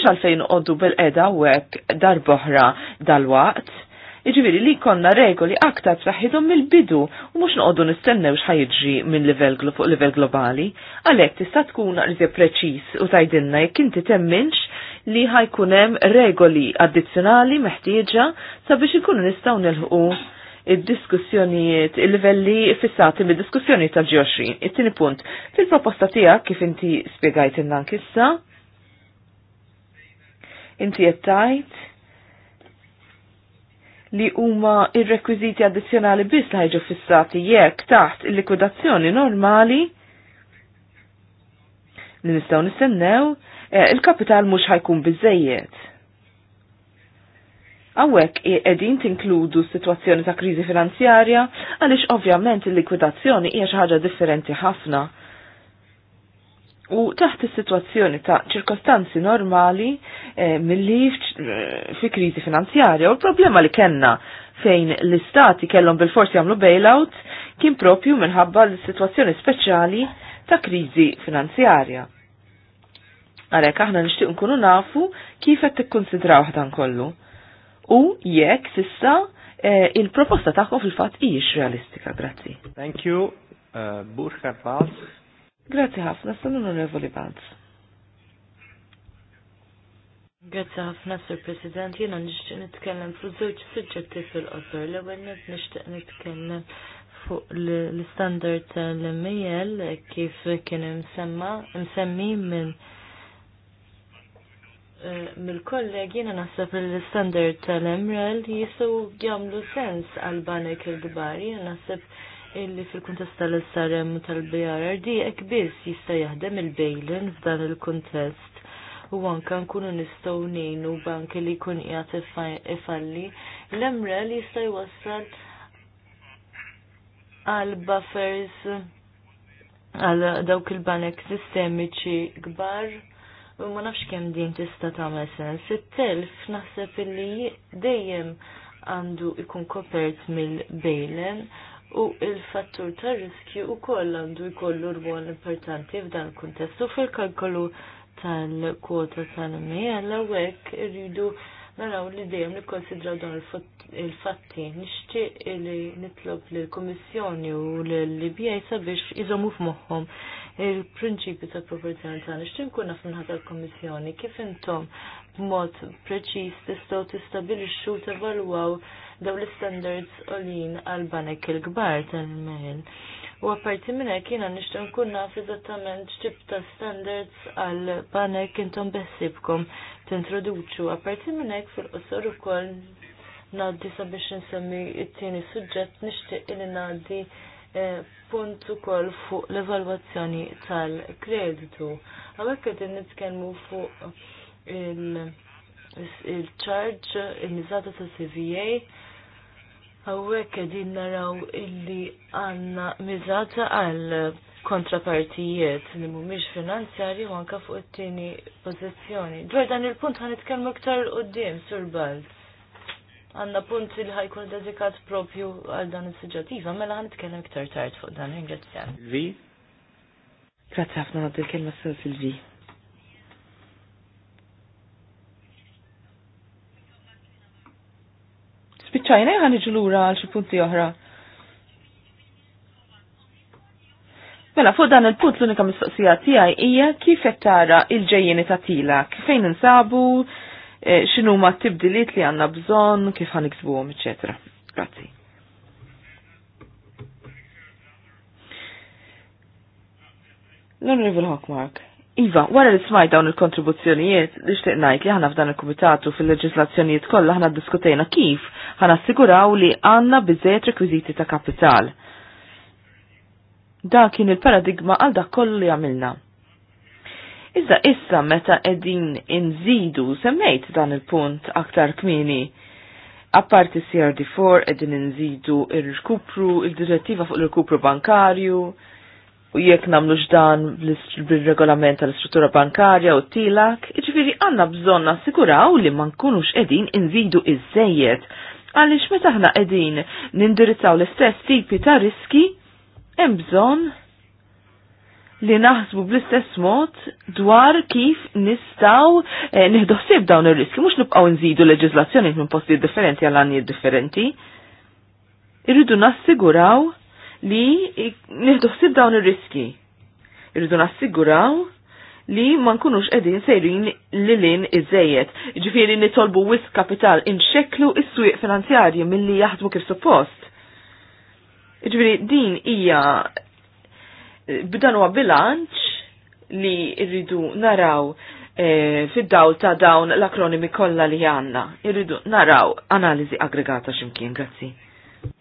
m'għandniex għalfejn qoddu bil edha u hekk darboħra dal-waqt. Iġviri li konna regoli aktar traħidhom mill-bidu u mhux noqogħdu nistennew xħajġi minn level, fuq livell globali, għalhekk tista' tkun qrib preċiż u tgħidilna jekk inti temminx li ħajkun hemm regoli addizzjonali meħtieġa sabiex ikunu nistgħu nilħu id-diskussjonijiet, il livelli fissati mid diskussjoni tal ġoċin It-tieni punt, fil-proposta tiegħek kif inti spjegajt innan kissa, inti jettajt li huma ir-rekwiżiti addizzjonali biss li ħajġu fissati jekk taħt il-likwidazzjoni normali li nistgħu nistennew eh, il-kapital mhux ħajkun biżejjed. Għawek edin tinkludu situazzjoni ta' krizi finanzjarja għaliex ovvjament il-likwidazzjoni hija xi ħaġa differenti ħafna U taħt is-sitwazzjoni ta' ċirkostanzi normali eh, mill-li eh, fi kriżi finanzjarja u l-problema li kenna fejn l-istati kellhom bil-forsi jagħmlu bailout kien propju minħabba l-sitwazzjoni speċjali ta' kriżi finanzjarja. Għalhekk aħna nixtieq nkunu nafu kif qed tikkunsidraw dan kollu. U jekk sissa eh, il-proposta tagħkom fil-fatt hijiex realistika, grazzi. Thank you, uh, Burkhard Valls. Grazzi ħafna, s-sanun onorevoli Banz. Grazzi ħafna, Sir President. Jena nishtiq nitkellem fuq żewġ suġġetti fil-qosor. L-ewwel nishtiq nitkellem fuq l-standard tal-MIL kif kien imsemma msemmi minn eh, mill-kolleg jiena naħseb l-standard tal emrel jisu jagħmlu sens għal banek il-kbar. Jiena naħseb illi fil-kuntest tal-SRM tal-BRD ek biss jista' jaħdem il-bejlin f'dan il-kuntest u anka nkunu nistgħu ngħinu banki li jkun qiegħed ifalli l-emre li jista' jwassal għal buffers għal dawk il-banek sistemiċi kbar u ma nafx kemm din tista' tagħmel sens. It-telf naħseb illi dejjem għandu ikun kopert mill-bejlen u il-fattur ta' riskju u koll għandu jkollu rwol importanti f'dan il-kuntest u fil-kalkolu tal-kwota tal l għek irridu naraw li dejjem nikkonsidraw dawn il-fatti. Nixtieq li nitlob lill kummissjoni u l libija sabiex iżommu f'moħħhom il-prinċipju ta' proporzjonalità. Nixtieq nkun naf minħata l-Kummissjoni kif intom b'mod preċiż tistgħu tistabilixxu tevalwaw daw l-standards olin għal-banek il-gbar tal-mail. U għaparti minna kiena nishtan kunna fizzattament ċtib ta' standards għal-banek intom bessibkom t-introduċu. Għaparti minna fil-qosor u kol naddi sabiex nsemmi it-tieni suġġett nishtiq li naddi eh, punt ukoll fuq l-evalwazzjoni tal-kreditu. Għalhekk qed nitkenmu fuq il-charge il-miżata ta' CVA Għawek din naraw illi għanna mizata għal kontrapartijiet li mumiġ finanzjari u anka fuq it-tini pozizjoni. Dwar dan il-punt għan itkellmu iktar d Sur Balt. Għanna punt li ħajkun dedikat propju għal dan il-sġativa, mela għan itkellem iktar tard fuq dan, ringrazzjan. Vi? Grazie ħafna għad il-kelma Sur Silvi. spiċċajna jħan iġlura lura għal xi punti oħra. Mela, fuq dan il-punt l-unika mistoqsija tiegħi hija kif qed tara l-ġejjeni ta' kif fejn nsabu, e, xinu ma tibdiliet li għandna bżonn, kif għom, eċetera. Grazzi. L-Onorevole Hawkmark. Iva, wara li smaj dawn il-kontribuzzjonijiet, nixtieq ngħid li aħna f'dan il-kumitatu fil-leġislazzjonijiet kollha aħna ddiskutejna kif ħana assiguraw li għandna biżejjed rekwiżiti ta' kapital. Da kien il-paradigma għal dak kollu li għamilna. Iżda issa meta qegħdin inżidu semmejt dan il-punt aktar kmini. Apparti CRD4 qegħdin inżidu il rikupru il-direttiva fuq il-rikupru bankarju, u jekk namlu ġdan bil-regolament tal-istruttura bankarja u tilak, iġviri għanna bżonna nassiguraw li ma nkunux edin inżidu iż-żejjed. Għalix meta edin nindirizzaw l-istess tipi ta' riski, hemm bżon li naħsbu bl-istess mod dwar kif nistaw eh, niħdossib dawn ir-riski, mhux nibqgħu nżidu leġizlazzjoni minn posti differenti għal għanji differenti. Irridu nassiguraw li nieħdu ħsieb dawn ir-riski. Irridu nassiguraw li ma nkunux qegħdin sejrin lilin iżejjed. Ġifieri nitolbu wisk kapital inxekklu is-swieq finanzjarji milli jaħdmu kif suppost. Ġifieri din hija b'dan huwa bilanċ li rridu naraw e, fid-dawl ta' dawn l-akronimi kollha li għanna. Irridu naraw analiżi aggregata x'imkien, grazzi.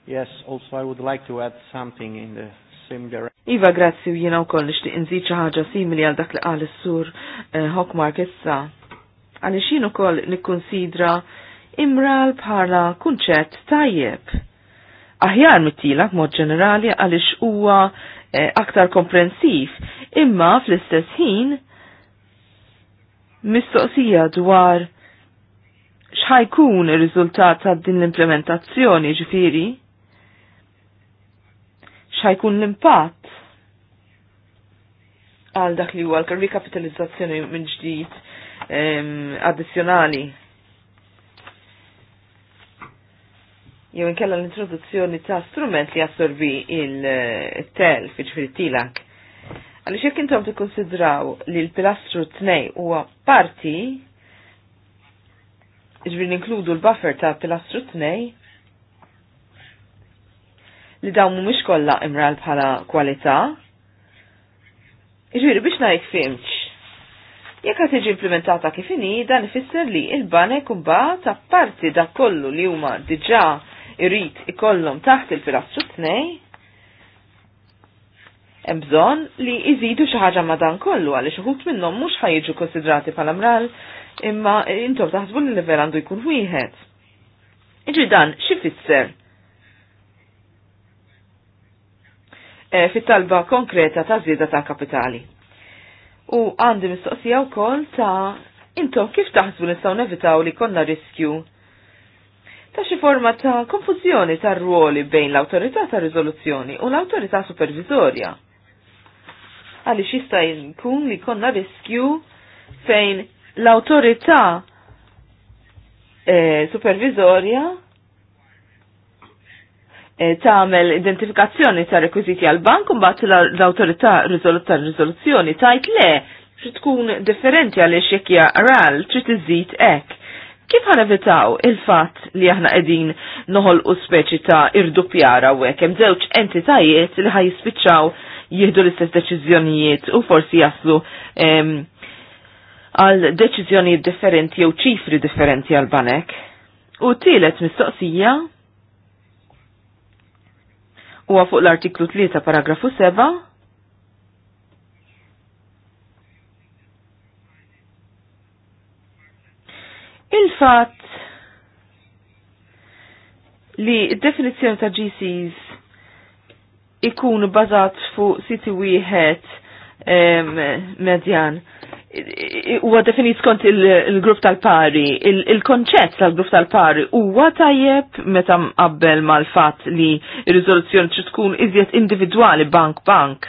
Yes, also I would like to add something in the same direction. Iva, grazzi, jena u koll nishti nżid xi ħaġa simili għal dak li qal is-sur eh, Hockmark issa. Għaliex jien ukoll nikkunsidra imral bħala kunċett tajjeb. Aħjar mittila b'mod ġenerali għaliex huwa eh, aktar komprensiv, imma fl-istess ħin mistoqsija dwar xħajkun il-rizultat ta' din l-implementazzjoni ġifiri? Xħajkun l-impatt għal dak li huwa l-rikapitalizzazzjoni minn ġdid addizzjonali. Jew inkella l-introduzzjoni ta' strument li jassorbi il-tel fiġifieri tilak. Għaliex jekk intom tikkonsidraw li l-pilastru t t-nej huwa parti ġvir inkludu l-buffer ta' pilastru t-nej li dawn mhumiex kollha imral bħala kwalità. Ġviri biex ngħid fimx. Jekk qed tiġi implementata kif inhi dan ifisser li l-banek ta' apparti da' kollu li huma diġà irrit ikollhom taħt il-pilastru t hemm bżonn li jżidu xi ħaġa ma' dan kollu għaliex uħud minnhom mhux ħajġu konsidrati bħala mral imma intom taħsbu li level għandu jkun wieħed. Iġi dan, xifisser? E, eh, Fit-talba konkreta ta' zjeda ta' kapitali. U għandi mistoqsija wkoll ta' intom kif taħsbu nistgħu nevitaw li konna riskju ta' xi forma ta' konfużjoni ta' ruoli bejn l-awtorità ta' riżoluzzjoni u l-awtorità supervizorja. Għaliex jista' jkun li konna riskju fejn l-autorità eh, supervizorja eh, tagħmel identifikazzjoni ta' rekwiżiti għal bank u mbagħad l-awtorità riżolutta riżoluzzjoni tajt le xi tkun differenti għaliex jekk hija ral trid iżid hekk. Kif ħanevitaw il-fatt li aħna qegħdin noħolqu speċi ta' irdupjara u hekk hemm żewġ entitajiet li ħajjispiċċaw jieħdu l-istess deċiżjonijiet u forsi jaslu għal deċizjoni differenti jew ċifri differenti għal banek. U tielet mistoqsija huwa fuq l-artiklu 3 paragrafu 7 il-fat li definizjoni ta' GCs ikun bazat fuq siti wieħed medjan huwa definit skont il-grupp tal-pari, il-konċett tal-grupp tal-pari huwa tajjeb meta mqabbel mal-fatt li r-riżoluzzjoni trid tkun iżjed individwali bank bank.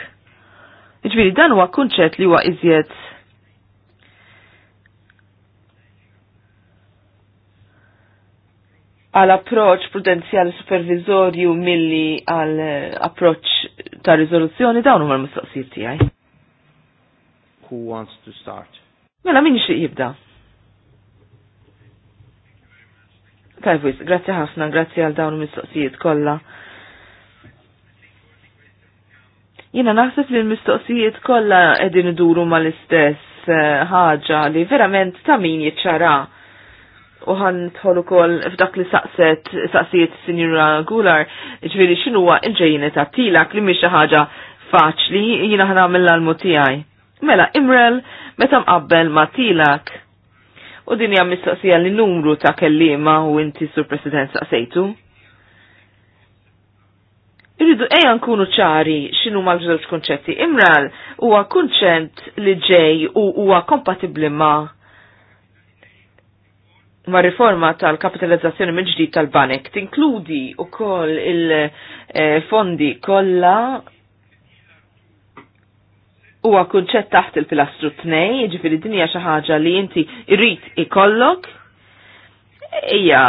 Iġbiri dan huwa kunċett li huwa iżjed għal approċ prudenzjali supervizorju milli għal approċ ta' riżoluzzjoni dawn huma l-mistoqsijiet tiegħi who wants to start? Mela, min xie jibda? Tajbis, grazzi ħafna, grazzi għal dawn mistoqsijiet kolla. Jina naħseb li l-mistoqsijiet kolla edin iduru mal-istess eh, ħaġa li verament ta' min jitxara. uħan tħolu kol f'dak li saqset, saqsijiet sinjura Gular, ġviri xinuwa il-ġejjini ta' tilak li miex ħaġa faċli, jina ħna mill-almu tijaj mela imrel meta mqabbel ma tilak. U din hija mistoqsija li numru ta' kellima u inti sur President saqsejtu. Irridu ejja nkunu ċari x'inhu mal żewġ kunċetti. Imral huwa kunċent li ġej u huwa kompatibbli ma' ma' riforma tal-kapitalizzazzjoni mill ġdid tal-banek tinkludi u koll il-fondi eh, kollha huwa kunċett taħt il-pilastru t-nej, ġifiri dinja xi ħaġa li inti irrit ikollok. Ija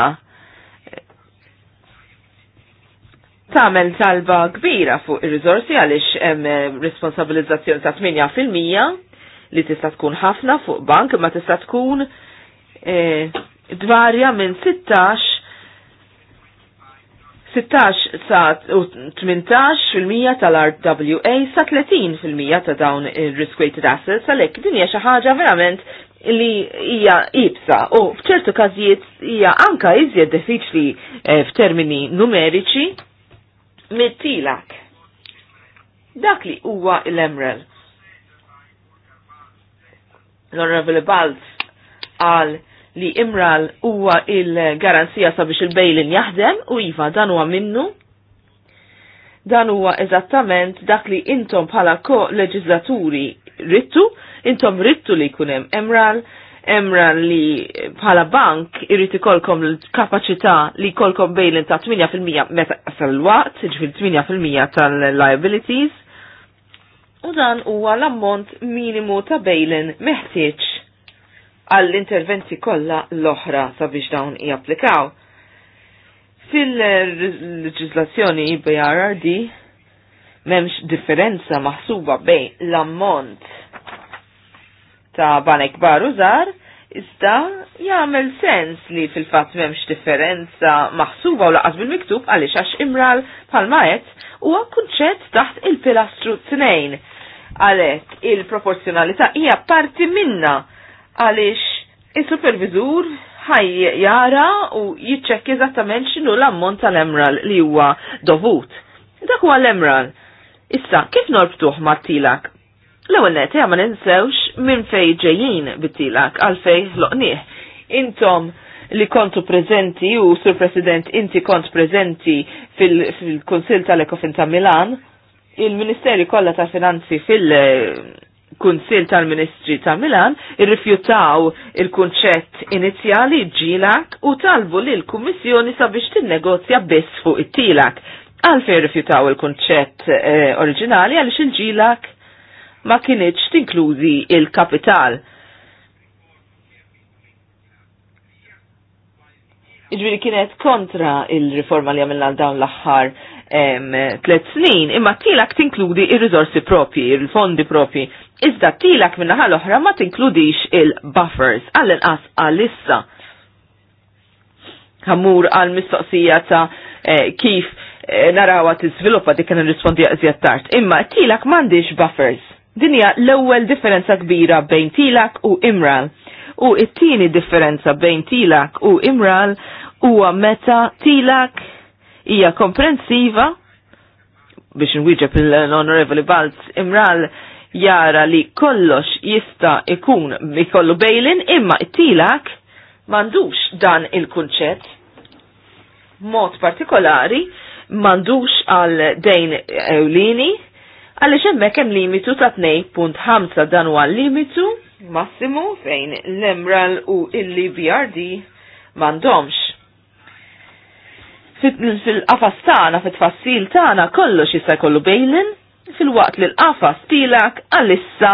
tagħmel talba kbira fuq ir rizorsi għaliex hemm eh, responsabilizzazzjoni ta' 8% li tista' tkun ħafna fuq bank ma tista' tkun e, dvarja minn 16 16 sa 18% tal-RWA sa 30% ta' dawn risk-weighted assets għalhekk din hija xi ħaġa verament li hija ibsa u f'ċertu każijiet hija anka iżjed diffiċli eh, f'termini numeriċi mittilak. Dak li huwa l-emrel. L-Honorable Balz għal li imral huwa il-garanzija sabiex il-bejlin jaħdem u iva dan huwa minnu. Dan huwa eżattament dak li intom bħala ko-leġislaturi rittu, intom rittu li kunem emral, emra li bħala bank irrit ikolkom l-kapacità li kolkom bejlin ta' 8% meta sal-waqt, ġifil 8% tal-liabilities, u dan huwa l-ammont minimu ta' bejlin meħtieġ għall-interventi kollha l-oħra sabiex dawn japplikaw. Fil-leġislazzjoni BRRD memx differenza maħsuba bej l-ammont ta' banek baru zar, iżda jagħmel sens li fil-fatt memx differenza maħsuba u laqas bil-miktub għaliex għax imral palma qed huwa kunċett taħt il-pilastru tnejn. Għalhekk il-proporzjonalità hija parti minna għaliex il-supervizur ħaj jara u jiċċekk eżattament x'inhu l-ammont tal-emral li huwa dovut. Dak huwa l-emral. Issa, kif norbtuħ ma' tilak? L-ewwel net ma ninsewx minn fej ġejjin bit-tilak għal fej loqnieh. Intom li kontu preżenti u sur President inti kont preżenti fil-Kunsil fil kunsil tal ekofin ta' Milan, il-Ministeri kollha ta' Finanzi fil- kunsil tal-Ministri ta' Milan irrifjutaw il-kunċett inizjali ġilak u talbu li l-Kummissjoni sabiex tinnegozja biss fuq it-tilak. Għalfej rifjutaw il-kunċett eh, oriġinali għaliex il-ġilak ma kienieċ tinklużi il-kapital. Iġbiri kienet kontra il-riforma li għamilna dawn l-axħar tlet snin, imma tilak tinkludi il rizorsi propi, il-fondi propi. Iżda tilak minna ħal oħra ma tinkludix il-buffers, għall-inqas għal-issa. Għamur għal-mistoqsija ta' eh, kif eh, narawa t-izviluppa dik kien rispondi għazjat tart. Imma tilak mandiġ buffers. Dinja l-ewwel differenza kbira bejn tilak u imral. U it-tieni differenza bejn tilak u imral huwa meta tilak hija komprensiva biex nwieġeb l-Onorevoli Balz imral jara li kollox jista ikun kollu bejlin imma it-tilak mandux dan il-kunċett mod partikolari mandux għal dejn ewlini għalli xemmek hemm limitu ta' 2.5 dan huwa limitu massimu fejn l-Emral u il-LBRD mandomx fil-qafas T'ana, fit-tfassil tagħna kollox jista' jkollu bejlin fil-waqt li l-qafas tilak għalissa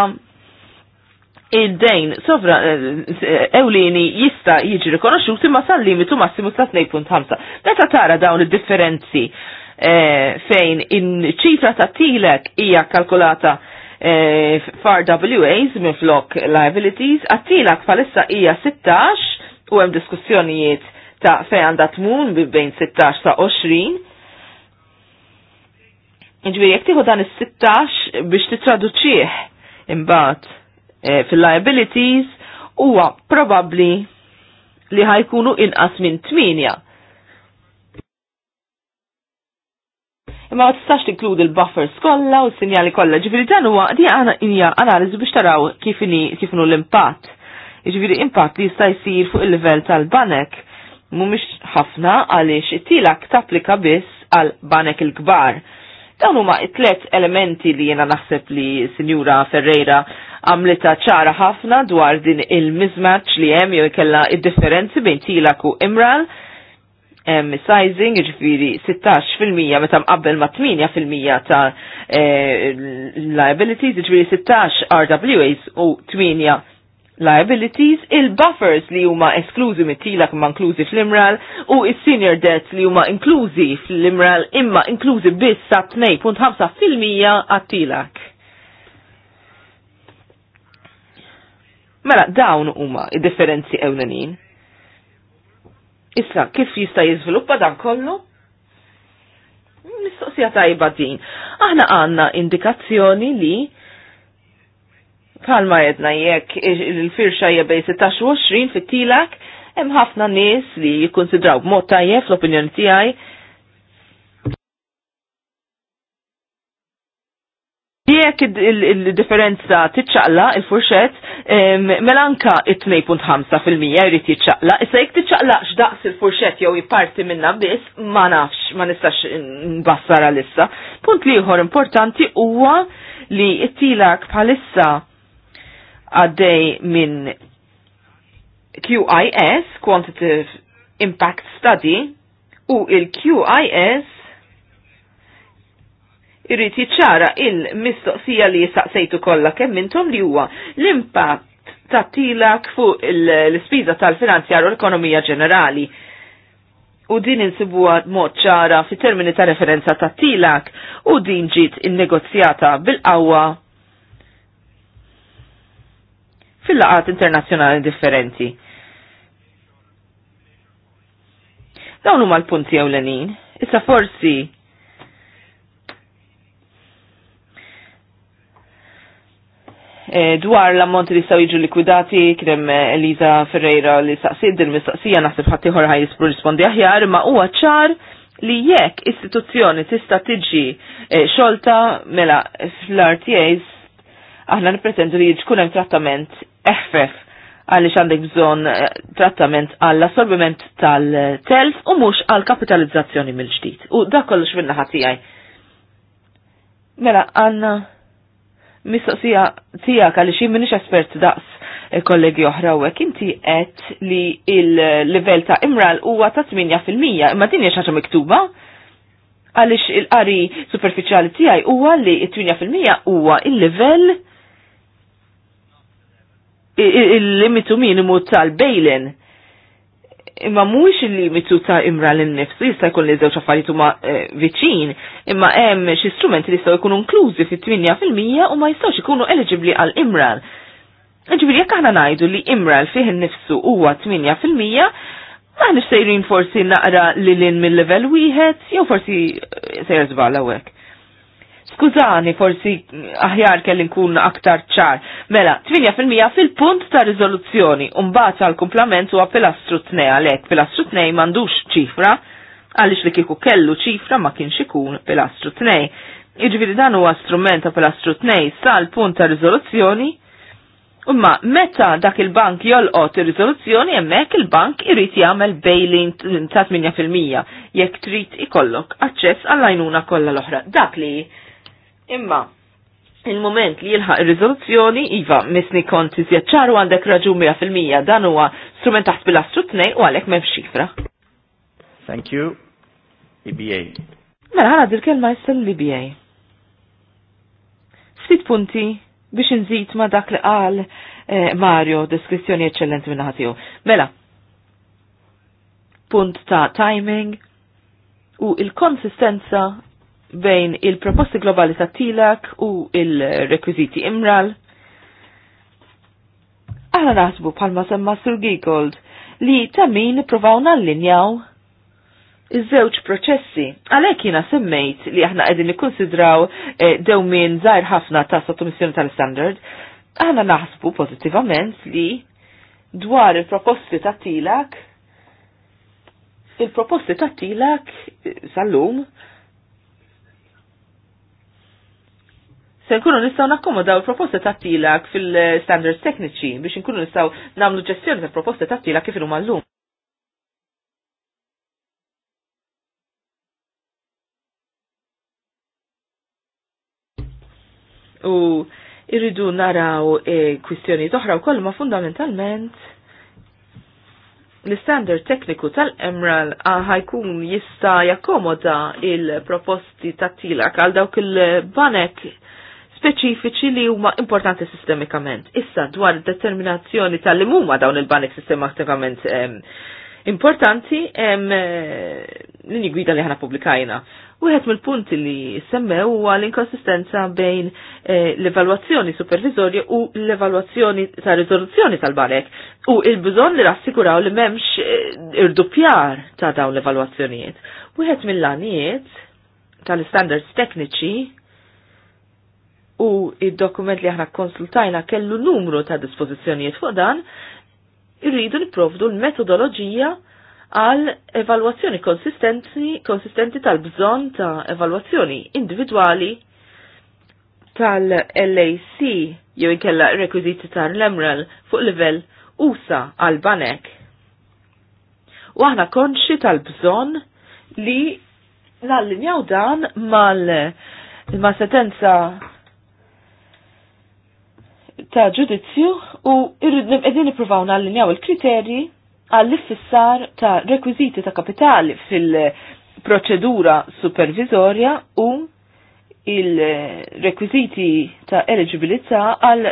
id-dejn sovra eh, ewlini jista jiġi rikonoxxut imma sal-limitu massimu ta' 2.5. Meta tara dawn id-differenzi eh, fejn in-ċifra ta' tilek hija kalkulata eh, far WAs minn flok liabilities, għattilak palissa hija 16 u hemm diskussjonijiet ta' fej għandha tmun bi bejn 16 sa' 20. Iġbiri, jek tiħu dan is-16 biex titraduċieħ imbagħad e, fil-liabilities huwa probabbli li ħajkunu inqas minn 8. imma ma tistax tinkludi l-buffers kollha u s-sinjali kollha. Ġifieri dan huwa di hija analiżi biex taraw kif kif l-impatt. Ġifieri impatt li jista' jsir fuq il-livell tal-banek mumiex ħafna għaliex it-tilak tapplika biss għal banek il-kbar. Dawn huma t-tlet elementi li jiena naħseb li Sinjura Ferreira għamlita ċara ħafna dwar din il-mismatch li hemm jew ikella id-differenzi bejn tilak u imral hemm sizing jiġifieri 16% meta mqabbel ma' 8% ta' eh, liabilities ġifiri 16 RWAs u 8 liabilities, il-buffers li huma esklużi mit-tilak ma inklużi fl-imral u il-senior debts li huma inklużi fl-imral imma inklużi biss sa 2.5% għat-tilak. Mela, dawn huma id-differenzi ewlenin. Issa, kif jista' jiżviluppa dan kollu? Mistoqsija tajba din. Aħna għandna indikazzjoni li Palma jedna jekk il-firxa jebej 26 fit-tilak, hemm ħafna nies li jikkonsidraw b'mod tajjeb l-opinjoni tiegħi Jekk il-differenza tiċċaqla il-furxet, melanka anka it-2.5% jrid jiċċaqla, issa jekk tiċċaqla x'daqs il-furxet jew jiparti minna biss, ma nafx, ma nistax nbassara lissa. Punt li ieħor importanti huwa li t-tilak bħalissa għaddej minn QIS, Quantitative Impact Study, u il-QIS irrit jiċċara il-mistoqsija li jisaqsejtu kollha kemm intom li huwa l-impatt ta' tilak fuq l ispiża tal-finanzjar u l-ekonomija ġenerali. U din insibuha mod ċara fit termini ta' referenza ta' tilak u din ġiet innegozjata bil-qawwa fil-laqat internazzjonali differenti. Dawn huma l-punti ewlenin. Issa forsi E, dwar l-ammonti li saw jiġu likwidati, krem Eliza Ferreira li saqsid din mistaqsija naħseb ħaddieħor ħaj rispondi aħjar, ma huwa ċar li jekk istituzzjoni tista' tiġi e, xolta mela fl-RTAs aħna nippretendu li jkun hemm trattament eħfef għalli għandek bżon eh, trattament għall assorbiment tal-telf u mux għall kapitalizzazzjoni mill-ġdid. U da kollox minna ħatijaj. Mela, għanna mistoqsija tijak għalli jim minnix espert daqs eh, kollegi oħra u inti għet li il-level ta' imral huwa ta' 8% imma din hija ħaġa miktuba għalix il-qari superficiali tijaj huwa li 8% huwa il-level il-limitu minimu tal-bejlen. Imma mhux il-limitu ta' imra l-nifsu jista' jkun li żewġ affarijiet huma eh, viċin, imma hemm xi strumenti li jistgħu jkunu inklużi fit-8% u ma jistgħux ikunu eligibbli għal imral. Ġifieri jekk aħna ngħidu li imral fih innifsu huwa 8%, ma nixtejrin forsi naqra lilin mill-level wieħed, jew forsi eh, sejr żbala hekk. Skużani, forsi aħjar kelli nkun aktar ċar. Mela, 8% fil-punt ta' rizoluzzjoni, umbaċ għal kumplament huwa pilastru tnej għalek, pilastru tnej mandux ċifra, għalix li kiku kellu ċifra ma kienx ikun pilastru tnej. Iġviri dan huwa strument ta' pilastru sa sal-punt ta' rizoluzzjoni, Umma, meta dak il-bank jolqot ir-riżoluzzjoni hemmhekk il-bank irid jagħmel bail-in ta' 8% jekk trid ikollok aċċess għall-għajnuna kollha l-oħra. Dak li Imma, il-moment li jilħaq il-rizoluzzjoni, Iva, misni kont iżjaċċaru għandek raġu 100% dan huwa strument taħt bil-astru tnej u għalek mem xifra. Thank you. EBA. Mela ħana dir kelma jissel l-EBA. Ftit punti biex nżid ma dak li qal eh, Mario, deskrizzjoni eccellent minna ħatiju. Mela, punt ta' timing u il-konsistenza bejn il-proposti globali ta' tilak u il-rekwiziti imral. Aħna naħsbu palma semma Sir Giegold li ta' min provaw nallinjaw iż-żewġ proċessi. Għalhekk jiena semmejt li aħna qegħdin nikkunsidraw eh, dew minn żgħir ħafna ta' sottomissjoni tal-standard, aħna naħsbu pożittivament li dwar il-proposti ta' tilak il-proposti ta' tilak eh, sal-lum se nkunu nistgħu u proposta ta' tilak fil-standards tekniċi biex nkunu nistgħu nagħmlu ġestjoni ta' proposta ta' tilak kif huma llum. U irridu naraw e, kwistjoni oħra wkoll ma fundamentalment l-standard tekniku tal emral ah, ħajkun jista' jakkomoda il-proposti tat tilak għal dawk il-banek speċifiċi li huma importanti sistemikament. Issa dwar determinazzjoni tal-li huma dawn il-banek sistematikament importanti l-inni eh, gwida li ħana publikajna. Wieħed mill-punti li semmew huwa l-inkonsistenza bejn eh, l-evalwazzjoni supervizorja u l-evalwazzjoni ta' riżoluzzjoni tal-banek u il-bżonn li rassiguraw li m'hemmx eh, irdupjar ta' dawn l-evalwazzjonijiet. Wieħed mill-għanijiet tal-standards tekniċi u id-dokument li aħna konsultajna kellu numru ta' dispożizzjonijiet fuq dan, irridu niprovdu l-metodoloġija għal evalwazzjoni konsistenti, konsistenti tal-bżon ta' evalwazzjoni individwali tal-LAC jew inkella rekwiziti tal emrel fuq livell USA għal banek. U aħna konxi tal-bżon li l-allinjaw dan mal ma sentenza ta' ġudizzju u qegħdin nippruvaw nallinjaw il-kriterji għall-iffissar ta' rekwiżiti ta' kapitali fil- proċedura supervizorja u il-rekwiziti ta' eligibilità għal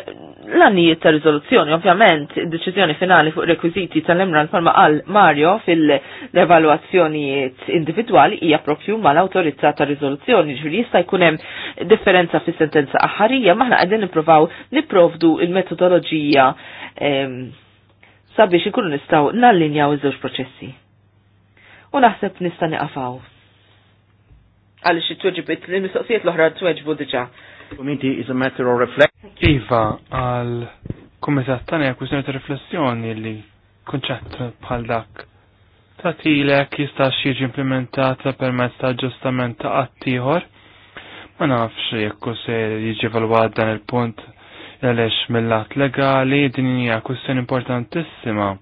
l-annijiet ta' rizoluzzjoni. Ovvjament, deċiżjoni finali fuq rekwiziti tal-Emran palma għal Mario fil-evaluazzjonijiet individuali hija propju mal autorizza ta' rizoluzzjoni. Ġuri jista' jkun hemm differenza fis sentenza aħħarija, maħna qegħdin nippruvaw nipprovdu il-metodoloġija ehm, sabiex ikunu nistgħu nallinjaw iż-żewġ proċessi. U naħseb nista' niqafaw għaliex it-tweġibit l-mistoqsijiet l-oħra tweġbu diġà. Committee is a matter of reflection. Iva għal kumitat tani għal ta' riflessjoni li konċett bħal dak. Tatilek jista' jiġi implementata permezz ta' ġustament ta' qattijħor. Ma nafx jekk se jiġi valwat dan il-punt għaliex mill-att legali din hija kwistjoni importantissima.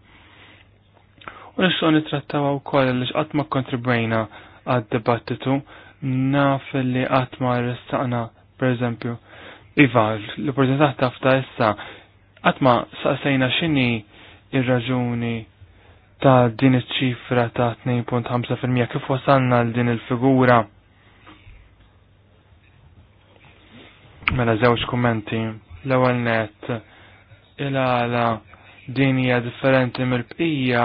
U nixtieq nittrattaw wkoll għaliex qatt ma kontribwejna għad-dibattitu naf li għatma restaqna, per eżempju, Iva, l-opportunità tafta issa, għatma saqsejna xini ir-raġuni ta' din iċ-ċifra ta' 2.5% kif wasalna l din il-figura. Mela żewġ kummenti. L-ewwel net il-għala din hija differenti mill-bqija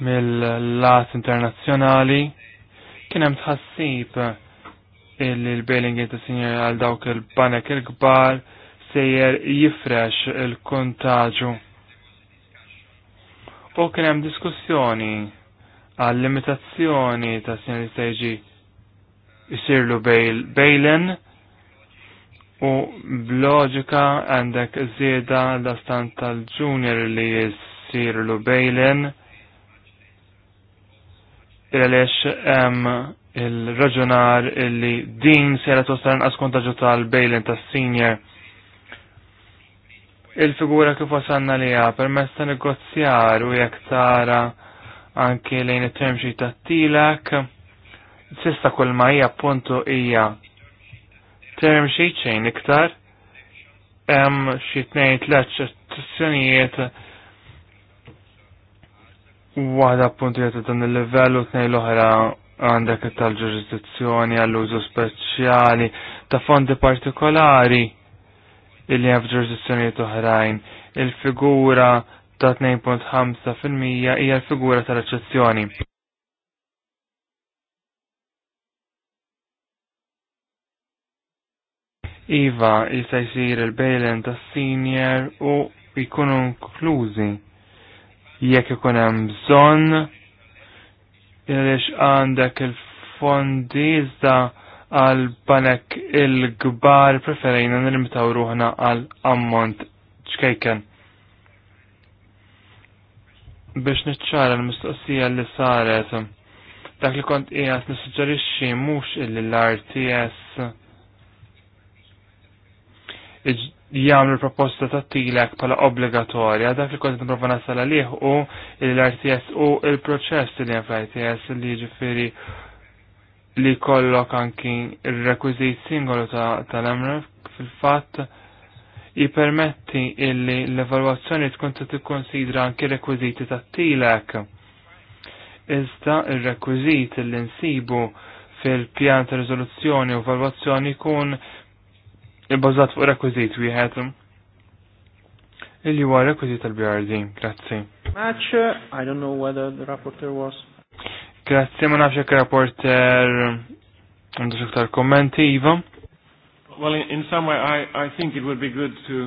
mill-lat internazzjonali Kien hemm tħassib illi l-bailing ta' sinjor għal dawk il-banek il-kbar sejjer jifrex il-kontagġu. U kien hemm diskussjoni għal limitazzjoni ta' sinjor li sejġi jisirlu bejlen u b'loġika għandek zieda l-astan tal junior li jisirlu bailin għaliex hemm il-raġunar illi din sejra tostar inqas kontaġu tal-bejlin tas-senior. Il-figura kif wasanna liha permess ta' negozjar u jek tara anke lejn it-term xi tilak sista kull ma hija appuntu hija term sheet xejn iktar hemm xi tnejn tliet sessjonijiet Waħda appuntu jgħet dan il-level u tnej l-oħra għandek tal-ġurisdizzjoni għall-użu speċjali ta' fondi partikolari li għaf ġurisdizzjonijiet oħrajn. Il-figura ta' 2.5% hija l-figura tal-eċezzjoni. Iva jista' jsir il-bejlen tas senior u jkunu inklużi jekk ikun hemm bżonn għaliex għandek il-fondi iżda għal banek il-gbar preferejna nirmitaw ruħna għal ammont ċkejken. Biex nitċara l-mistoqsija li saret, dak li kont ijas nissuġġerixxi mhux illi l-RTS jgħamlu l-proposta ta' tilek pala obbligatorja dak li kont nipprova nasal għalih u l-RTS u il-proċess li hemm fl-RTS li ġifiri li kollok anki il rekwiżit singolu tal-emref fil-fatt jipermetti illi l-evalwazzjoni tkun ta' tikkonsidra anki rekwiżiti ta' tilek. Iżda il rekwiżit li nsibu fil-pjan ta' riżoluzzjoni u valwazzjoni kun ibbażat fuq rekwiżit wieħed illi huwa rekwiżit tal-BRD. Grazzi. Match, I don't know whether the rapporteur was. Grazzi, ma nafx jekk rapporter għandu xiktar kommenti, Iva. Well, in some way, I, I think it would be good to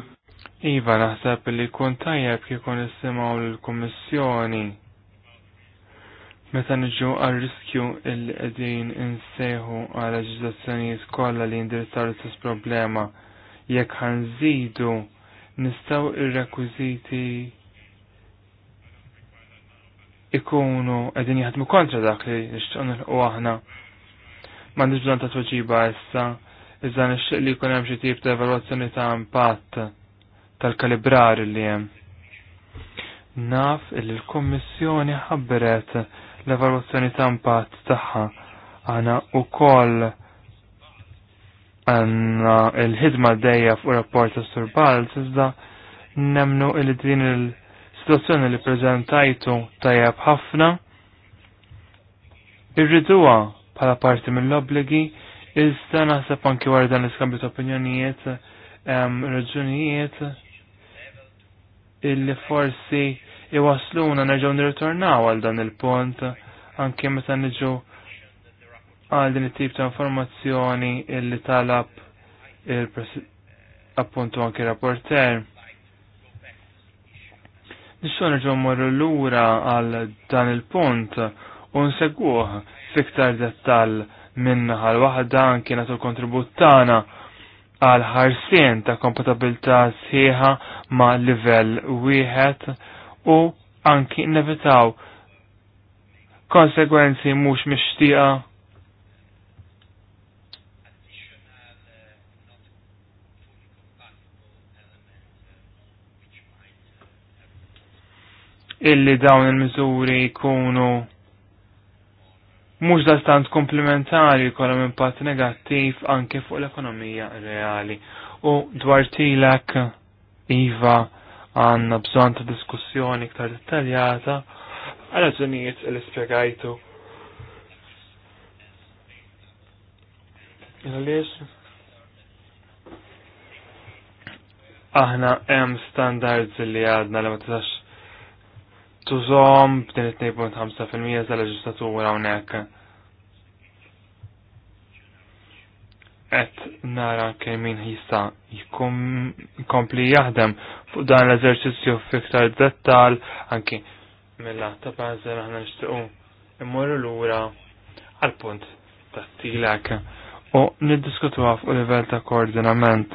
Iva, naħseb li kun tajjeb kikun nisimaw l-Kommissjoni Meta nġu għal riskju il-qegħdin insejħu għal leġiżlazzjonijiet kollha li indirizzaw l-istess problema jekk ħanżidu nistgħu ir-rekwiżiti ikunu qegħdin jaħdmu kontra dak li nixtieq nilqu aħna. M'għandix bżonn ta' tweġiba issa, iżda nixtieq li jkun hemm xi tip ta' evalwazzjoni ta' impatt tal-kalibrar li hemm naf il l ħabbret l evoluzzjoni ta' impatt tagħha għana u koll għanna il-ħidma dejja fuq rapport s Sur Balz iżda nemnu il din il-situazzjoni li prezentajtu tajjeb ħafna irriduha bħala parti mill-obligi iżda naħseb anki wara dan l-iskambju ta' opinjonijiet raġunijiet illi forsi iwasluna nerġgħu nirritornaw għal dan il punt anke meta niġu għal din it-tip ta' informazzjoni illi talab il appuntu anke rapporter. Nixxu nerġgħu mmorru lura għal dan il-punt u nseguh fiktar dettall minna għal waħda anke natu kontribut tagħna għal ħarsien ta' kompatabilta sħiħa ma' livell wieħed u anki nevitaw konsegwenzi mhux mixtieqa illi dawn il-miżuri jkunu mhux dastant komplementari jkollhom impatt negattiv anke fuq l-ekonomija reali. U dwar tilek iva għanna bżon ta' diskussjoni ktar dettaljata għal raġunijiet li spjegajtu. Aħna hemm standards li għadna li ma tistax tużom b'din it-2.5% tal-leġislatura hawnhekk qed nara kemm min jista' jkompli jaħdem fuq dan l-eżerċizzju fiktar dettal anki mela ta' bażel aħna nixtiequ immorru lura għal punt ta' tilek u niddiskutuha fuq livell ta' koordinament.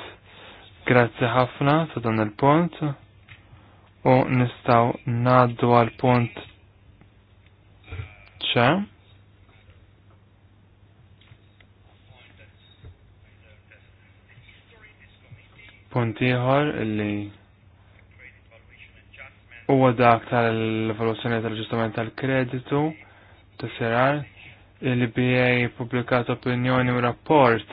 Grazzi ħafna ta' dan il-punt u nistaw naddu għal punt ċe. Punt ieħor li huwa dak tal-evoluzzjoni tal-ġustament tal-kreditu ta' serar il-BA publikat opinjoni u rapport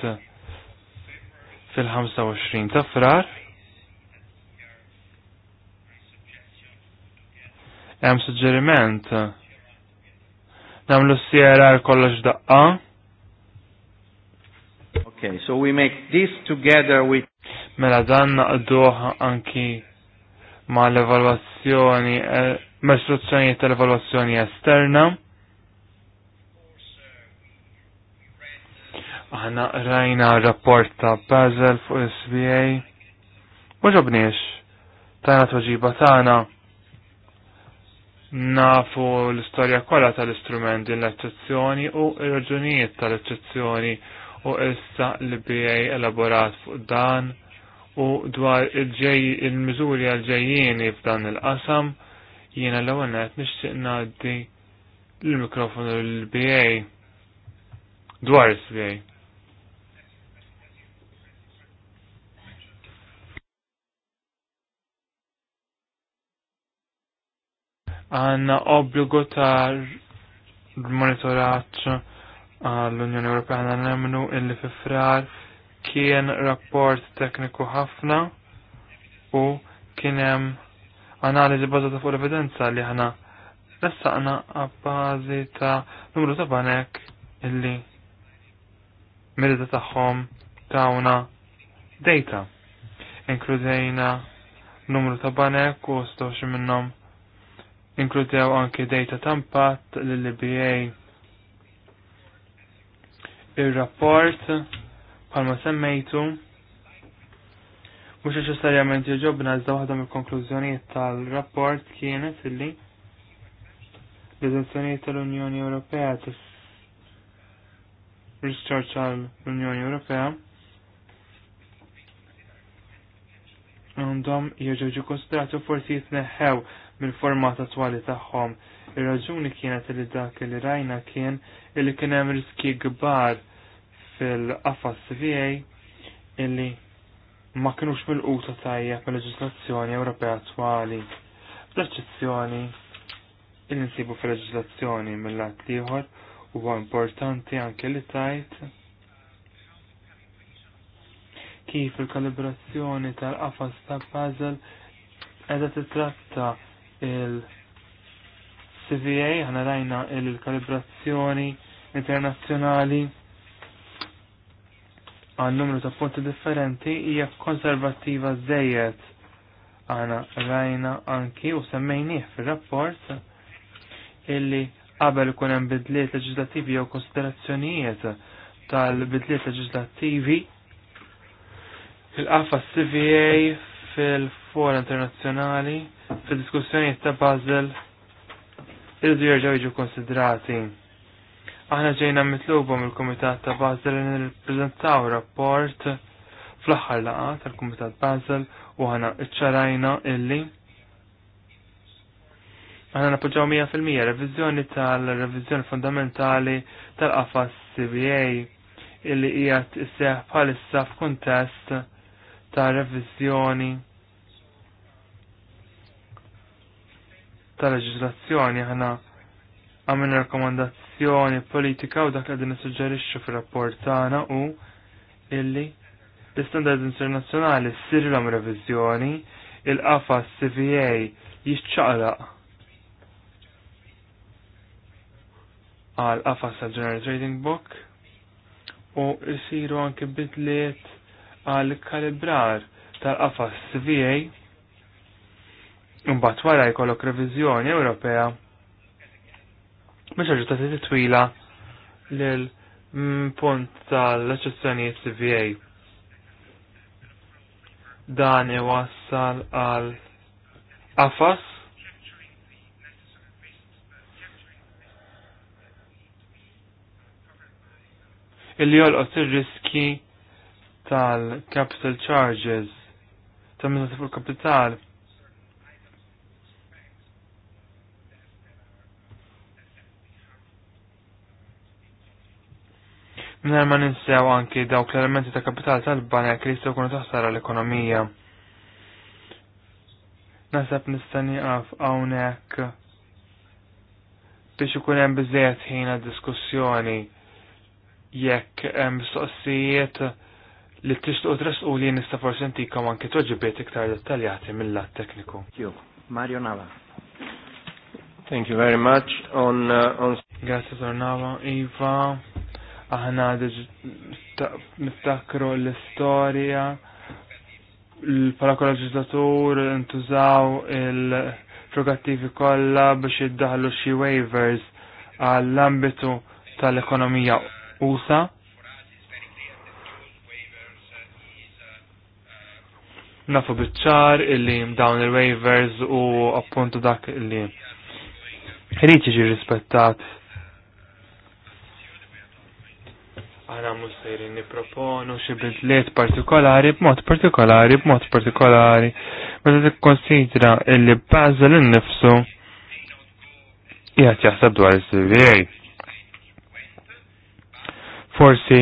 fil-25 ta' frar. Hemm suġġeriment nagħmlu CRR kollox daqqa. Okay, so we make this together with Mela dan naqduħ anki ma l-evalwazzjoni, eh, ma istruzzjoni tal-evalwazzjoni esterna. Aħna rajna rapport ta' Basel fuq SBA. Muġobniex, tajna tweġiba tagħna nafu l-istorja kollha tal-istrument din l-eċċezzjoni u r-raġunijiet tal-eċċezzjoni u issa li BA elaborat fuq dan u dwar il-mizuri għal ġejjini f'dan il-qasam jiena l-ewwel qed nixtieq ngħaddi l-mikrofonu l-BA dwar is-BA. Għanna obbligu ta' monitoraċ għall-Unjoni Ewropea ħana nemmnu illi fi frar kien rapport tekniku ħafna u kien hemm analiżi bażata fuq l-evidenza li ħana ressaqna għabbazi ta' numru ta' banek illi merida tagħhom tawna data. Inkludejna numru ta' banek u stoċi minnom inkludew anki data tampat l-LBA ir-rapport bħalma semmejtu mhux neċessarjament jiġobna iżda waħda mill-konklużjonijiet tal-rapport kienet illi l-iżenzjonijiet tal-Unjoni Ewropea tis research għall-Unjoni Ewropea għandhom jirġu ġi konsiderati forsi jitneħħew mill-format attwali tagħhom. Ir-raġuni kienet li dak li rajna kien illi kien hemm riski kbar fil-qafas CVA illi ma kienux mill-quta tajjeb fil leġislazzjoni Ewropea attwali. l eċezzjoni illi nsibu fil-leġislazzjoni mill-lat liħor huwa importanti anke li tajt kif il-kalibrazzjoni tal-qafas ta' Basel edha titratta il-CVA ħana rajna il-kalibrazzjoni internazzjonali għan numru ta' punti differenti hija konservattiva żejjed. Għana rajna anki u semmejnieh fir-rapport illi qabel ikun hemm bidliet leġislattivi jew konsiderazzjonijiet tal-bidliet leġislattivi il-qafa CVA fil-fora internazzjonali fil-diskussjonijiet ta' Basel irridu jerġgħu jiġu konsidrati Aħna ġejna mitlubhom il-Kumitat ta' Basel li nirrappreżentaw rapport fl-aħħar laqgħa tal-Kumitat Basel u aħna iċċarajna illi Aħna nappoġġaw 100% reviżjoni tal-reviżjoni fundamentali tal-qafas CBA illi qiegħed isseħ bħalissa f'kuntest ta' reviżjoni tal-leġislazzjoni aħna għamilna rakkomandazzjoni azzjoni politika u dak li nissuġġerixxu fir-rapport tagħna u illi l-istandard internazzjonali ssirilhom reviżjoni il qafa CVA jixċaqlaq għal qafas għal General Trading Book u jisiru anke bidliet għal kalibrar tal-qafas CVA Imbagħad wara jkollok reviżjoni Ewropea mhux ġuta twila l mm, punt tal-eċezzjonijiet CVA. Dan iwassal għal afas illi jolqot ir-riski tal-capital charges ta' minn fuq kapital Minar ma ninsew anki dawk l-elementi ta' kapital tal-banek li jistgħu jkunu taħsara l-ekonomija. Nasab nistani għaf hawnhekk biex ikun hemm biżejjed ħin diskussjoni jekk hemm mistoqsijiet li tixtuq tresqu li nista' forsi ntikom anki toġibiet iktar dettaljati mill-lat tekniku. Mario Nava. Thank you very much on uh, on Grazie Tornava, Iva aħna niftakru l-istorja pala kol-leġislatur intużaw il-progattivi kollha biex jiddaħlu xi waivers għall-ambitu tal-ekonomija USA. Nafu bitċar illi dawn il-waivers u appuntu dak illi rriċi ġi rispettat Għana mux sejrin niproponu xie bidliet partikolari b'mod partikolari b'mod partikolari. Meta konsidra illi il-nifsu, jgħat jaħseb dwar is-CVA. Forsi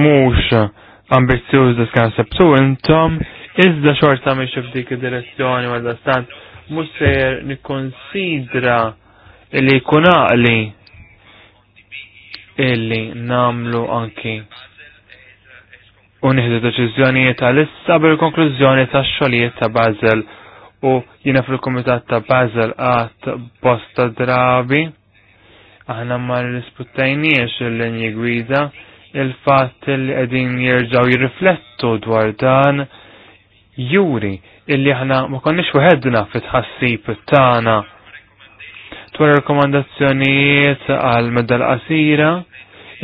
mhux da li tkansebtu intom, iżda xorta mhix f'dik id-direzzjoni għal stant mhux sejjer nikkonsidra illi jkun għaqli illi namlu anki unħidu deċizjoniet għal issa bil-konklużjoni ta' xolijiet ta' Basel u jina fil-komitat ta' Basel għat bosta drabi aħna ma l-isputtajniex il-linji gwida il-fat li għedin jirġaw jirriflettu dwar dan juri illi aħna ma konniex weħedna fit-ħassib tana fuq rakkomandazzjonijiet għal medal qasira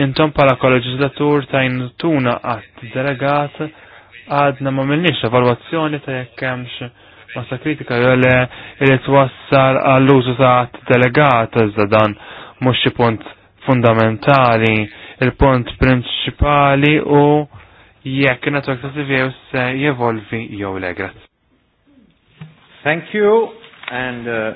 intom pala kol-leġislatur ta' tuna għat delegat għadna ma minnix evalwazzjoni ta' jekkemx massa kritika jole li twassal għall-użu ta' għat delegat dan mux punt fundamentali il-punt prinċipali u jekk network ta' sivjew se jevolvi jew le. Thank you and uh,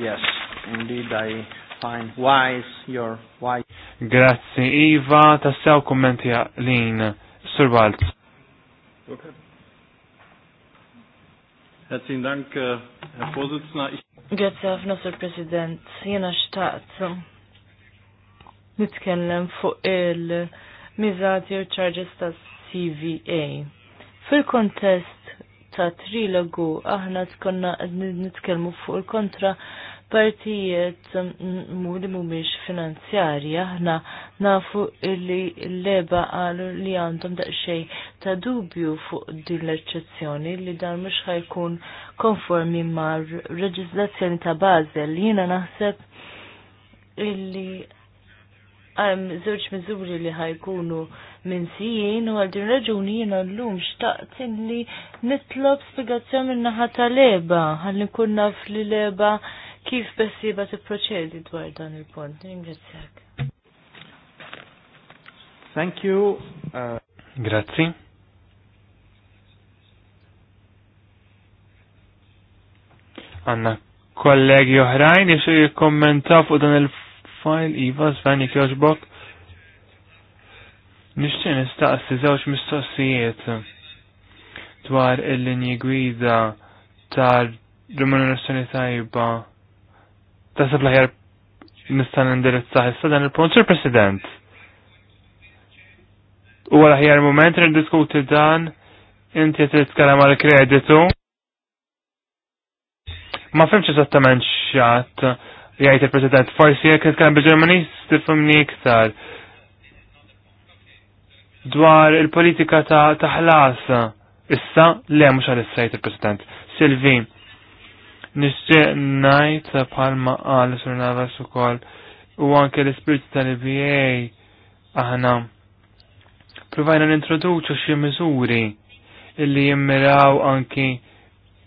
yes indeed I find wise your wise. Grazzi Iva, tassew kommenti għalin, Sir Walt. Herzlichen Dank, äh, Herr Vorsitzender. Grazie għafna, Sir President. Jena xtaqt nitkellem fuq il-mizati u charges ta' CVA. Fil-kontest ta' trilogu aħna tkonna nitkellmu fuq il-kontra partijiet li mhumiex finanzjarji aħna nafu li l-leba għal li għandhom daqsxejn ta' dubju fuq din l-eċċezzjoni li dan mhux ħajkun konformi mar reġislazzjoni ta' li Jiena naħseb illi għam żewġ miżuri li ħajkunu minn sijin u għal din raġuni jiena llum xtaqtin li nitlob spiegazzjoni min-naħa ta' leba ħalli nkun naf li leba kif bessiba tipproċedi dwar dan il-punt. Ringrazzjak. Thank you. Uh... Grazzi. Għanna kollegi oħrajn jiex jikkommenta fuq dan il-fajl Iva Sven Jokjoġbok. Nishtin nistaqsi żewġ mistoqsijiet dwar il-linji gwida tar remunerazzjoni tajba Tasib laħjar nistan indirizzaħ issa dan il-punt sur President. U laħjar moment rindiskuti dan inti qed kalam għal kreditu. Ma fimx eżattament x'għat jgħid il-President forsi jekk titkellem bil-Ġermani tifhimni iktar dwar il-politika ta' ħlasa issa le mhux għal issajt il-President. Silvi, Nixtieq ngħid bħalma qal sur navas ukoll u anke l-ispirit tal ba aħna provajna nintroduċu xi miżuri illi jimmiraw anki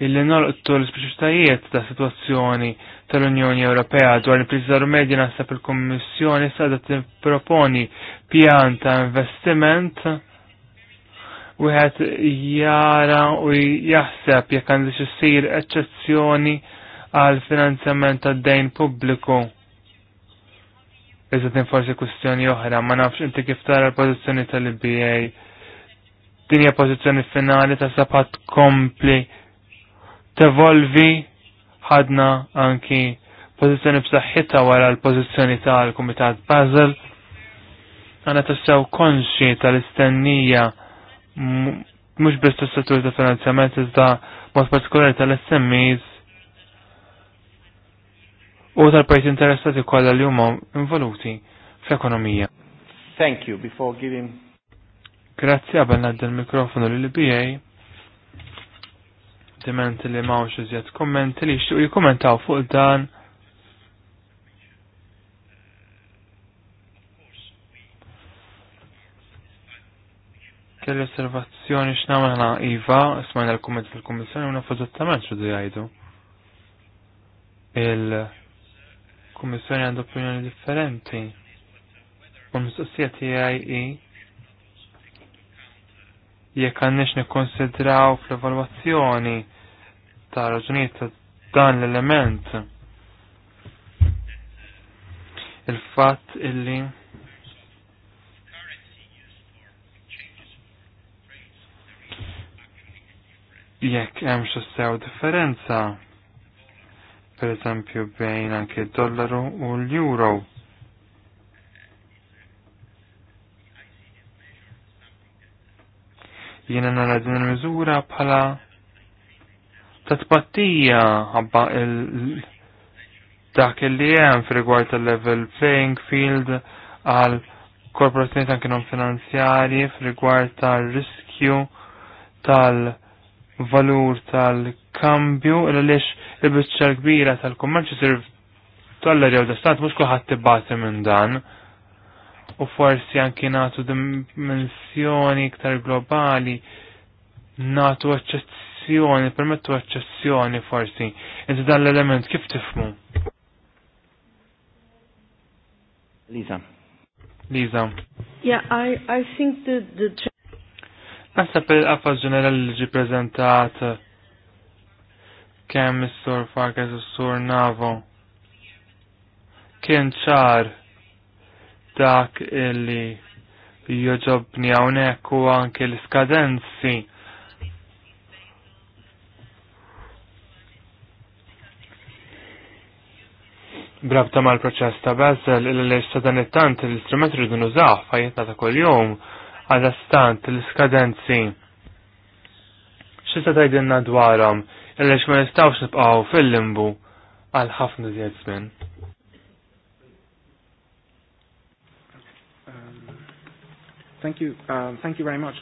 illi nolqtu l-speċistajiet ta' situazzjoni tal-Unjoni Ewropea dwar il-Prizzar Medja naħseb il-Kommissjoni sada tipproponi pjan ta' investiment wieħed jara u jaħseb jekk għandix issir eċċezzjoni għal finanzjament tad dejn pubbliku. Iżda din forsi kwistjoni oħra, ma nafx inti kif tara l-pożizzjoni tal-IBA. Din hija pożizzjoni finali ta' sapat kompli. Tevolvi ħadna anki pożizzjoni b'saħħitha wara l-pożizzjoni tal-Kumitat Basel. Għana tassew konxi tal-istennija mux biss tas-settur ta' finanzjament iżda mod partikolari tal-SMEs u tal-pajt interessati kollha li huma involuti fl-ekonomija. Thank you before giving Grazzi għabel nadda l-mikrofonu li l-BA. Dement li mawx iżjed kommenti li jixtuq jikommentaw fuq dan. Kelli osservazzjoni x'namel Iva, smajna l-kumment fil-Kummissjoni u nafu eżattament x'du jgħidu. Il-Kummissjoni għandu opinjoni differenti. U mistoqsija tiegħi hi jekk għandniex nikkonsidraw fl-evalwazzjoni ta' raġunijiet ta' dan l-element il-fatt illi jekk hemm xi sew differenza pereżempju bejn anke dollaru u l-euro. Jiena nara din il-miżura bħala ta' tpattija ħabba il- dak li hemm f'rigward tal-level playing field għal korporazzjoni anke non finanzjarji f'rigward tal-riskju tal-, -riskju, tal valur tal-kambju, il lix il-bicċa kbira tal-kummerċ jisir tollar jew destat mux kullħat tibbati minn dan u forsi anki natu dimensjoni iktar globali natu eċċezzjoni, permettu eċċezzjoni forsi. Inti dan l-element kif tifmu? Lisa. Lisa. Yeah, I, I think the, the Naħseb il-qafa ġenerali li ġi prezentat kemm is-sur Farkas u s-sur Navo kien ċar dak illi joġobni hawnhekk u anke l-skadenzi Brabta mal-proċess ta' Basel il-lex ta' dan it-tant l-istrument rridu nużaw fajjetna ta' kol jom għal stant l-skadenzi xista tajdinna dwarom għalix ma nistawx nibqaw fil-limbu għal ħafna zjed żmien. Thank you, um, thank you very much.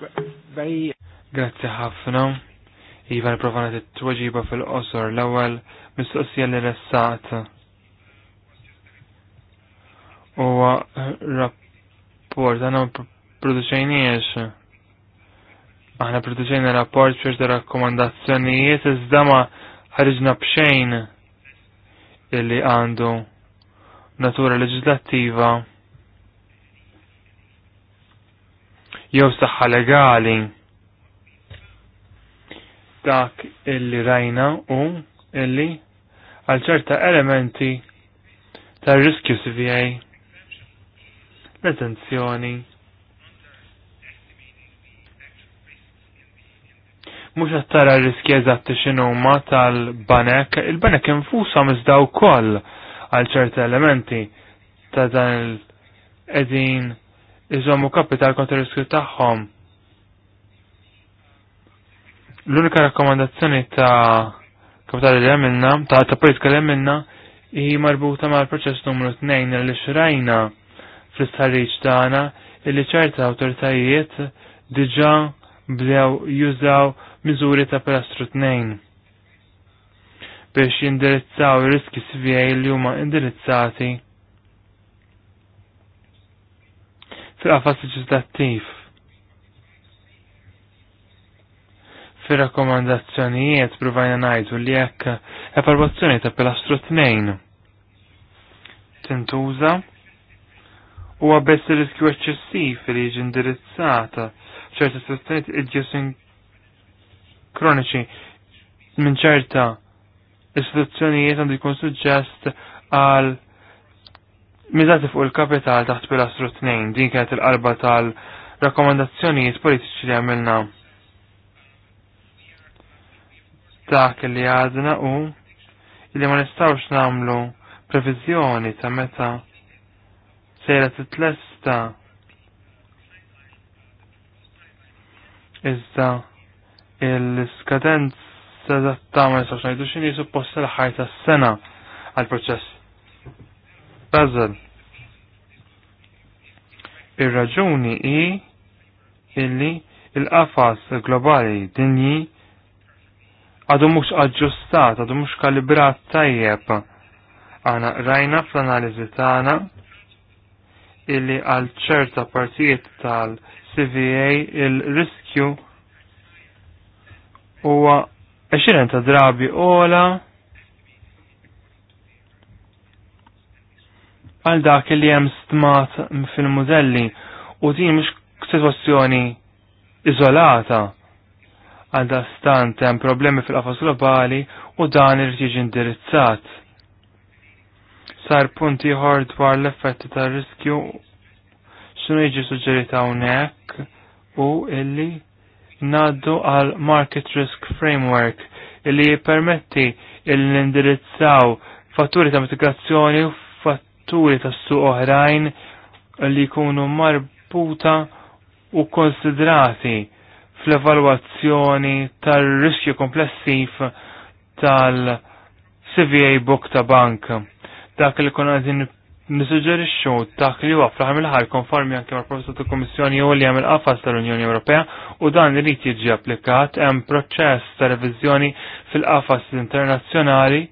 Very... Grazie ħafna. Iva niprofa t tweġiba fil-qosor l-ewwel mistoqsija li ressaqt. u rapport għandna produċejniex. Aħna produċejna rapport fiex ta' rakkomandazzjonijiet iżda ma ħarġna bxejn illi għandu natura leġislattiva jew saħħa legali. Dak illi rajna u illi għal ċerta elementi tar riskju CVA l mux għattara riski eżatti ma tal-banek, il-banek infusa mizdaw koll għal ċerti elementi ta' dan il-edin iżommu kapital kontra riskju tagħhom. L-unika rakkomandazzjoni ta' kapital li għamilna, ta' ta' politika li għamilna, hi marbuta mal proċess numru 2 li xrajna fl-istħarriċ tagħna illi ċerta awtoritajiet diġa bdew jużaw miżuri ta' pilastru tnejn biex jindirizzaw riski svijaj li huma indirizzati fil-qafas leġislattiv. Fir-rakkomandazzjonijiet provajna ngħidu li hekk evalwazzjoni ta' pilastru 2 tintuża u biss ir-riskju eċċessiv li jiġi indirizzata ċerta sezzjonijiet iġġesin kroniċi minn ċerta istituzzjonijiet għandu jkun suġġest għal miżati fuq il-kapital taħt pilastru 2 din kienet il-qalba tal-rakkomandazzjonijiet politiċi li għamilna. Dak li għadna u li ma nistawx namlu previżjoni ta' meta sejra titlesta iżda il-skadenza ta' tamer sa' xnajdu xini supposta l-ħaj ta' s-sena għal-proċess. Bazzal. Ir-raġuni i illi il-qafas globali dinji għadu mux aġġustat, għadu mux kalibrat tajjeb. Għana rajna fl-analizi tagħna illi għal ċerta partijiet tal-CVA il-riskju huwa 20 ta' drabi ola għal dak li hemm stmat fil-mudelli u din mhux sitwazzjoni iżolata għal da stant hemm problemi fil-qafas globali u dan irid jiġi indirizzat. Sar punti ieħor dwar l-effetti tar-riskju x'inhu jiġi suġġerit hawnhekk u illi naddu għal Market Risk Framework li permetti il-indirizzaw fatturi ta' mitigazzjoni u fatturi ta' suq oħrajn li jkunu marbuta u konsidrati fl-evalwazzjoni tal-riskju komplessiv tal-CVA book ta' bank. Dak li kuna din xo dak li huwa fl-aħħar konformi anke mal-proposta ta' Kummissjoni u li hemm il-qafas tal-Unjoni Ewropea u dan irid jiġi applikat hemm proċess ta' reviżjoni fil-qafas internazzjonali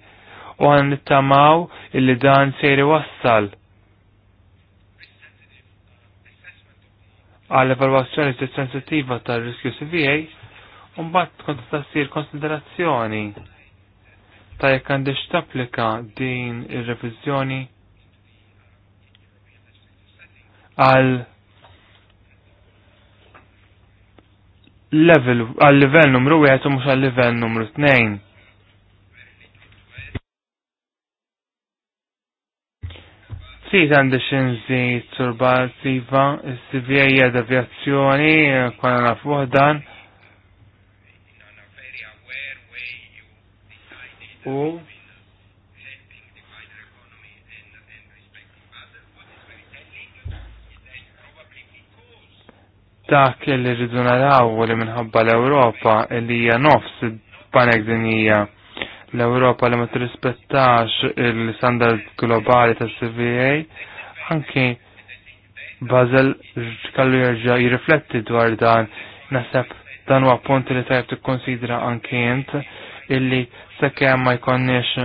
u għan nittamaw illi dan sejri wassal għal evalwazzjoni sensittiva tal-riskju CVA un bat tkun sir konsiderazzjoni ta' jekk għandix tapplika din ir revizjoni għal level għal level numru 1 u mhux għal level numru 2. Sit għandi xinżi turbativa, s-sivjeja d-avjazzjoni, kwana naf dan. U dak li rridu naraw li minħabba l-Ewropa li hija nofs panek dinija l-Ewropa li ma tirrispettax il-standard globali tas cva anki Basel kallu jerġa' jirrifletti dwar dan naħseb dan huwa punt li tajb tikkonsidra anki int illi sakemm ma jkonniex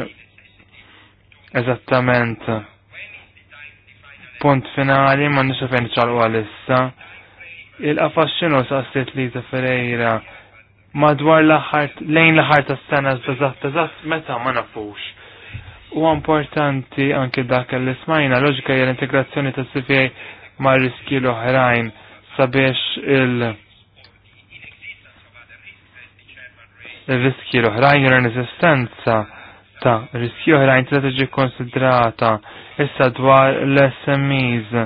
eżattament punt finali ma nixu fejn għalissa. issa il affasċinu xinu saqsit li ta' Ferreira madwar l lejn l ta' s-sena z-bazax, t-bazax meta ma nafux. U importanti anke dak li ismajna, loġika jgħal integrazzjoni ta' CFA ma' riski l-oħrajn sabiex il- riski l-oħrajn jgħal resistenza ta' riski oħrajn t-tiġi konsidrata issa dwar l-SMEs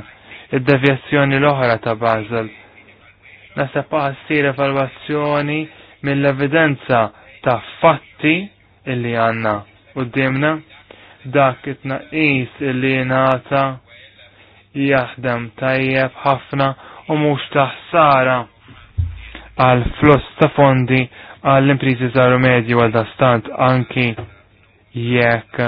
id-devjazzjoni l-oħra ta' Basel Nasab għassir evalwazzjoni mill-evidenza ta' fatti illi għanna u d-dimna dak it-naqis illi nata jaħdem tajjeb ħafna u mux taħsara għal flus ta' fondi għall imprizi zaru medju għal dastant anki jekk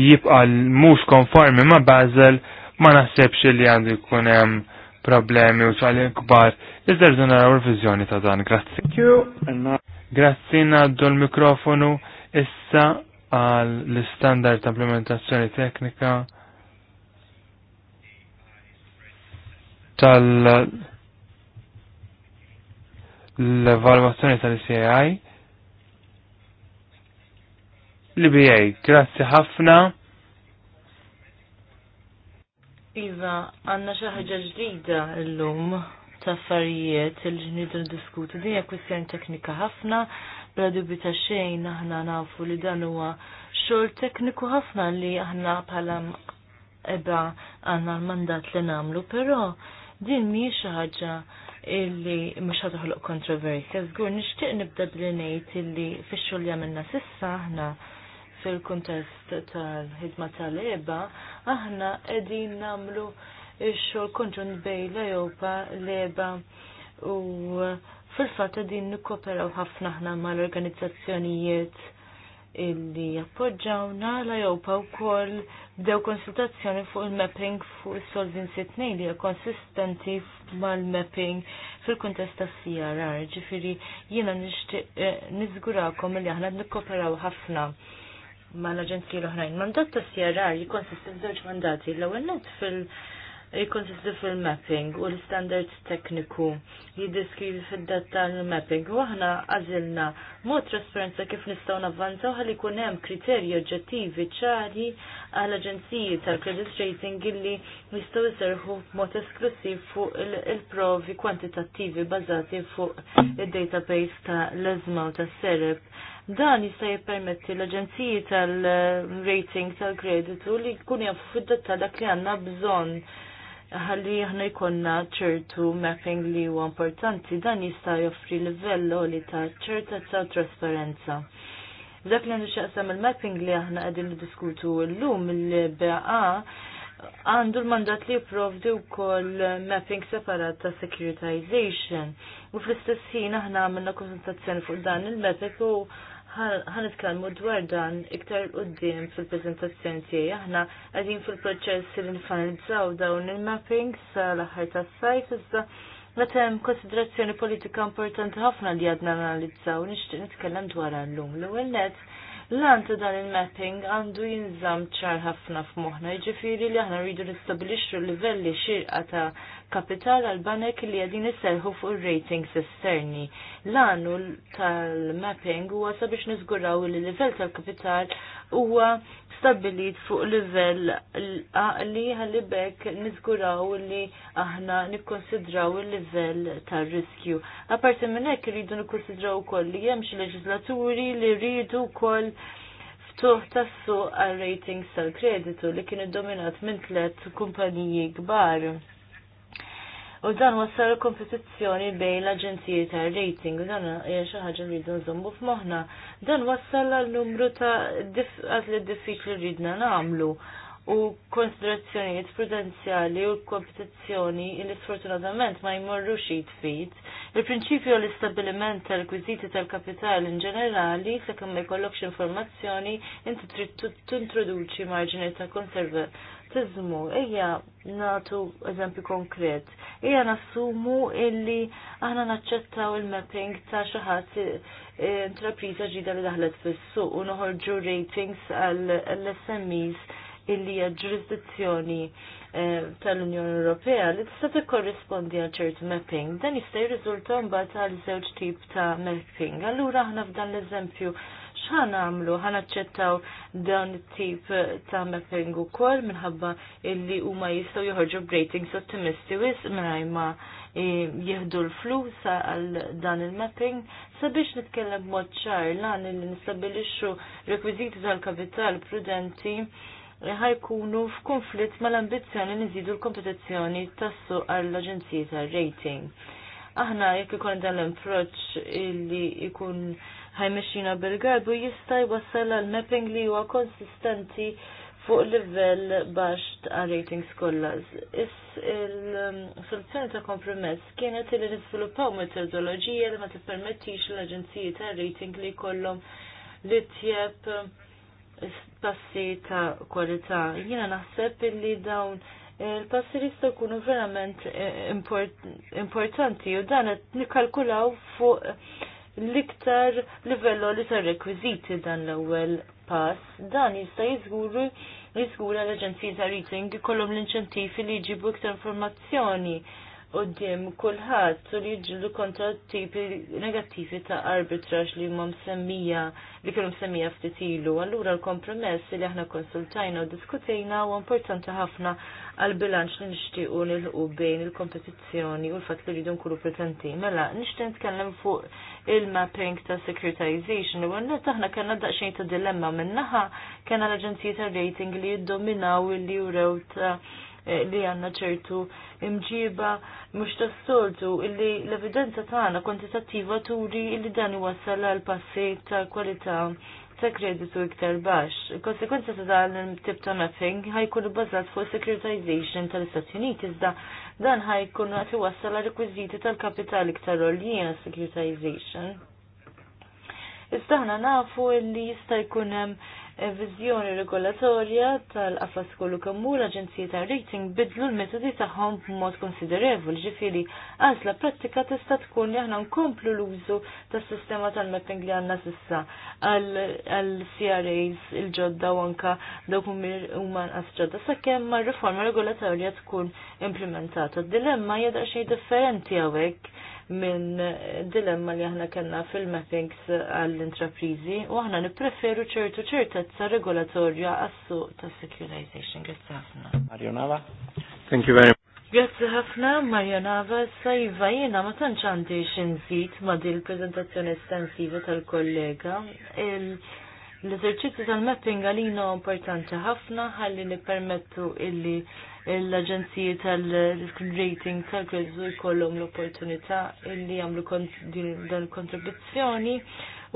jibqa mux konformi ma' Basel ma naħsebx li għandu jkun hemm problemi u ċali kbar. Iżda rridu naraw il-vizjoni ta' dan, grazzi. Grazzi għaddu l-mikrofonu issa għal l-standard ta' implementazzjoni teknika tal l-evalwazzjoni tal-CAI. l-BA, grazzi ħafna Iva, għanna xaħġa ġdida l-lum ta' affarijiet il-ġnidu diskutu dinja kwistjoni teknika ħafna, bla dubi ta' xejn aħna nafu li dan huwa xogħol tekniku ħafna li aħna bħala eba għanna l-mandat li namlu, però din mi xaħġa illi mhux ħatħolq kontroversja, zgur nixtieq nibda bl-nejt illi xogħol li għamilna sissa aħna fil-kontest tal-ħidma tal-EBA, aħna edin namlu il-xol konġun bej l-Ejopa, l-EBA u fil-fat edin nikoperaw ħafna ħna mal-organizzazzjonijiet illi appoġġawna l-Ejopa u kol bdew konsultazzjoni fuq il-mapping fuq il-solvency 2 li konsistenti mal-mapping fil-kontest ta' CRR, ġifiri jiena nizgurakom eh, li aħna nikkoperaw ħafna ma' l-aġenzija l-oħrajn. Mandat ta' CRR jikonsisti f'żewġ mandati. L-ewwel net fil- jikonsisti fil-mapping u l standards tekniku jiddiskrivi fil-dat l mapping u aħna għazilna mod trasparenza kif nistaw navvanzaw għal ikun hemm kriterji oġġettivi ċari għal aġenziji tal-credit rating illi jistaw jserħu mod esklusiv fuq il-provi kwantitattivi bazati fuq il-database ta' l-ezma u ta' sereb Dan jista' jippermetti l-Aġenziji tal-rating tal-kreditu li jkun jafu fid-detta dak li għandna bżonn ħalli aħna jkollna ċertu mapping li huwa importanti dan jista' joffri livell li ta' ċertezza u trasparenza. Dak li għandu xaqsam il-mapping li aħna qegħdin diskutu l-lum il-BA għandu l-mandat li jiprovdi u koll mapping separat ta' securitization. U fl-istess ħin aħna għamilna konsultazzjoni fuq dan il-mapping u Ħan ħanitkellmu dwar dan iktar qudiem fil-preżentazzjoni tiegħi. Aħna qegħdin fil-proċess li nfinalizzaw dawn il-mapping l aħħar tas-sajf iżda meta hemm konsiderazzjoni politika importanti ħafna li għadna analizzaw nixtieq nitkellem dwar llum. L-ewwel net l-għan ta' dan il-mapping għandu jinżamm ċar ħafna f'moħħna, jiġifieri li aħna rridu nistabilixxu l livelli xirqa ta' kapital għal banek li għadin isserħu fuq ratings esterni. l għannu tal-mapping huwa sabiex nizguraw li livell tal-kapital huwa stabilit fuq livell li għalli bekk nizguraw li aħna nikkonsidraw il-livell tal-riskju. Aparti minn hekk rridu nikkonsidraw ukoll li hemm xi leġislaturi li rridu wkoll tuħ tassu għal ratings tal-kreditu li kien dominat minn tlet kumpaniji kbar. U dan wassal kompetizzjoni bejn l-aġenziji ta' rating, u dan hija xi ħaġa li rridu nżommu f'moħħna. Dan wassal għal numru ta' diffiċ diffiċli rridna nagħmlu u konsiderazzjonijiet prudenzjali u kompetizzjoni li sfortunatament ma jmorru xit fit. Il-prinċipju l istabiliment tal-kwiziti tal-kapital in ġenerali, sakemm ma jkollokx informazzjoni, inti trid tintroduċi marġini ta' konserva tizmu, ija Ejja natu eżempju konkret. Ejja nassumu illi aħna naċċettaw il-mapping ta' xi intrapriza ġida li daħlet fis-suq u noħorġu ratings għall-SMEs illi għal ġurisdizzjoni eh, tal-Unjoni Ewropea li tista' tikkorrispondi għal ċert mapping. Dan jista' jirriżulta mbagħad għal żewġ tip ta' mapping. Allura aħna f'dan l-eżempju x'ħan għamlu, għan aċċettaw dawn it-tip ta' mapping ukoll minħabba illi huma jistgħu joħorġu b'ratings ottimisti wis mingħajr ma e, jieħdu l-flus għal dan il-mapping sabiex nitkellem moċċar ċar lan li nistabilixxu rekwiżiti tal-kapital prudenti ħajkunu f'konflitt mal-ambizzjoni li nżidu l-kompetizzjoni tas-suq għall aġenzija tar-rating aħna jekk ikun dan l-approċ li ikun ħajmexxina bil-garbu jista' jwassal għal mapping li huwa konsistenti fuq livell baxx ta' ratings Is Il-soluzzjoni ta' kompromess kienet li nisvilupaw metodologija li ma tippermettix l-aġenziji ta' rating li jkollhom li tjeb passi ta' kwalità. Jiena naħseb li dawn il-passi li jistgħu jkunu verament importanti u dan qed nikkalkulaw fuq l-iktar livello li ser rekwiziti dan l-ewwel pass. Dan jista' jiżguru jiżgura l-Aġenziji ta' Rating ikollhom l-inċentifi li jġibu iktar informazzjoni qudiem kulħadd u li jġilu kontra tipi negattivi ta' arbitraġ li huma msemmija li kienu msemmija ftit ilu. Allura l-kompromess li aħna konsultajna u diskutejna huwa importanti ħafna għal-bilanċ li nixtiequ nilqu bejn il-kompetizzjoni u l-fatt li rridu nkunu prezenti. Mela, nixtieq nitkellem fuq il-mapping ta' securitization u għanna aħna kellna daqsxejn ta' dilemma minnaħa kellna l-aġenziji ta' rating li jiddominaw il-li jurew ta' li għanna ċertu imġiba mux tas-soltu illi l-evidenza tagħna kwantitattiva turi illi dan iwassal għal passi ta' kwalità ta' kreditu iktar baxx. Il-konsekwenza ta' dan tip ta' nothing ħajkun bbażat fuq securitization tal-Istati Uniti iżda dan ħajkun għati wassal għal rekwiżiti tal-kapital iktar jena securitization. Iżda ħna nafu li jista' jkun hemm viżjoni regolatorja tal-qafas kollu kammu l-Aġenzija ta' Rating bidlu l-metodi tagħhom b'mod konsiderevoli, ġifieri għażla prattika tista' tkun li aħna nkomplu l-użu tas-sistema tal-mapping li għandna s'issa għall-CRAs il-ġodda u anka dawk huma nqas ġodda sakemm ma' riforma regolatorja tkun implementata. D-dilemma hija daqsxejn differenti hawnhekk minn dilemma li aħna kellna fil-mappings għall-intraprizi u aħna nippreferu ċertu ċertezza regolatorja għas ta' securitization. Grazzi ħafna. Marjonava. Thank you very much. Grazie ħafna, Marjonava. Sajva jena ma tantx għandi xinżid ma' din il-prezentazzjoni estensiva tal-kollega. L-eżerċizzju tal-mapping għalina importanti ħafna ħalli nippermettu illi l-Aġenziji tal-Rating tal-Kreditu jkollhom l-opportunità illi jagħmlu dan kontribuzzjoni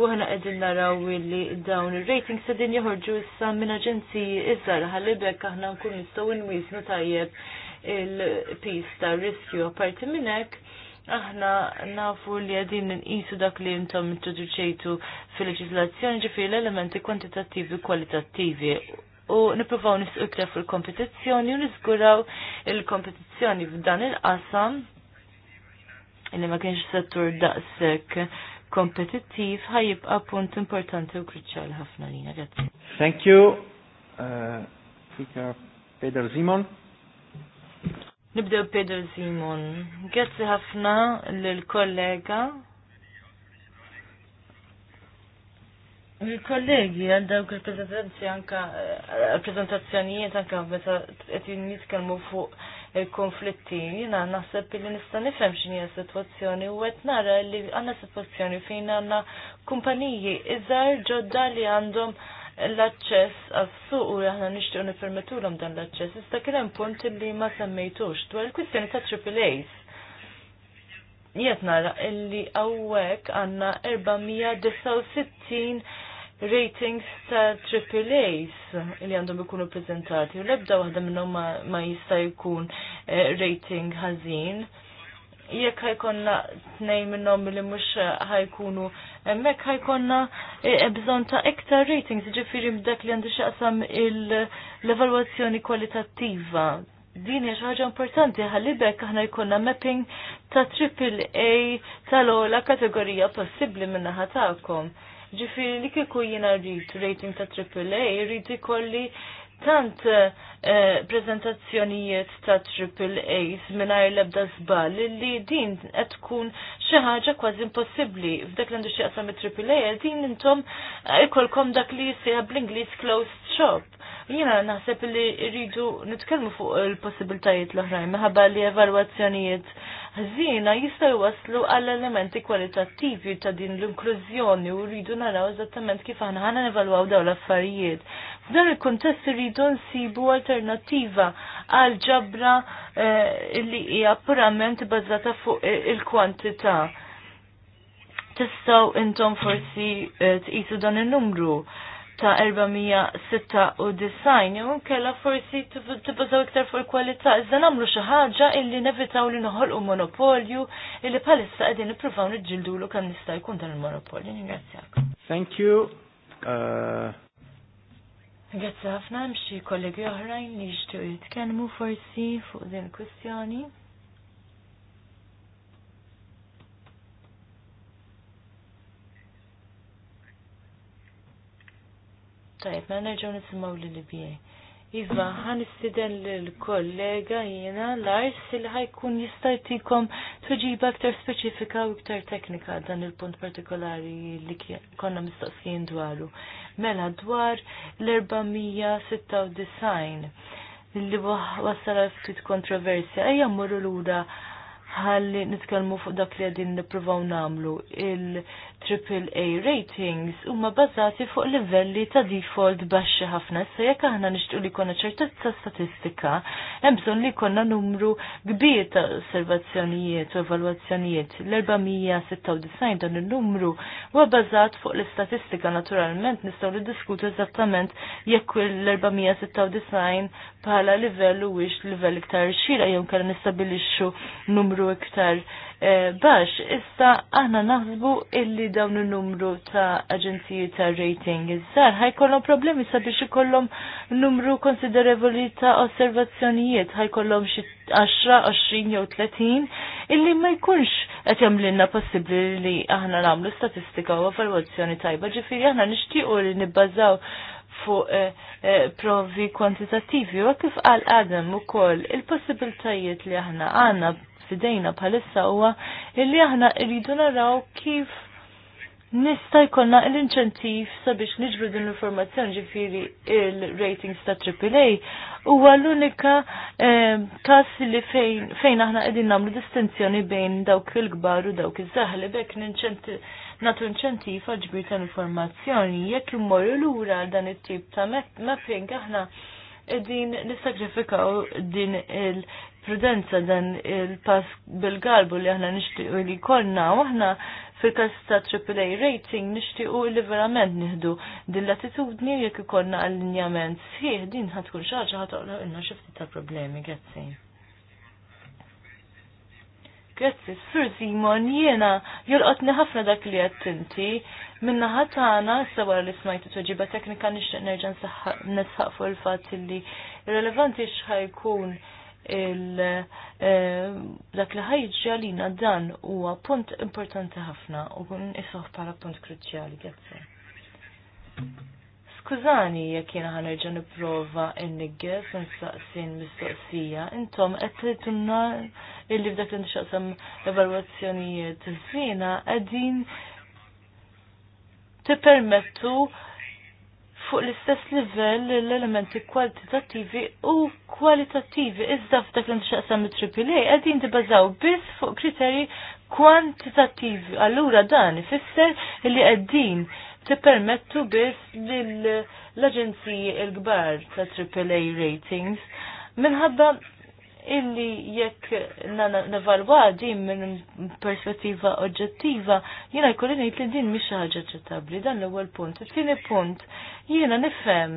u ħana qegħdin naraw illi dawn ir-rating se din joħorġu issa minn aġenziji iżgħar ħalibek aħna nkun nistgħu nwiesnu tajjeb il-pis ta' riskju apparti minn hekk aħna nafu li għadin n-insu dak li jintom introduċejtu fil leġizlazzjoni ġifir l-elementi kwantitattivi u kwalitattivi u nippruvaw nisqu fil-kompetizzjoni u niżguraw il-kompetizzjoni f'dan il-qasam illi ma kienx settur daqsek kompetittiv ħajibqa' punt importanti u kruċjali ħafna lina. Grazzi. Thank you. Uh, Peter Simon. Nibdew Peter Simon. Grazzi ħafna lill kollega Il-kollegi għandaw dawk il-prezentazzjoni anka eh, prezentazzjonijiet anka meta qed jitkellmu fuq il-konflitti, jiena naħseb li nista' nifhem x'inhi s-sitwazzjoni u qed nara li għandna sitwazzjoni fejn għanna kumpaniji iżar ġodda li għandhom l-aċċess għas-suq u aħna nixtiequ nippermettulhom dan l-aċċess. Issa kien hemm punt li ma semmejtux dwar il-kwistjoni ta' AAAs jiet nara illi għawek għanna 469 ratings ta' AAAs li għandhom ikunu prezentati. U lebda waħda minnhom ma jista' jkun eh, rating ħażin. Jekk ħajkonna tnejn minnhom li mhux ħajkunu hemmhekk ħajkonna eh, bżonn ta' iktar ratings, ġifieri b'dak li għandu x'aqsam l-evalwazzjoni kwalitattiva din hija xi ħaġa importanti ħalibek aħna jkollna mapping ta' triple A tal-ogħla kategorija possibbli min-naħa tagħkom. Ġifiri li kieku jina rrit rating ta' AAA, rrit ikolli tant eh, prezentazzjonijiet ta' triple A's l lebda zbal li din qed tkun xi ħaġa kważi impossibbli f'dak li għandu xi qasam triple A din intom eh, ikolkom dak li jsejħa bl-Ingliż closed shop. Jiena naħseb li rridu nitkellmu fuq il-possibiltajiet l-oħrajn minħabba li evalwazzjonijiet ħżina jistgħu waslu għall elementi kwalitattivi ta' din l-inklużjoni u rridu naraw eżattament kif aħna ħana nevalwaw dawn l-affarijiet. Dan il-kuntest irridu nsibu alternattiva għal ġabra eh, li hija purament bazzata fuq eh, il-kwantità. Tistgħu intom forsi eh, tqisu dan in-numru ta' 496 jew kella forsi tibbażaw iktar fuq il-kwalità. Iżda nagħmlu xi ħaġa illi nevitaw li noħolqu monopolju illi bħalissa qegħdin nippruvaw niġġildulu kemm nista' jkun dan il-monopolju. Ningrazzjak. Thank you. Uh, Grazzi ħafna hemm xi kollegi oħrajn li jixtiequ jitkellmu forsi fuq din il-kwistjoni. Tajjeb, ma mela nerġgħu nisimgħu li libjej. Iva, għan istiden l-kollega jena Lars li ħajkun jistajtikom tuġi aktar specifika u iktar teknika dan il-punt partikolari li konna mistoqsijin dwaru. Mela dwar l-496 li wassal ftit kontroversja, ejja mmorru l-ura ħalli nitkelmu fuq dak li għedin niprofaw namlu. AAA ratings huma bażati fuq livelli ta' default baxxi ħafna issa jekk aħna nixtieq li jkollna ċertezza statistika hemm bżonn li jkollna numru kbir ta' osservazzjonijiet u evalwazzjonijiet. L-496 dan in-numru huwa bażat fuq l-istatistika naturalment nistgħu diskutu eżattament jekk l-496 bħala livell u wix livell iktar xira jew kellha nistabilixxu numru iktar Eh, b'ax, issa aħna naħsbu illi dawn il-numru ta' aġenziji ta' rating iżżar ħajkollhom problemi sabiex ikollhom numru konsiderevoli ta' osservazzjonijiet ħajkollhom xi 10, 20 jew 30 illi ma jkunx qed jagħmlilna possibbli li aħna nagħmlu statistika u evalwazzjoni tajba, ġifieri aħna nixtiequ li nibbażaw fuq eh, eh, provi kwantitativi u kif qal Adam ukoll il-possibiltajiet li aħna għandna fidejna palissa huwa illi aħna rridu naraw kif Nista jkollna l-inċentiv sabiex niġbru din l-informazzjoni ġifiri il-ratings ta' AAA huwa l-unika eh, kas li fejn aħna qegħdin nagħmlu distinzjoni bejn dawk il-kbar u dawk iż-żaħli bekk natu inċentiv għal ġbir ta' informazzjoni jekk immorru lura dan it-tip ta' mapping aħna qegħdin nissagrifikaw din prudenza dan il-pass bil-galbu li aħna nixtiequ li kollna u aħna fil kas ta' AAA rating nixtiequ li verament nieħdu din l-attitudni jekk ikollna linjament sħiħ din ħad tkun xi ħaġa ħatoqra ilna xi ftit ta' problemi għetzi. Grazzi, Sir Simon, jiena jolqotni ħafna dak li għattinti inti Minna ħatana, s sawar li smajtu tuġiba teknika nixtieq nerġa' nisħaq fuq il-fatt li relevanti x'ħajkun Eh, dak li ħajġa lina dan huwa punt importanti ħafna u kun isoħ bħala punt kruċjali grazzi. Skużani jekk jiena ħanerġa' nipprova n-niggef nistaqsin mistoqsija, intom qed illi f'dak li nixaqsam evalwazzjonijiet għedin qegħdin permettu fuq l-istess livell l-elementi kwalitattivi u kwalitattivi. Iżda f'dak li nxaqsam mit-AAA qegħdin tibbażaw biss fuq kriterji kwantitattivi. Allura dan ifisser li qegħdin tippermettu biss lill-aġenziji l-kbar ta' AAA ratings minħabba illi jekk nevalwa din minn perspettiva oġġettiva, jiena jkolli ngħid li din mhix ħaġa ċettabbli, dan l-ewwel punt. It-tieni punt, jiena nifhem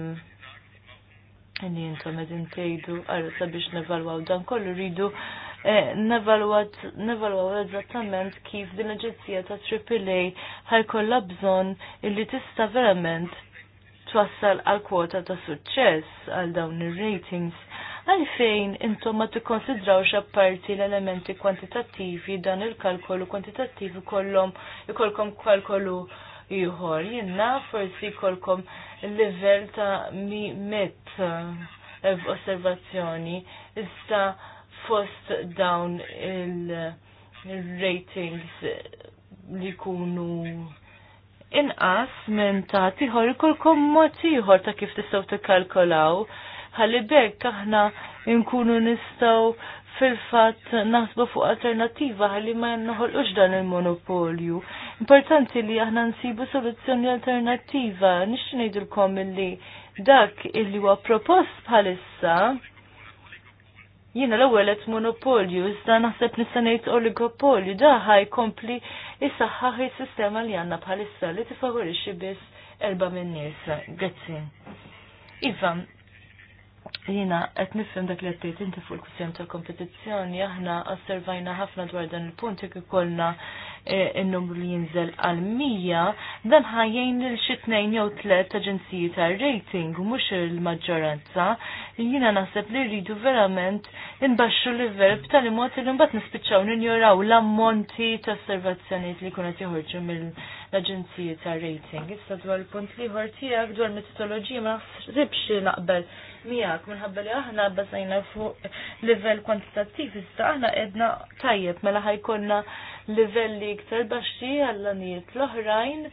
illi intom qegħdin tgħidu għal sabiex nevalwaw dan kollu rridu eh, nevalwaw eżattament kif din l-Aġenzija ta' AAA ħajkollha bżonn illi tista' verament twassal għal kwota ta' suċċess għal dawn ir-ratings Għalfejn intom ma tikkonsidrawx apparti l-elementi kwantitattivi dan il-kalkolu kwantitattivi kollom ikolkom kalkolu ieħor. Jinna forsi kolkom livell ta' mi met eh, osservazzjoni issa fost dawn il-ratings li kunu inqas minn ta' tiħor ikolkom mod ieħor ta' kif tistgħu tikkalkolaw ħalli bekk aħna nkunu nistgħu fil-fatt naħsbu fuq alternattiva ħalli ma noħolqux dan il-monopolju. Importanti li aħna nsibu soluzzjoni alternattiva, nixti ngħidilkom li dak illi huwa propost bħalissa jina l-ewwel monopolju, iżda naħseb nista' ngħid oligopolju, daħħa jkompli isaħħaħ is-sistema li għandna bħalissa li tifavorixxi biss erba' minn nies Grazzi. Iva, Jina, qed nifhem dak li għattejt inti fuq il-kwistjoni tal-kompetizzjoni, aħna osservajna ħafna dwar dan il-punt jekk ikollna n-numru eh, li jinżel għal mija, dan ħajjejn lil xi tnejn jew tliet aġenziji tar-rating u mhux il-maġġoranza. Jina naħseb li rridu verament inbaxxu livell b'tali mod li mbagħad nispiċċaw ninjoraw l-ammonti ta' osservazzjonijiet li kunet qed joħorġu mill aġenziji ta' rating. Issa dwar il-punt liħor tiegħek dwar metodoloġija ma naħsibx naqbel miegħek minħabba li aħna bbażajna fuq livell kwantitattiv issa aħna qedna tajjeb mela ħajkonna livelli iktar baxxi għall nijiet l-oħrajn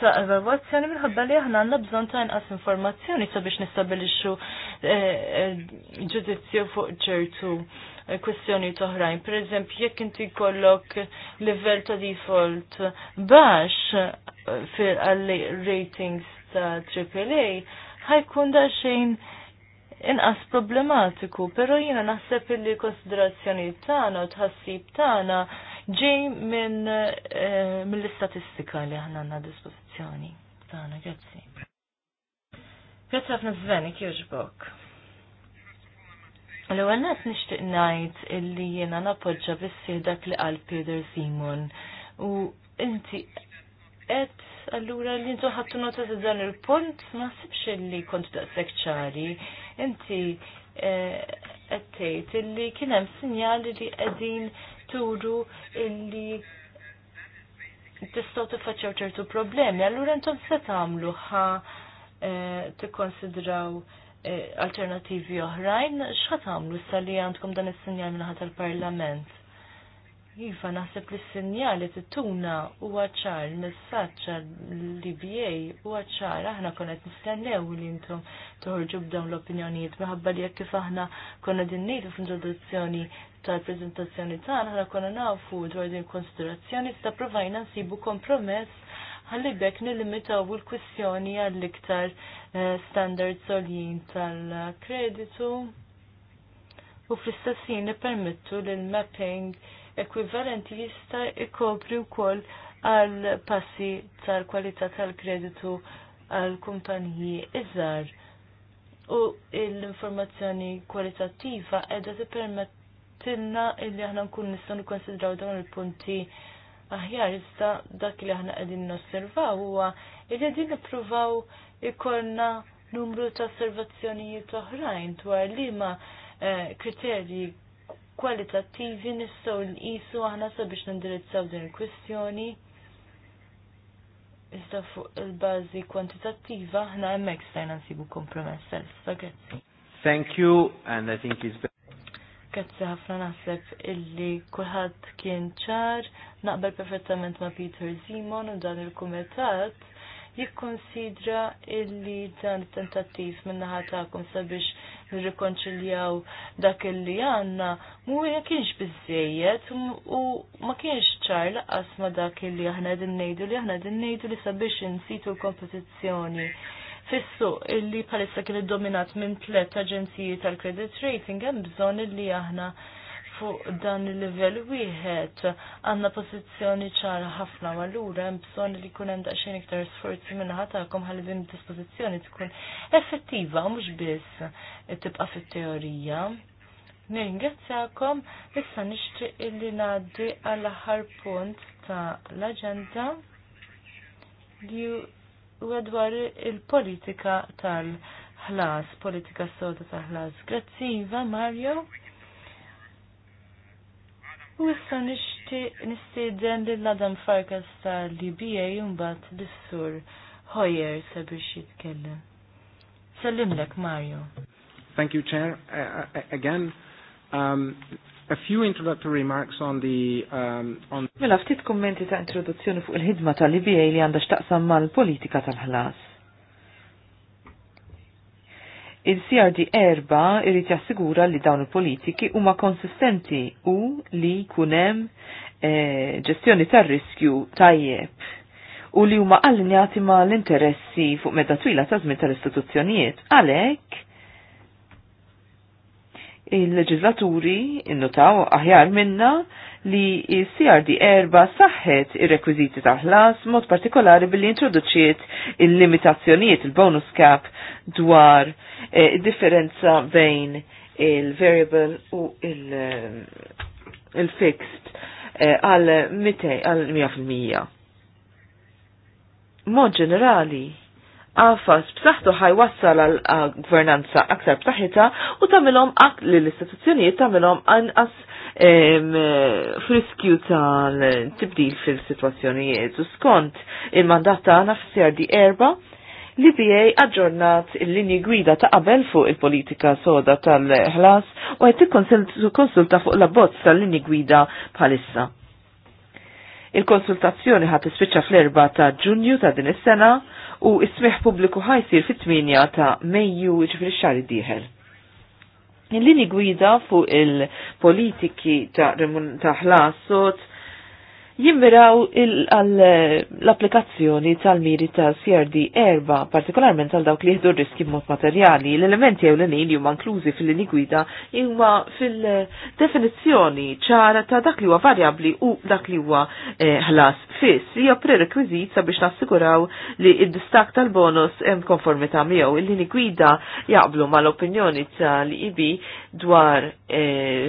ta' evalwazzjoni minħabba li aħna għandna bżonn ta' inqas informazzjoni sabiex nistabilixxu eh, eh, ġudizzju fuq ċertu eh, kwestjoni toħrajn. Per eżempju, jekk inti kollok level ta' default baxx fir għalli ratings ta' AAA, ħajkun da' xejn inqas problematiku, pero jina naħseb illi konsiderazzjoni tagħna u tħassib tagħna ġej minn eh, mill-istatistika li aħna għandna dispożizzjoni tagħna, grazzi. Grazzi ħafna Zveni, jogħġbok. L-ewwel nett nixtieq ngħid illi jiena nappoġġa bissieh dak li qal Peter Simon u inti et allura li ntu ħattu nota ta' dan il-punt, ma sibx li kont daqshekk ċari. Inti qed eh, tgħid illi kien hemm sinjali li qegħdin turu illi tistgħu tiffaċċew ċertu problemi, allura intom se tagħmlu ħa eh, tikkonsidraw eh, alternativi oħrajn, x'ħat tagħmlu issa li għandkom dan is-sinjal minħat tal-Parlament? Iva, naħseb li s-sinjali t-tuna u għacħar, messaċa l-IBA u għacħar, aħna konet nistennew li jintom toħorġu b'dawn l-opinjonijiet, meħabba li kif aħna konna dinnejtu f introduzzjoni tal-prezentazzjoni tagħna, aħna konna nafu dwar din konsiderazzjoni, sta provajna nsibu kompromess ħalli bekk nilimitaw il-kwistjoni għall-iktar eh, standards oljin tal-kreditu u fl-istessin permettu l-mapping ekwivalenti jista' ikopri wkoll għal passi tal-kwalità tal-kreditu għal kumpaniji iżgħar. U l-informazzjoni kwalitattiva qiegħda tippermettilna li aħna nkun nistgħu nikkonsidraw dawn il-punti aħjar iżda dak li aħna qegħdin nosservaw huwa li qegħdin nippruvaw ikollna numru ta' osservazzjonijiet oħrajn dwar liema eh, kriterji kwalitattivi nistgħu nqisu aħna sabiex nindirizzaw din il-kwistjoni. Iżda fuq il-bażi kwantitattiva aħna hemmhekk stajna nsibu kompromess self. Grazzi. Thank you and I think it's Grazie ħafna naħseb illi kulħadd kien ċar, naqbel perfettament ma' Peter Zimon u dan il-kumitat jikkonsidra illi dan tentattiv min-naħa tagħkom sabiex nirrikonċiljaw dak li għanna, mu ma kienx bizzejiet u ma kienx ċar laqas ma dak li aħna din nejdu li aħna din nejdu li sabiex nsitu l-kompetizzjoni. Fissu illi palissa kien dominat minn tlet aġenziji tal-credit rating hemm bżonn li aħna fuq dan il-level wieħed għandna pożizzjoni ċara ħafna u allura hemm bżonn li jkun hemm daqsxejn iktar sforzi minn ħatakom ħalli din dispożizzjoni tkun effettiva mhux biss tibqa' fit-teorija. Nirringrazzjakom issa nixtieq illi ngħaddi għall aħħar punt ta' l-aġenda li huwa dwar il-politika tal-ħlas, politika soda tal-ħlas. Grazzi, Iva, Mario. U issa nixtieq nistieden Adam Farkas Li lba mbagħad l sur Hoyer sabiex jitkellem. Sellimlek Mario. Thank you, Chair. Uh, again, um, a few introductory remarks on the um, on Mela ftit kommenti ta' introduzzjoni fuq il-ħidma Li lba li għanda x'taqsam mal-politika tal-ħlas. Il-CRD erba irrit jassigura li dawn il-politiki huma konsistenti u li kunem eh, ġestjoni e, tar-riskju tajjeb u li huma allinjati ma l-interessi fuq medda twila ta' żmien tal-istituzzjonijiet. Għalhekk il-leġizlaturi innutaw aħjar minna li CRD erba saħħet ir-rekwiziti ta' ħlas mod partikolari billi introduċiet il-limitazzjonijiet il-bonus cap dwar il eh, differenza bejn il-variable u eh, il-fixed eh, għal eh, 200 għal 100%. Mod ġenerali, għafas b'saħħtu ħajwassal għal gvernanza aktar b'saħħita u għak li l-istituzzjonijiet tamilom anqas friskju tal-tibdil fil-sitwazzjonijiet. U skont il-mandat tagħna fis erba' l-IBA aġġornat il-linji gwida ta' qabel fuq il-politika soda tal-ħlas u għed konsulta fuq la bozz tal-linji gwida bħalissa. Il-konsultazzjoni ħat ispiċċa fl-4 ta' Ġunju ta' din is-sena u ismiħ pubbliku ħajsir fit-8 ta' Mejju ġifri xar diħel. Il-lini gwida fuq il-politiki ta' ħlas sot jimmiraw l-applikazzjoni tal-miri ta' CRD erba, partikolarment tal dawk li jihdu riski mod materjali. L-elementi għaw l-nin li huma inklużi fil-lini gwida huma fil-definizzjoni ċara ta' dak li huwa variabli u dak li huwa eh, ħlas fiss. Hija prerekwiżit sabiex nassiguraw li id-distak tal-bonus hemm konformità miegħu. Il-lini gwida jaqblu mal-opinjoni tal-IB dwar eh,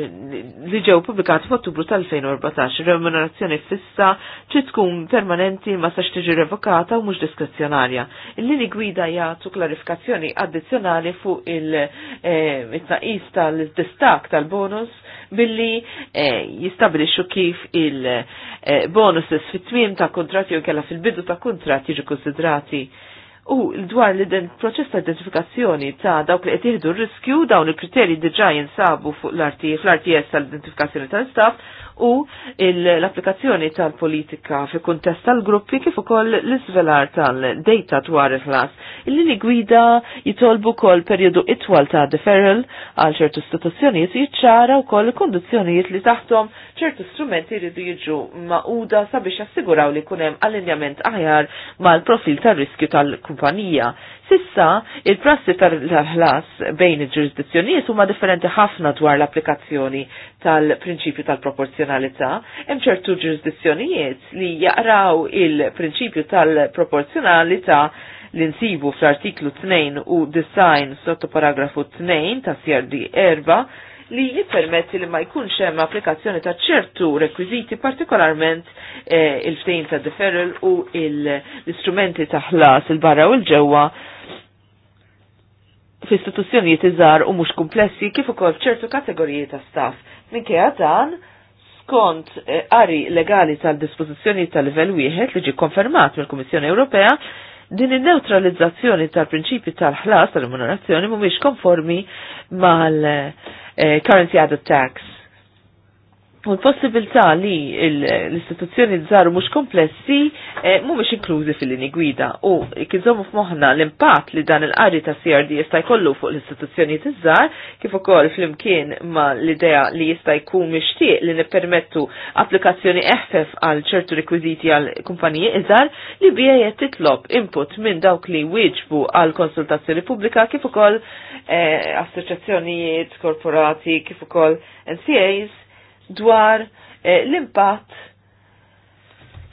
li ġew pubblikati f'Ottubru tal-2014 remunerazzjoni fiss bħalissa ċi tkun permanenti ma sax tiġi revokata u mhux diskrezzjonarja. Il-lini gwida jagħtu klarifikazzjoni addizzjonali fuq il-tnaqis eh, e, tal-distak tal-bonus billi e, eh, jistabilixu kif il-bonuses eh, e, fit tmiem ta' kontrati u kella fil-bidu ta' kontrati jiġu konsidrati. U dwar l-proċess ta' identifikazzjoni ta' dawk li qed jieħdu r-riskju dawn il-kriterji diġà jinsabu fuq l-RTS tal-identifikazzjoni tal-istaff u l-applikazzjoni tal-politika fi kuntest tal-gruppi kif ukoll l-isvelar tal-data dwar il-ħlas. Il-lini gwida jitolbu kol periodu itwal ta' deferral għal ċertu istituzzjonijiet jitċara u kol kondizjonijiet li taħtom ċertu strumenti jridu jiġu maquda sabiex assiguraw li kunem allinjament aħjar mal-profil tal-riskju tal-kumpanija. Sissa, il-prassi tal-ħlas bejn il-ġurisdizzjonijiet huma differenti ħafna dwar l-applikazzjoni tal-prinċipju tal-proporzjonalità proporzjonalità, hemm ċertu ġurisdizzjonijiet li jaqraw il-prinċipju tal-proporzjonalità li nsibu fl-artiklu 2 u design sotto paragrafu 2 ta' CRD 4 li jippermetti li ma jkunx hemm applikazzjoni ta' ċertu rekwiżiti partikolarment eh, il-ftejn ta' deferral u l-istrumenti ta' ħlas il-barra u l-ġewwa f'istituzzjonijiet iżgħar u mhux komplessi kif ukoll ċertu kategoriji ta' staff. Minkejja dan, skont eh, qari legali tal-dispożizzjoni tal-livell wieħed li ġi konfermat mill-Kummissjoni Ewropea, din il-neutralizzazzjoni tal-prinċipju tal-ħlas tal-remunerazzjoni mhumiex konformi mal-Currency eh, Added Tax U l-possibilità li l-istituzzjoni żaru mhux komplessi eh, mhumiex inklużi fil-lini gwida u kizomu f'moħħna l-impatt li dan il-qari ta' CRD jista' jkollu fuq l-istituzzjoni żgħar kif ukoll flimkien ma' l-idea li jista' jkun mixtieq li nippermettu applikazzjoni eħfef għal ċertu rekwiżiti għal kumpaniji iżgħar li bija qed titlob input minn dawk li wieġbu għal konsultazzjoni pubblika kif ukoll eh, assoċjazzjonijiet, korporati, kif ukoll NCAs dwar eh, l-impatt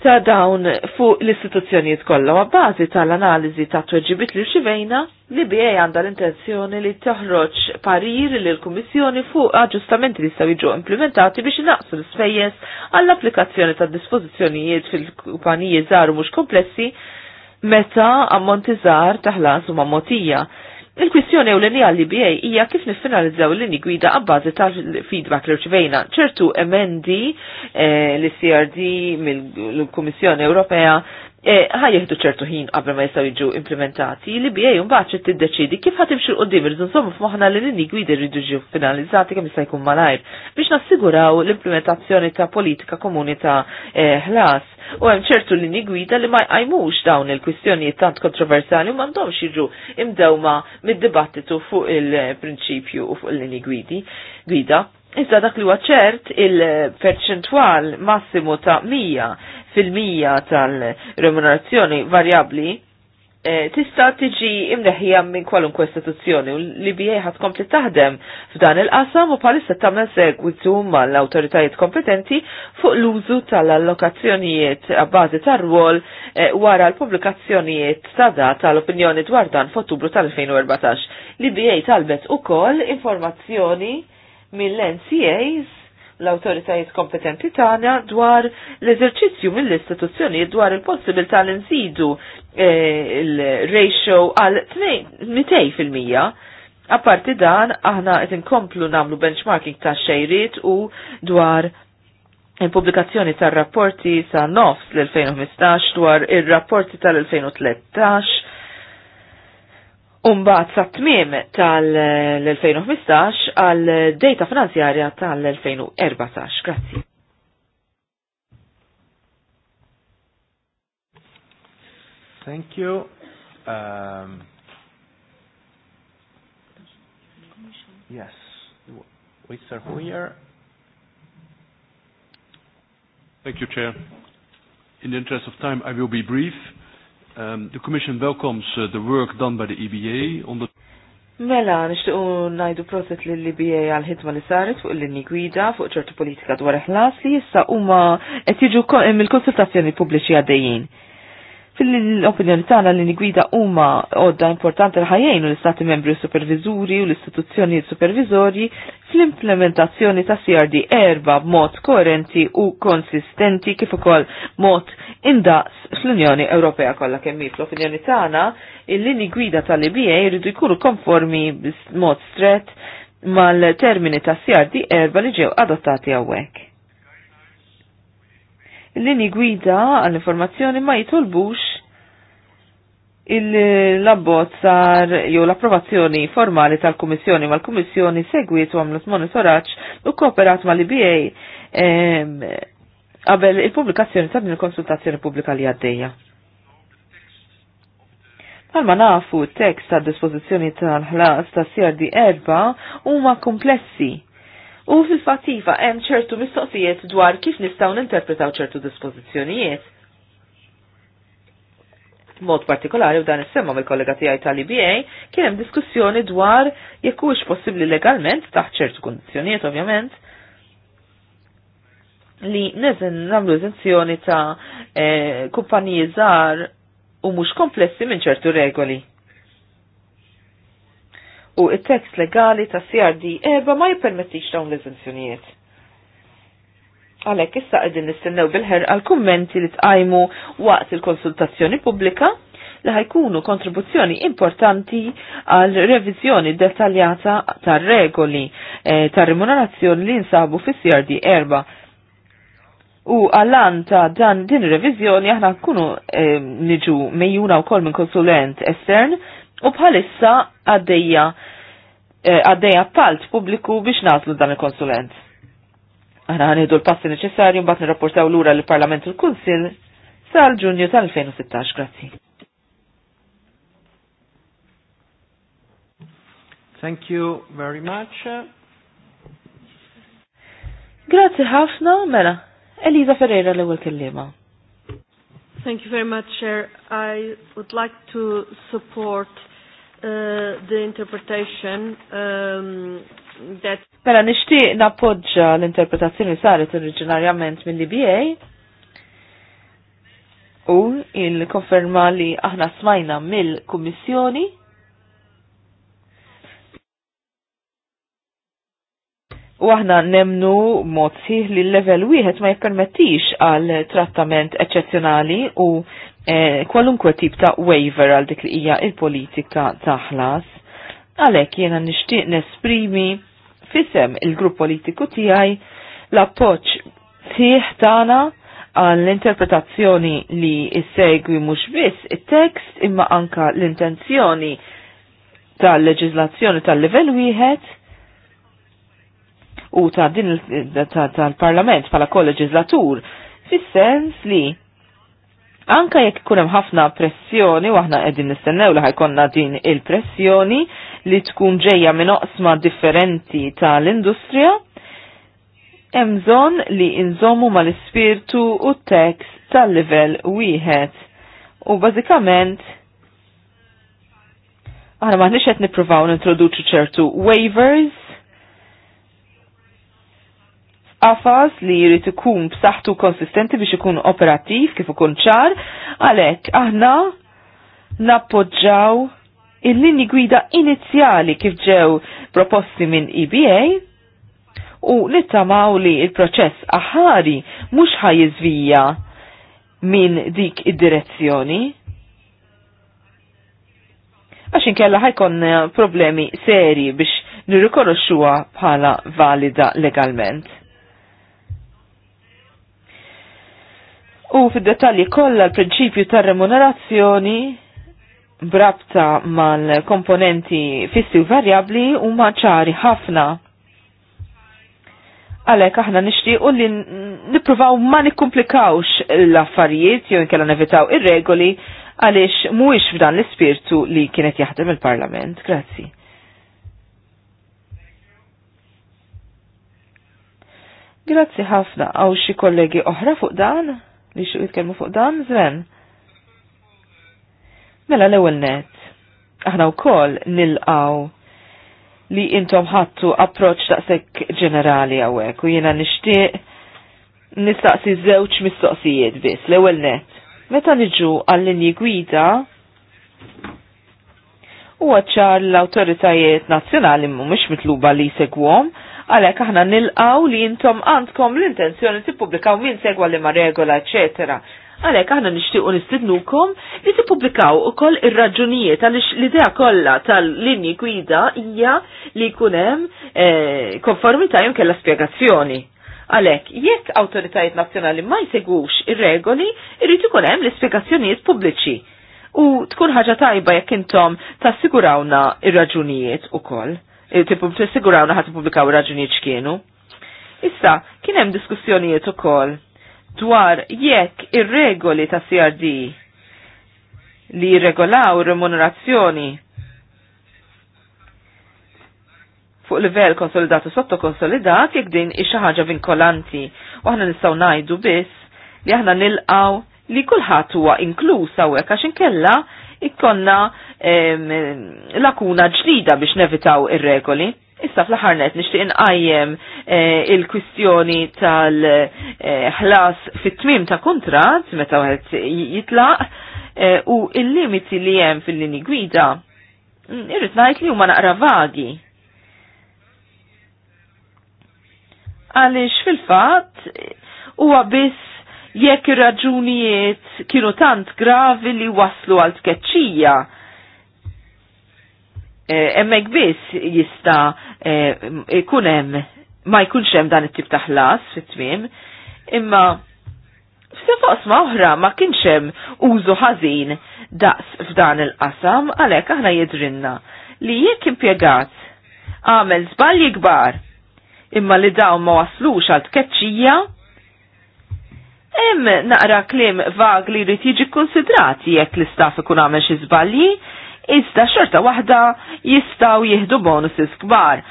ta' dawn fuq l-istituzzjonijiet kollha ma' bażi tal-analiżi ta' tweġibit li xivejna li BA għandha l-intenzjoni li toħroġ parir li l-Kummissjoni fuq aġġustamenti li staw jiġu implementati biex naqsu l-ispejjeż għall-applikazzjoni ta' dispożizzjonijiet fil-kumpaniji żgħar mhux komplessi meta ammonti żgħar taħlas huma motija. Il-kwistjoni u l inja l-IBA hija kif nifinalizzaw l-linji gwida għabbażi ta' feedback li rċivejna ċertu emendi eh, l-CRD mill-Kummissjoni Ewropea E, ħaj jihdu ċertu ħin qabel ma jistaw jiġu implementati li bija jum baċet tiddeċidi kif ħatimxil qoddim irridu nżommu f'moħħna li l-inni gwidi rridu ġu finalizzati kemm jista' jkun malajr biex nassiguraw l-implementazzjoni ta' politika komuni ta' e, ħlas u hemm ċertu linji gwida li ma jqajmux dawn il kwistjoni tant kontroversali u m'għandhomx jiġu imdewma mid-dibattitu fuq il-prinċipju u fuq il-linji gwidi gwida. Iżda dak li huwa ċert il-perċentwal massimu ta' 100 fil-mija tal-remunerazzjoni variabli, eh, tista tiġi imneħja minn kwalunkwe istituzzjoni u li bieħat ħat kompli taħdem f'dan il-qasam u palissa tamna segwitu mal-autoritajiet kompetenti fuq l-użu tal-allokazzjonijiet bazi tar-rwol eh, wara l-publikazzjonijiet ta' da tal-opinjoni dwar dan f'Ottubru tal-2014. Li bieħi talbet ukoll informazzjoni mill-NCAs l-autoritajiet kompetenti tagħna dwar l-eżerċizzju mill istituzzjoni dwar il-possibilità li nżidu eh, il-ratio għal 200%. Apparti dan, aħna qed inkomplu nagħmlu benchmarking ta' xejrit u dwar il-pubblikazzjoni tar-rapporti sa' nofs l-2015 dwar ir-rapporti tal-2013 Umbaħt sa' tmiem tal-2015 għal data finanzjarja tal-2014. Grazie. Thank you. Um, yes, we are here. Thank you, Chair. In the interest of time, I will be brief. Um, the Commission welcomes uh, the work done by the EBA on the Mela, nishtiqu najdu protet li l-BA għal-ħidma li saret fuq l-linji gwida fuq ċertu politika dwar ħlas li jissa huma qed jiġu mill-konsultazzjoni pubbliċi għaddejjin. Fil-opinjoni tagħna li gwida huma għodda importanti l-ħajjejn u l-istati membri supervizuri u l-istituzzjoni supervizorji fl-implementazzjoni ta' CRD erba b'mod koerenti u konsistenti kif ukoll mod indaqs fl-Unjoni Ewropea kollha kemm fl-opinjoni tagħna il-lini gwida tal-IBA jridu jkunu konformi b'mod strett mal-termini ta' CRD erba li ġew adottati għawek l-lini gwida għall-informazzjoni ma jitolbux il sar jew l-approvazzjoni formali tal-Kummissjoni ma l-Kummissjoni segwit u għamlet monitoraġġ u kooperat ma l-IBA qabel il-pubblikazzjoni ta' din il-konsultazzjoni pubblika li għaddejja. Palma nafu t-tekst ta' dispożizzjoni tal-ħlas ta' CRD erba' huma komplessi U fil-fattiva hemm ċertu mistoqsijiet dwar kif nistgħu ninterpretaw ċertu dispożizzjonijiet. Mod partikolari u dan is-semma mill-kollega tiegħi tal-IBA kien hemm diskussjoni dwar jekk huwiex possibbli legalment taħt ċertu kundizzjonijiet ovvjament li neżen nagħmlu eżenzjoni ta' eh, kumpaniji żgħar u mhux komplessi minn ċertu regoli u il tekst legali ta' CRD eba ma jipermettix dawn l-eżenzjonijiet. Għalek issa għedin nistennew bil-ħer għal-kummenti li tqajmu waqt il-konsultazzjoni pubblika li ħajkunu kontribuzzjoni importanti għal revizjoni dettaljata tar regoli eh, tar remunerazzjoni li nsabu fis crd erba. U għallan ta' dan din revizjoni aħna nkunu eh, niġu mejjuna u kol minn konsulent estern u bħalissa għaddeja eh, għaddeja palt publiku biex naslu dan il-konsulent. Għana għanidu l-passi neċessarju mbagħad nirrapportaw lura l-Parlament u l-Kunsil sal-Ġunju tal-2016. Grazzi. Thank you very much. Grazzi ħafna, mela. Eliza Ferreira l-ewwel kellima. Thank you very much, Chair. I would like to support Uh, the interpretation um, that Pera mela, nixtieq nappoġġa l-interpretazzjoni saret oriġinarjament mill-IBA u il-konferma li aħna smajna mill-Kummissjoni U aħna nemnu mozzi li l-level wieħed ma jippermettix għal trattament eċċezzjonali u Eh, kwalunkwe tip ta' waiver għal dik li hija il-politika ta' ħlas. Għalhekk jiena nixtieq nesprimi fisem il-grupp politiku tiegħi l-appoġġ sieħ tagħna għall-interpretazzjoni li issegwi mhux biss it-tekst imma anka l-intenzjoni tal-leġiżlazzjoni tal-livell wieħed u ta' din tal-parlament pala kolleġizlatur, fis sens li Anka jekk ikun hemm ħafna pressjoni waħna aħna qegħdin nistennew li ħajkonna din il-pressjoni li tkun ġejja minn oqsma differenti tal-industrija, hemm bżonn li inżommu mal-ispirtu u t-tekst tal-livell wieħed. U bażikament aħna maħniex qed nippruvaw nintroduċu ċertu waivers qafas li jrid ikun b'saħħtu konsistenti biex ikun operattiv kif ikun ċar, għalhekk aħna nappoġġaw il-linji gwida inizjali kif ġew proposti minn EBA u nittamaw li il-proċess aħari mhux ħajizvija minn dik id-direzzjoni. Għax inkella ħajkon eh, problemi seri biex nirrikonoxxuha bħala valida legalment. U fid-detalji kollha l-prinċipju tar-remunerazzjoni brabta mal-komponenti fissi u varjabli u ċari ħafna. Għalek aħna nixtiequ li nippruvaw ma nikkumplikawx l-affarijiet jew inkella nevitaw ir-regoli għaliex mhuwiex f'dan l-ispirtu li kienet jaħdem il-Parlament. Grazzi. Grazzi ħafna għaw xi kollegi oħra fuq dan li xuq jitkelmu fuq dan, zven. Mela l-ewwel net, aħna wkoll nilqaw li intom ħattu approċ taqsek ġenerali għawek u jiena nixtieq nistaqsi żewġ mistoqsijiet biss, l-ewwel net. Meta niġu għall-linji gwida u għacċar l-autoritajiet nazjonali mumiex mitluba li segwom Għalek aħna nilqaw li jintom għandkom l-intenzjoni tippubblikaw minn segwa li ma regola, ecc. għalek aħna nishtiqu nistidnukom li tippubblikaw ukoll ir-raġunijiet għaliex l-idea kollha tal-linji gwida hija li jkun hemm eh, konformità jew kellha spjegazzjoni. Għalek, jekk awtoritajiet nazzjonali ma jsegwux ir-regoli, irrid ikun hemm l-ispjegazzjonijiet pubbliċi. U tkun ħaġa tajba jekk intom tassigurawna ir-raġunijiet ukoll t-sigurawna ħat publikaw raġunijiet x'kienu. Issa, kien hemm diskussjonijiet ukoll dwar jekk ir-regoli ta' CRD li jirregolaw remunerazzjoni fuq livell konsolidat u sotto konsolidat jekk din xi ħaġa vinkolanti u aħna nistgħu ngħidu biss li aħna nilqaw li kulħadd huwa inkluż hawnhekk għax inkella ikkonna lakuna ġdida biex nevitaw ir-regoli. Issa fl-ħarnet nishtiq inqajjem eh, il-kwistjoni tal-ħlas eh, fit-tmim ta' kontrat meta wieħed jitlaq eh, u il-limiti li hemm fil-lini gwida mm, irrid ngħid li huma naqra vagi. Għaliex fil-fatt huwa biss jekk ir-raġunijiet kienu tant gravi li waslu għal tkeċċija. Hemmhekk e, biss jista' e, ikun hemm ma jkunx hemm dan it-tip ta' ħlas fit-tmiem, imma f'sefosma oħra ma kienx hemm użu ħażin daqs f'dan il-qasam għalhekk aħna jidrinna li jekk impjegat għamel żbalji kbar imma li dawn ma waslux għal tkeċċija Hemm naqra klim vag li jrid jiġi konsidrati jekk l-istaff ikun għamel xi żbalji, iżda xorta waħda jistgħu jieħdu bonuses kbar.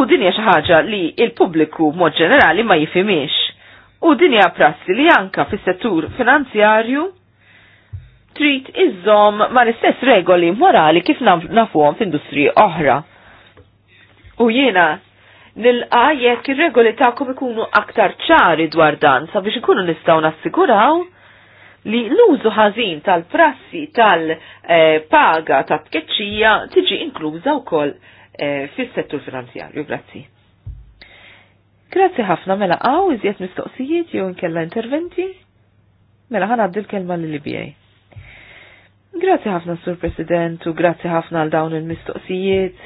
U din hija xi ħaġa li l-pubbliku mod ġenerali ma jifhimix. U din hija prassi li anka fis-settur finanzjarju trid iżżomm ma l-istess regoli morali kif nafuhom f'industriji oħra. U jiena nilqa jekk ir-regoli tagħkom ikunu aktar ċari dwar dan sabiex ikunu nistgħu nassiguraw li l-użu ħażin tal-prassi tal-paga ta' tkeċċija tiġi inkluża wkoll eh, fis-settur finanzjarju. Grazzi. Grazzi ħafna mela għaw iżjed mistoqsijiet jew inkella interventi. Mela ħana l-kelma li libjej. Grazzi ħafna, Sur President, u grazzi ħafna għal dawn il-mistoqsijiet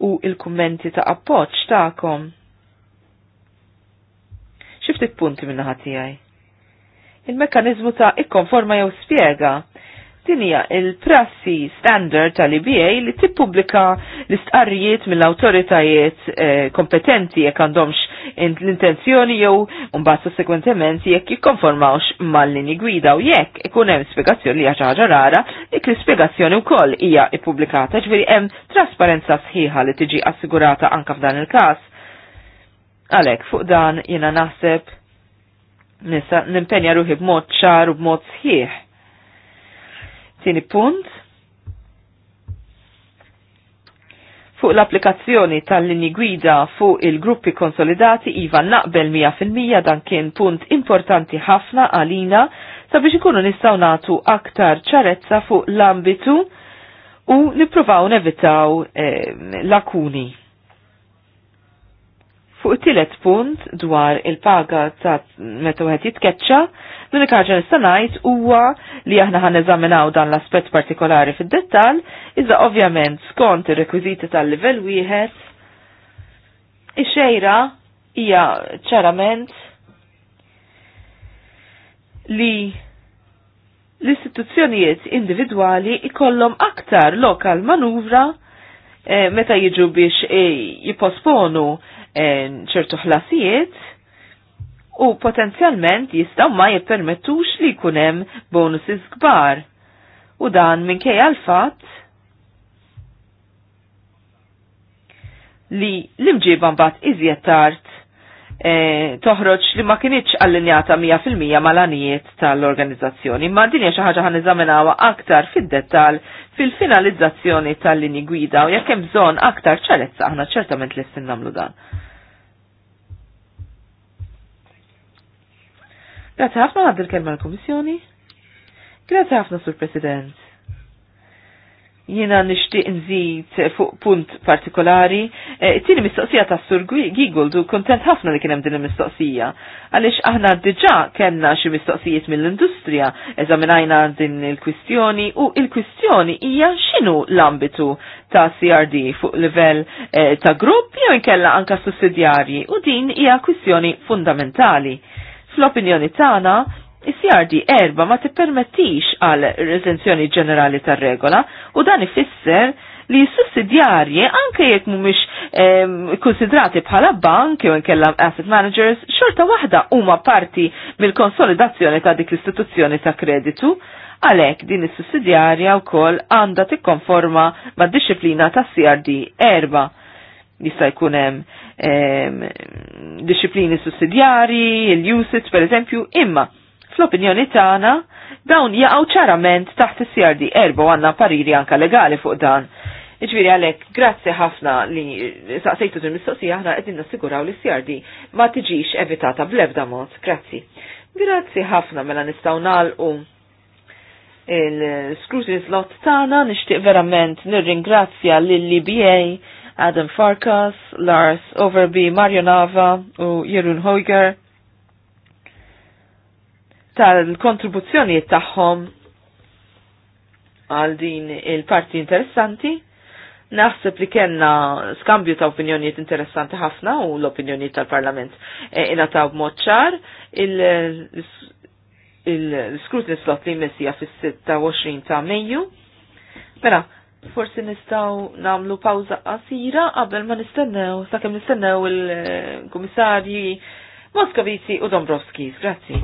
u il-kummenti ta' appoċ ta'kom. Xiftit punti minna ħatijaj? Il-mekanizmu ta' ikkonforma jew spiega Din hija il-prassi standard tal-IBA li tippubblika l-istqarrijiet mill-awtoritajiet eh, kompetenti jekk għandhomx l-intenzjoni jew mbagħad sekwentement jekk jikkonformawx mal-lini gwida u jekk ikun hemm spjegazzjoni li hija ħaġa rara, dik l-ispjegazzjoni wkoll hija ppubblikata, ġifieri hemm trasparenza sħiħa li tiġi assigurata anke f'dan il-każ. Għalhekk fuq dan jiena naħseb nimpenja ruħi b'mod ċar u b'mod sħiħ Tieni punt. Fuq l-applikazzjoni tal-linji gwida fuq il-gruppi konsolidati iva naqbel 100% dan kien punt importanti ħafna għalina sabiex ikunu nistaw natu aktar ċarezza fuq l-ambitu u nipruvaw nevitaw eh, lakuni. Fuq t-tillet punt dwar il-paga ta' meta wieħed jitkeċċa, L-unika ħaġa nista' ngħid huwa li aħna ħan eżaminaw dan l-aspett partikolari fid-dettall, iżda ovvjament skont ir-rekwiżiti tal-livell wieħed ix-xejra hija ċarament li l-istituzzjonijiet individwali ikollhom aktar lokal manuvra eh, meta jiġu biex eh, jiposponu eh, ċertu ħlasijiet u potenzjalment jistaw ma jippermettux li kunem bonuses kbar. U dan minkej għal-fat li l-imġiba mbagħad iżjed tard E, toħroġ li ma kienieċ allinjata 100% mal-anijiet tal-organizzazzjoni, ma dinja xi ħaġa ħaniżaminawa aktar fid-dettal fil-finalizzazzjoni tal-lini gwida u jekk hemm bżonn aktar ċarezza aħna ċertament lest nagħmlu dan. Grazie ħafna għad il-kelma l-Komissjoni. Grazie ħafna, Sur President. Jina nishtiq nżid fuq punt partikolari. Eh, Tini mistoqsija ta' Sur Gigold du kontent ħafna li kien hemm din il-mistoqsija. Għaliex aħna diġà kellna xi mistoqsijiet mill-industrija, eżaminajna din il-kwistjoni u il-kwistjoni hija x'inhu l-ambitu ta' CRD fuq livell eh, ta' grupp jew inkella anka sussidjarji u din hija kwistjoni fundamentali Fl-opinjoni tagħna, is-CRD erba ma tippermettix għal rezenzjoni ġenerali tar-regola u dan ifisser li sussidjarji anke jekk mhumiex ehm, konsidrati bħala bank jew inkella asset managers xorta waħda huma parti mill-konsolidazzjoni ta' dik l-istituzzjoni ta' kreditu għalhekk din is-sussidjarja wkoll għandha tikkonforma mad-disciplina tas CRD erba' jista' jkun hemm disċiplini sussidjarji, il-usage per eżempju, imma fl-opinjoni tagħna dawn jaqgħu ċarament taħt is-CRD erba' għandna pariri anka legali fuq dan. Iġviri għalek, grazzi ħafna li saqsejtu din mistoqsija ħna qegħdin nassiguraw li CRD ma tiġix evitata bl-ebda mod. Grazzi. Grazzi ħafna mela nistgħu nagħlqu il-scrutiny slot tagħna nixtieq verament nirringrazzja lill-LBA Adam Farkas, Lars Overby, Mario Nava u Jerun Hoiger tal-kontribuzzjonijiet tagħhom għal din il-parti interessanti. Naħseb li kena skambju ta' opinjonijiet interessanti ħafna u l-opinjonijiet tal-Parlament e, ina ta' b'mod ċar il-scrutiny slot li messija fis-26 ta' Mejju. Mela, forsi nistaw namlu pawza qasira qabel ma nistennew, sakemm nistennew il-Kummissarji Moskovici u Dombrovskis. Grazzi.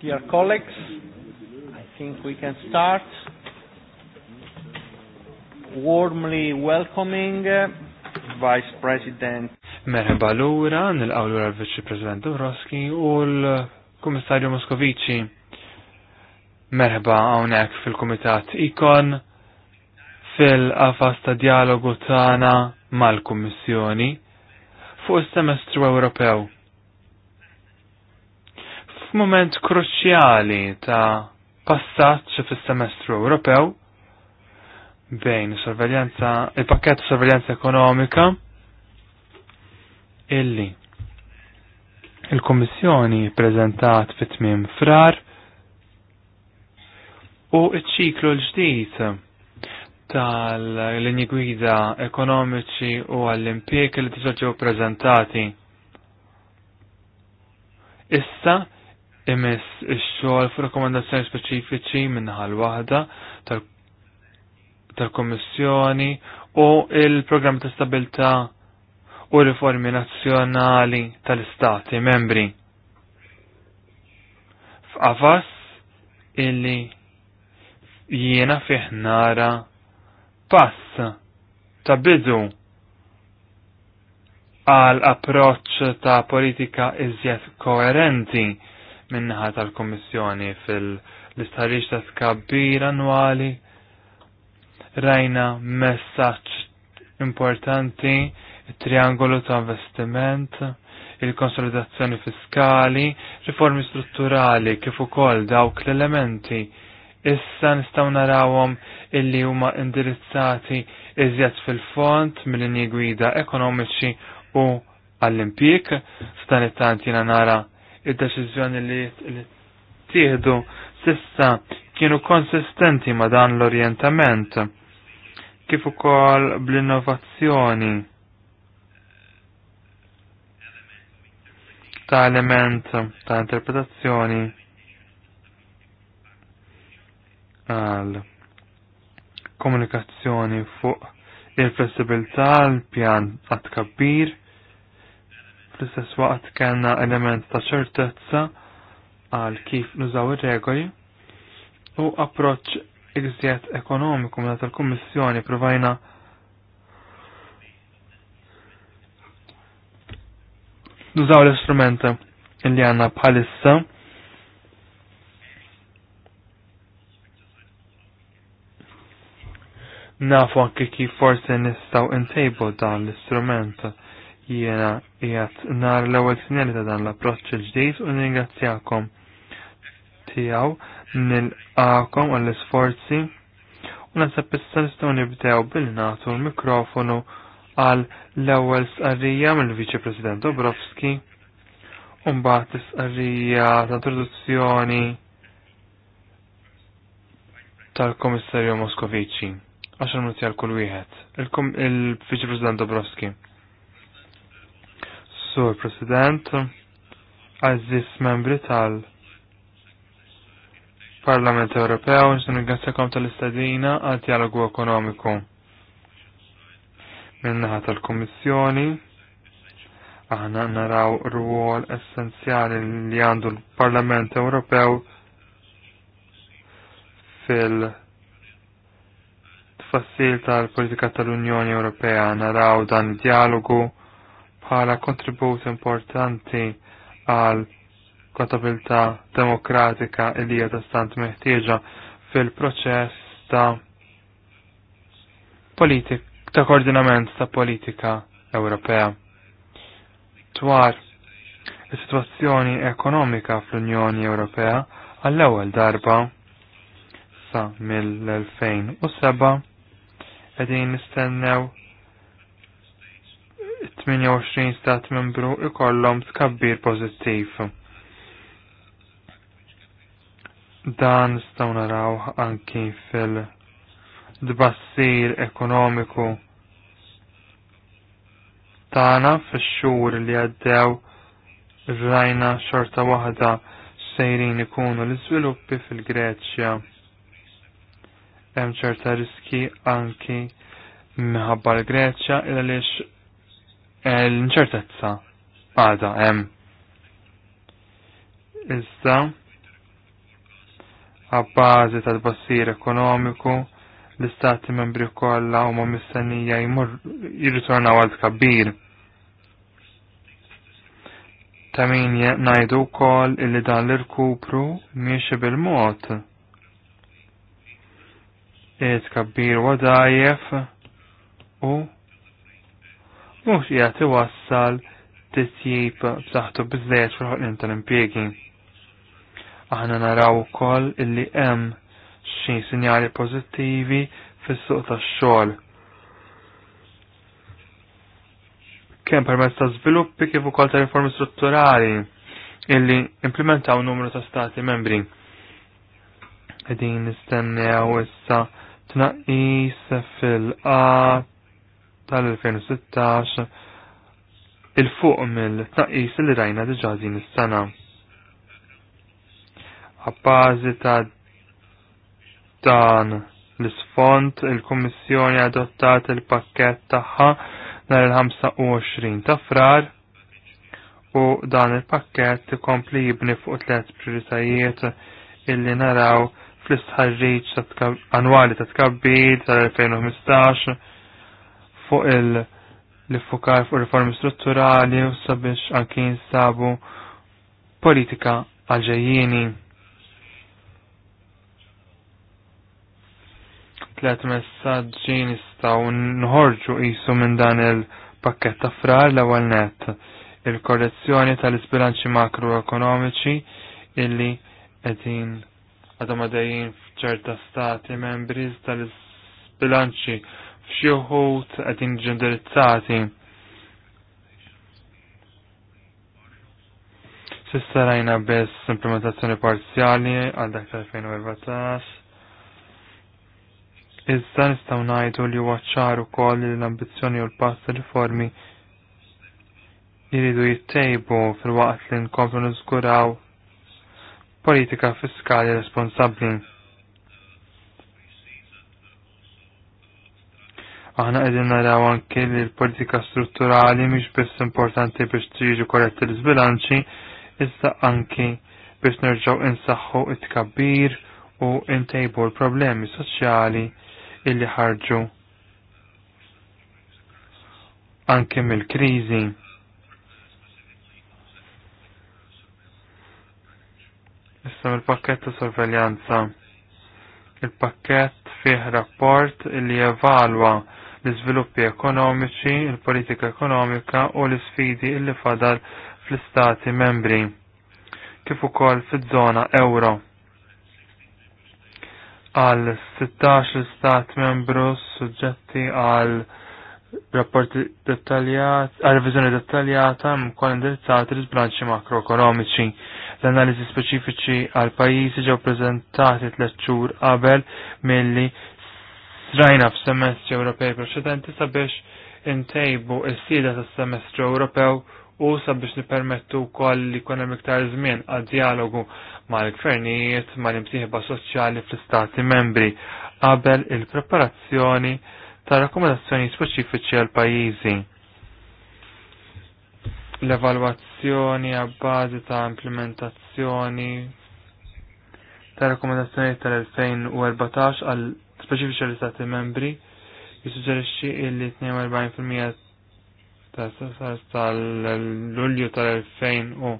Dear colleagues, I think we can start. Warmly welcoming uh, Vice President. Merħba l-ura, nil-għawlura l-Vice President Dovroski u l-Kummissarju Moskovici. Merħba għonek fil-Komitat Ikon fil-qafas ta' dialogu tagħna mal-Kummissjoni fuq is-semestru Ewropew f'moment kruċjali ta' passaċ fis-semestru Ewropew bejn sorveljanza, il-pakket sorveljanza ekonomika illi il-Kommissjoni prezentat fit-tmim frar u iċ-ċiklu l-ġdid tal-linji gwida ekonomiċi u għall-impjek li t ġew prezentati. Issa imis ix-xogħol fuq rakkomandazzjoni speċifiċi minnaħal waħda tal komissjoni u il-programm ta' Stabilta u riformi nazzjonali tal-Istati membri. F'qafas illi jiena fih nara pass ta' bidu għal approċ ta' politika iżjed koerenti minnaħa tal-Kommissjoni fil-istħarriġ ta' tkabbir annwali rajna messaġġ importanti triangolu ta' investiment, il-konsolidazzjoni fiskali, riformi strutturali kif ukoll dawk l-elementi issa nistgħu narawhom illi huma indirizzati iżjed fil-font mill-linji gwida ekonomiċi u għall-impjik, stan it-tant jiena nara il-deċiżjoni li tieħdu sissa kienu konsistenti ma dan l-orientament kif ukoll bl-innovazzjoni ta' element ta' interpretazzjoni għal komunikazzjoni fuq il-flessibilità l-pjan għat kabbir fl-istess waqt kellna element ta' ċertezza għal kif nużaw ir-regoli u approċċ iżjed ekonomiku meta tal-Kummissjoni provajna nużaw l-istrumenti li għanna bħalissa nafu anke kif forsi nistaw intejbu dan l-istrument jiena qiegħed nar l-ewwel sinjali ta' dan l-approċċ il-ġdid u ningrazzjakom tiegħu nilqakom għall-isforzi u nasab issa nistgħu nibdew bil nagħtu l-mikrofonu għal l-ewwel sqarrija mill-Viċi President Dobrovski u mbagħad is-sqarrija ta' introduzzjoni tal-Komissarju Moskovici. 10 minuti għal kull wieħed. Il-Viċi President Dobrovski. Sur President, Aziz membri tal Parlament Ewropew, nġdu ngrazzjakom tal-istadina għal dialogu ekonomiku. Minnaħa tal kummissjoni aħna naraw ruol essenzjali li għandu l-Parlament Ewropew fil tfassil tal-politika tal-Unjoni Ewropea naraw dan dialogu għala kontribut importanti għal kontabilta demokratika li hija stant meħtieġa fil-proċess ta' politik ta' koordinament ta' politika Ewropea. Twar is-sitwazzjoni ekonomika fl-Unjoni Ewropea għall-ewwel darba sa mill-2007 qegħdin nistennew 28 stat membru ikollhom tkabbir pożittiv. Dan staw naraw anki fil-dbassir ekonomiku tagħna fix-xhur li għaddew rajna xorta waħda sejrin ikunu l-iżviluppi fil-Greċja. Hemm ċerta riski anki minħabba l-Greċja il għaliex l-inċertezza għada hemm. Iżda għabbażi tal-bassir ekonomiku l-istati membri kollha huma mistennija jirritornaw għal tkabbir. Ta' min ngħidu wkoll illi dan l-irkupru miexi bil-mod. Id tkabbir wadajjef u mhux qiegħed iwassal titjib b'saħħtu biżejjed fil-ħolqien tal impiegi Aħna naraw ukoll illi hemm xi sinjali pożittivi fis-suq tax-xogħol. Kemm permezz ta' żviluppi kif ukoll ta' riformi strutturali illi implementaw numru ta' stati membri. Qegħdin nistennew issa tnaqqis fil-qat tal-2016 il-fuq mill-tnaqqis li rajna diġa din is-sena. Appażi ta' dan l-isfond il-Kummissjoni adottat il-pakket tagħha nhar il-25 ta' frar u dan il-pakket ikompli jibni fuq tliet prioritajiet illi naraw fl-istħarriġ Anwali ta' tkabbid tal-2015 fuq il- fukar fuq riformi strutturali u sabiex anki jinsabu politika għalġajjini. Tlet messagġi nistaw nħorġu qisu minn dan il-pakket ta' frar l-ewwel net il-korrezzjoni tal-isbilanċi makroekonomiċi illi qegħdin għadhom għadajin f'ċerta stati membri tal-isbilanċi xi wħud qegħdin Sissa rajna biss implementazzjoni parzjali għal dak tal-2014. Iżda nistgħu ngħidu li huwa ċar ukoll li l-ambizzjoni u l-pass riformi jiridu jittejbu fil-waqt li nkomplu niżguraw politika fiskali responsabbli. Aħna qegħdin naraw anke li l-politika strutturali mhix biss importanti biex triġu korretti l-sbilanċi, issa anki biex nerġgħu insaħħu it-tkabbir u ntejbu l-problemi soċjali illi ħarġu anke mill-kriżi. Issa mill-pakket ta' sorveljanza. Il-pakket fih rapport li jevalwa l-iżviluppi ekonomiċi, il-politika ekonomika u l-isfidi illi fadal fl-istati membri kif ukoll fiż-żona euro. Għal 16 stat membru suġġetti għal rapporti dettaljati, għal revizjoni dettaljata mkoll indirizzati l-sbranċi makroekonomiċi. L-analiżi speċifiċi għal pajjiżi ġew preżentati tliet xhur qabel milli f-semestri Ewropej preċedenti sabiex intejbu s-sida tas-semestru Ewropew u sabiex nipermettu wkoll li jkun hemm iktar żmien għad dialogu mal-gvernijiet, mal-imsieħba soċjali fl-istati membri qabel il-preparazzjoni ta' rakomendazzjoni speċifiċi għal pajjiżi. L-evalwazzjoni għabbażi ta' implementazzjoni ta' rakomendazzjoni tal-2014 għal speċifiċa li stati membri jissuġġerixxi li 42% tal-Lulju tal-2014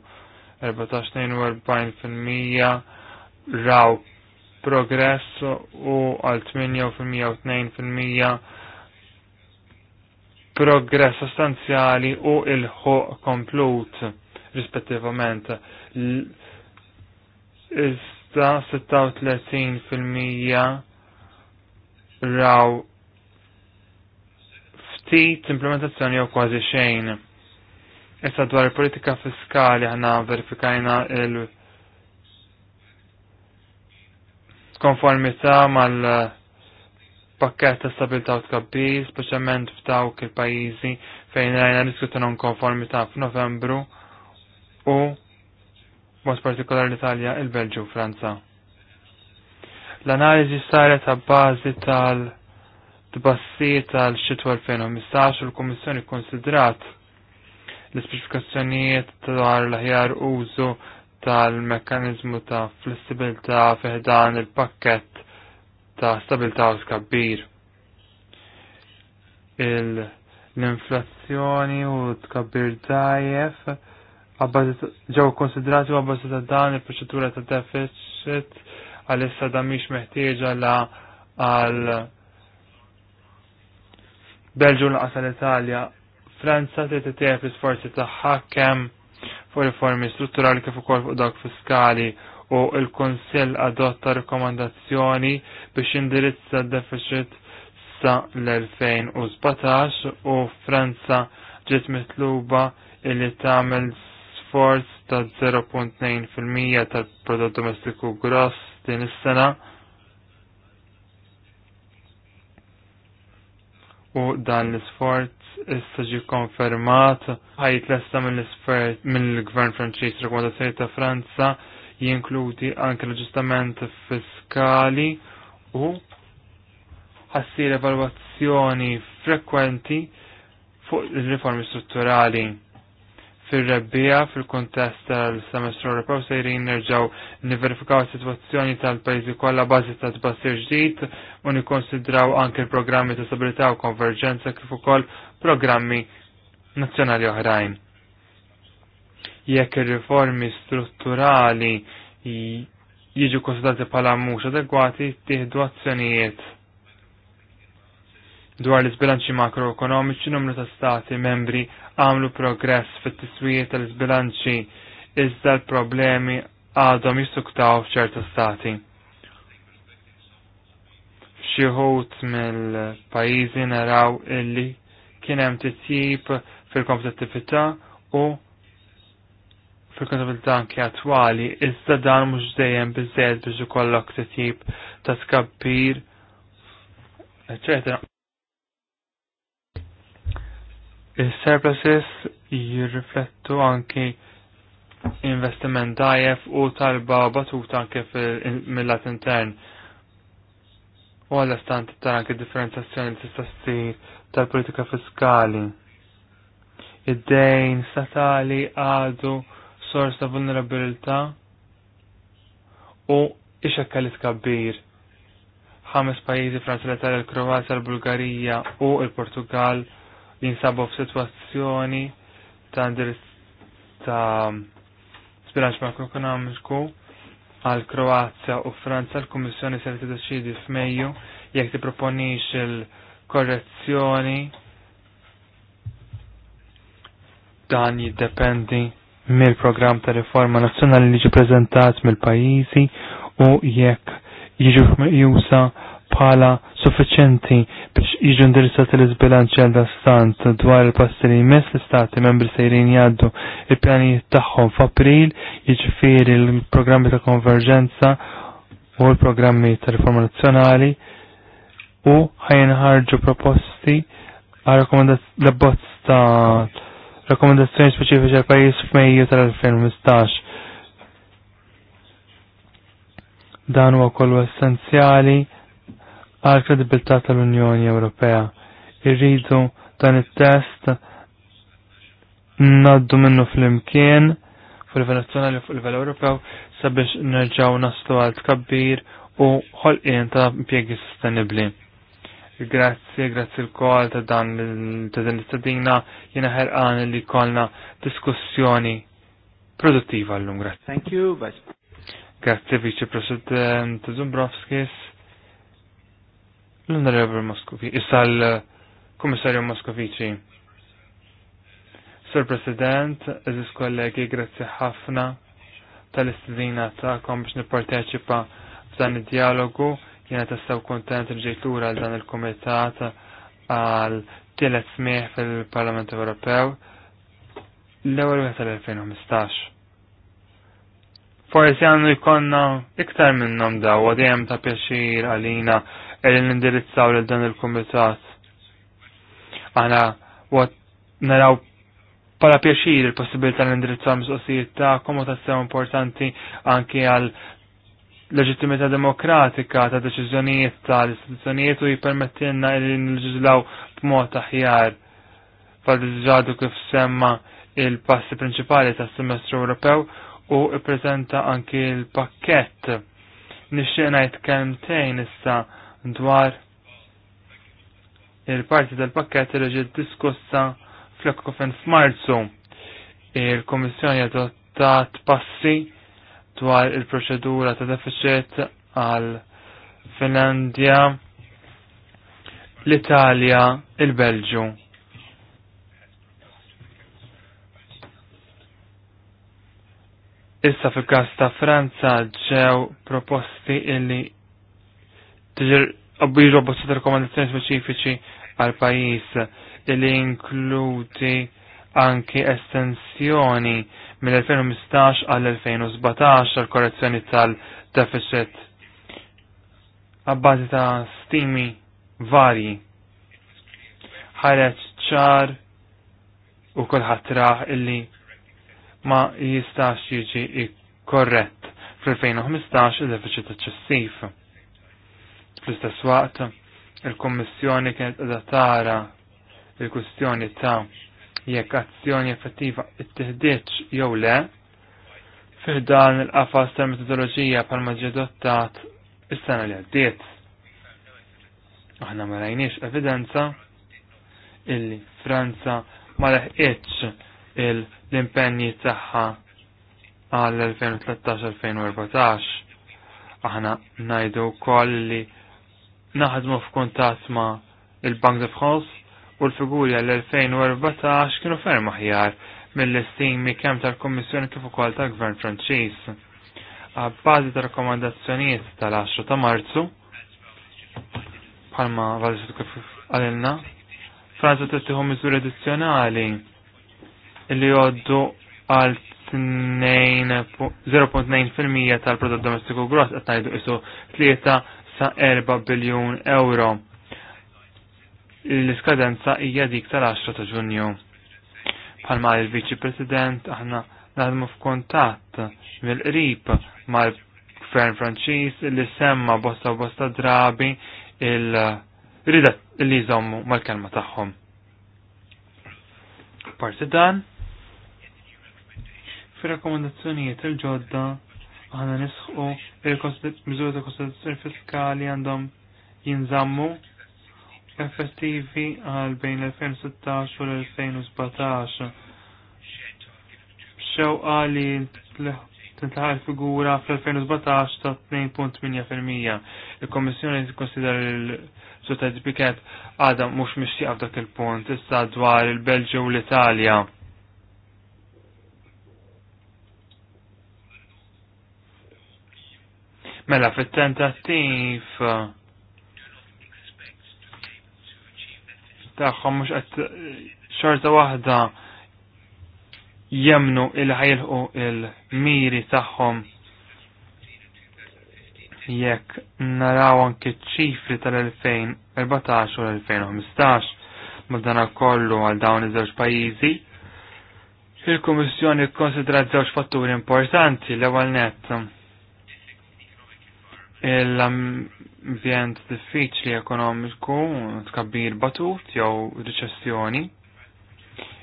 42% raw progress u għal 8% u 2% progress sostanzjali u il-ħuq komplut rispettivament. l-ista 36% raw ftit implementazzjoni jew kważi xejn. Issa dwar il-politika fiskali ħana verifikajna il- konformità mal- eh, pakket ta' stabilta u tkabbir, speċjalment f'dawk il-pajjiżi fejn rajna riskju ta' konformità f'Novembru u mod partikolari l-Italja, il-Belġu u Franza. L-analiżi saret ta' bazi tal-tbassir tal-xitwa 2015 u l-Kummissjoni konsidrat l-ispeċifikazzjonijiet dwar l-ħjar użu tal-mekkanizmu ta' flessibilità fiħdan il-pakket ta' stabilità u skabbir. L-inflazzjoni u tkabbir dajef ġew konsidrati għabbażi ta' dan il-proċedura ta' deficit għal-issa da miex meħtieġa la għal Belġu laqas l-Italja. Franza trid titjeb l-isforzi tagħha kemm fuq riformi strutturali kif ukoll fuq dawk fiskali u l-Kunsill adotta rekomandazzjoni biex indirizza d-deficit sa l-2017 u Franza ġiet mitluba illi tagħmel sforz ta' 0.2% tal-prodott domestiku gross din is-sena. U dan l-isforz issa ġi konfermat ħajt lesta mill-Gvern Franċiż rekomendazzjoni ta' Franza jinkludi anke l-ġustament fiskali u ħassir evalwazzjoni frekwenti fuq il-riformi strutturali fil-rebbija fil-kontest tal-semestru Ewropew jrin nerġaw niverifikaw is-sitwazzjoni tal-pajjiżi kollha bażi ta' tbassir ġdid u nikkonsidraw anke l-programmi ta' stabilità u konverġenza kif ukoll programmi nazzjonali oħrajn. Jekk ir-riformi strutturali jiġu konsidrati bħala mhux adegwati, tieħdu azzjonijiet dwar l-izbilanċi makroekonomiċi numru ta' stati membri għamlu progress fit tiswijiet tal-izbilanċi iżda l-problemi għadhom jisuktaw f'ċerti stati. F'xieħut mill-pajjiżi naraw illi kien hemm titjib fil-kompetittività u fil kompetittività anke attwali, iżda dan mhux dejjem biżżejjed biex ikollok titjib ta' tkabbir, eċetera. Il-surpluses jirriflettu anki investiment dajef u talba batuta anke mill-lat intern. U għall-istant tar anki differenzazzjoni tista' ssir tal-politika fiskali. Id-dejn statali għadu sors ta' vulnerabilità u ixekka li tkabbir. Ħames pajjiżi Franza, l-Italja, l-Kroazja, l-Bulgarija u l-Portugal li jinsabu f'sitwazzjoni ta' indirizz ta' bilanċ makroekonomiku għal Kroazja u Franza l-Kummissjoni se tiddeċidi f'Mejju jekk tipproponix il-korrezzjoni dan jiddependi mill-programm ta' riforma nazzjonali li ġi preżentat mill-pajjiżi u jekk jiġu jusa bħala suffiċenti biex jiġu indirizzati l-izbilanċi għalda stant dwar il-passi li jmess l-istati membri sejrin jaddu il pjani tagħhom f'April, jiġifieri l-programmi ta' konverġenza u l-programmi ta' riforma nazjonali u ħarġu proposti għal l ta' rekomendazzjoni speċifiċi għal pajjiż f'Mejju tal-2015. Dan huwa kollu essenzjali għal kredibilità tal-Unjoni Ewropea. Irridu dan it-test naddu minnu fl-imkien fuq livell nazzjonali fuq livell Ewropew sabiex nerġaw naslu għal tkabbir u ħolqien ta' impjegi sostenibli. Grazzi, grazzi l-kol ta' dan ta' din istadina jena ħerqan li kolna diskussjoni produttiva l-lum. Grazzi. Thank you, Vice Grazzi Vice President Zumbrovskis l-Onorevole Moskovici, issa l-Komissarju Moskovici. Sir President, eżis kollegi, grazzi ħafna tal-istudina ta'kom biex nipparteċipa f'dan id-dialogu. Jena tassaw kontent ġejt lura dan il-Komitat għal tielet smieħ fil-Parlament Ewropew l-ewwel wieħed tal-2015. Forsi għandu jkollna iktar minnhom daw għadjem ta' pjaċir għalina li nindirizzaw lil dan il-kumitat. Aħna naraw pala pjaċir il-possibilità li nindirizzaw mistoqsijiet tagħkom ta' tassew importanti anki għal leġittimità demokratika ta' deċiżjonijiet tal-istituzzjonijiet u jippermettilna li nilġiżlaw b'mod aħjar. fal dizġadu kif semma il-passi prinċipali tas semestru Ewropew u ippreżenta anki l-pakkett nixtieq ngħid tejn issa dwar il-parti tal-pakket li ġiet diskussa fl-Ekkofen f'Marzu. Il-Komissjoni adottat passi dwar il-proċedura ta' deficit għal Finlandja, l-Italja, il-Belġu. Issa fil-kas ta' Franza ġew proposti illi tiġer obbliġu bozzat rekomendazzjoni speċifiċi għal pajis li inkluti anki estensjoni mill-2015 għal-2017 għal korrezzjoni tal-deficit għabbazi ta' stimi varji. Ħareċ ċar u kolħat raħ illi ma jistax jiġi korrett fl-2015 il-deficit eċċessiv. Fl-istess waqt, il-Kommissjoni kienet tara il-kwistjoni ta' jekk azzjoni effettiva ittieħdietx jew le fiħdan il-qafas tal-metodoloġija pal ma adottat is-sena li għaddiet. Aħna ma rajniex evidenza illi Franza ma leħqitx l impenni tagħha għal 2013-2014. Aħna najdu koll li naħdmu f'kuntatt ma' il-Bank de France u l-figuri l 2014 kienu ferm aħjar mill-istimi kemm tal-Kommissjoni kif ukoll tal-Gvern Franċiż. Għabbażi ta' rakkomandazzjonijiet tal-10 ta' Marzu, bħalma għazġet kif għalilna, Franza tittieħu miżuri addizzjonali li joddu għal 0.9% tal-prodott domestiku gross qed ngħidu isu 3 ta' 4 biljun euro. L-iskadenza hija dik tal-10 ta' Ġunju. Palma il-Viċi President aħna naħdmu f'kuntatt mill-qrib mal-Gvern Franċiż li semma bosta bosta drabi il-rida li jżommu mal-kelma tagħhom. Parti dan, fir-rakkomandazzjonijiet il-ġodda Għana nisħu il-mizuri ta' konstituzzjoni fiskali għandhom jinżammu effettivi għal bejn l-2016 u l-2017. għali t tintlaħal figura fl-2017 ta' 2.8%. Il-Komissjoni t-konsider l-Sotajt Piket għada mux mixtieq f'dak il-punt issa dwar il-Belġu u l-Italja. Mela fit tentativ tagħhom mhux qed xorta waħda jemnu il ħajlħu il-miri tagħhom jekk naraw anke ċifri tal-2014 u l-2015 madana kollu għal dawn iż-żewġ pajjiżi. Il-Kummissjoni kkonsidrat żewġ fatturi importanti l-ewwel nett l-ambjent diffiċli ekonomiku, tkabbir batut jew riċessjoni.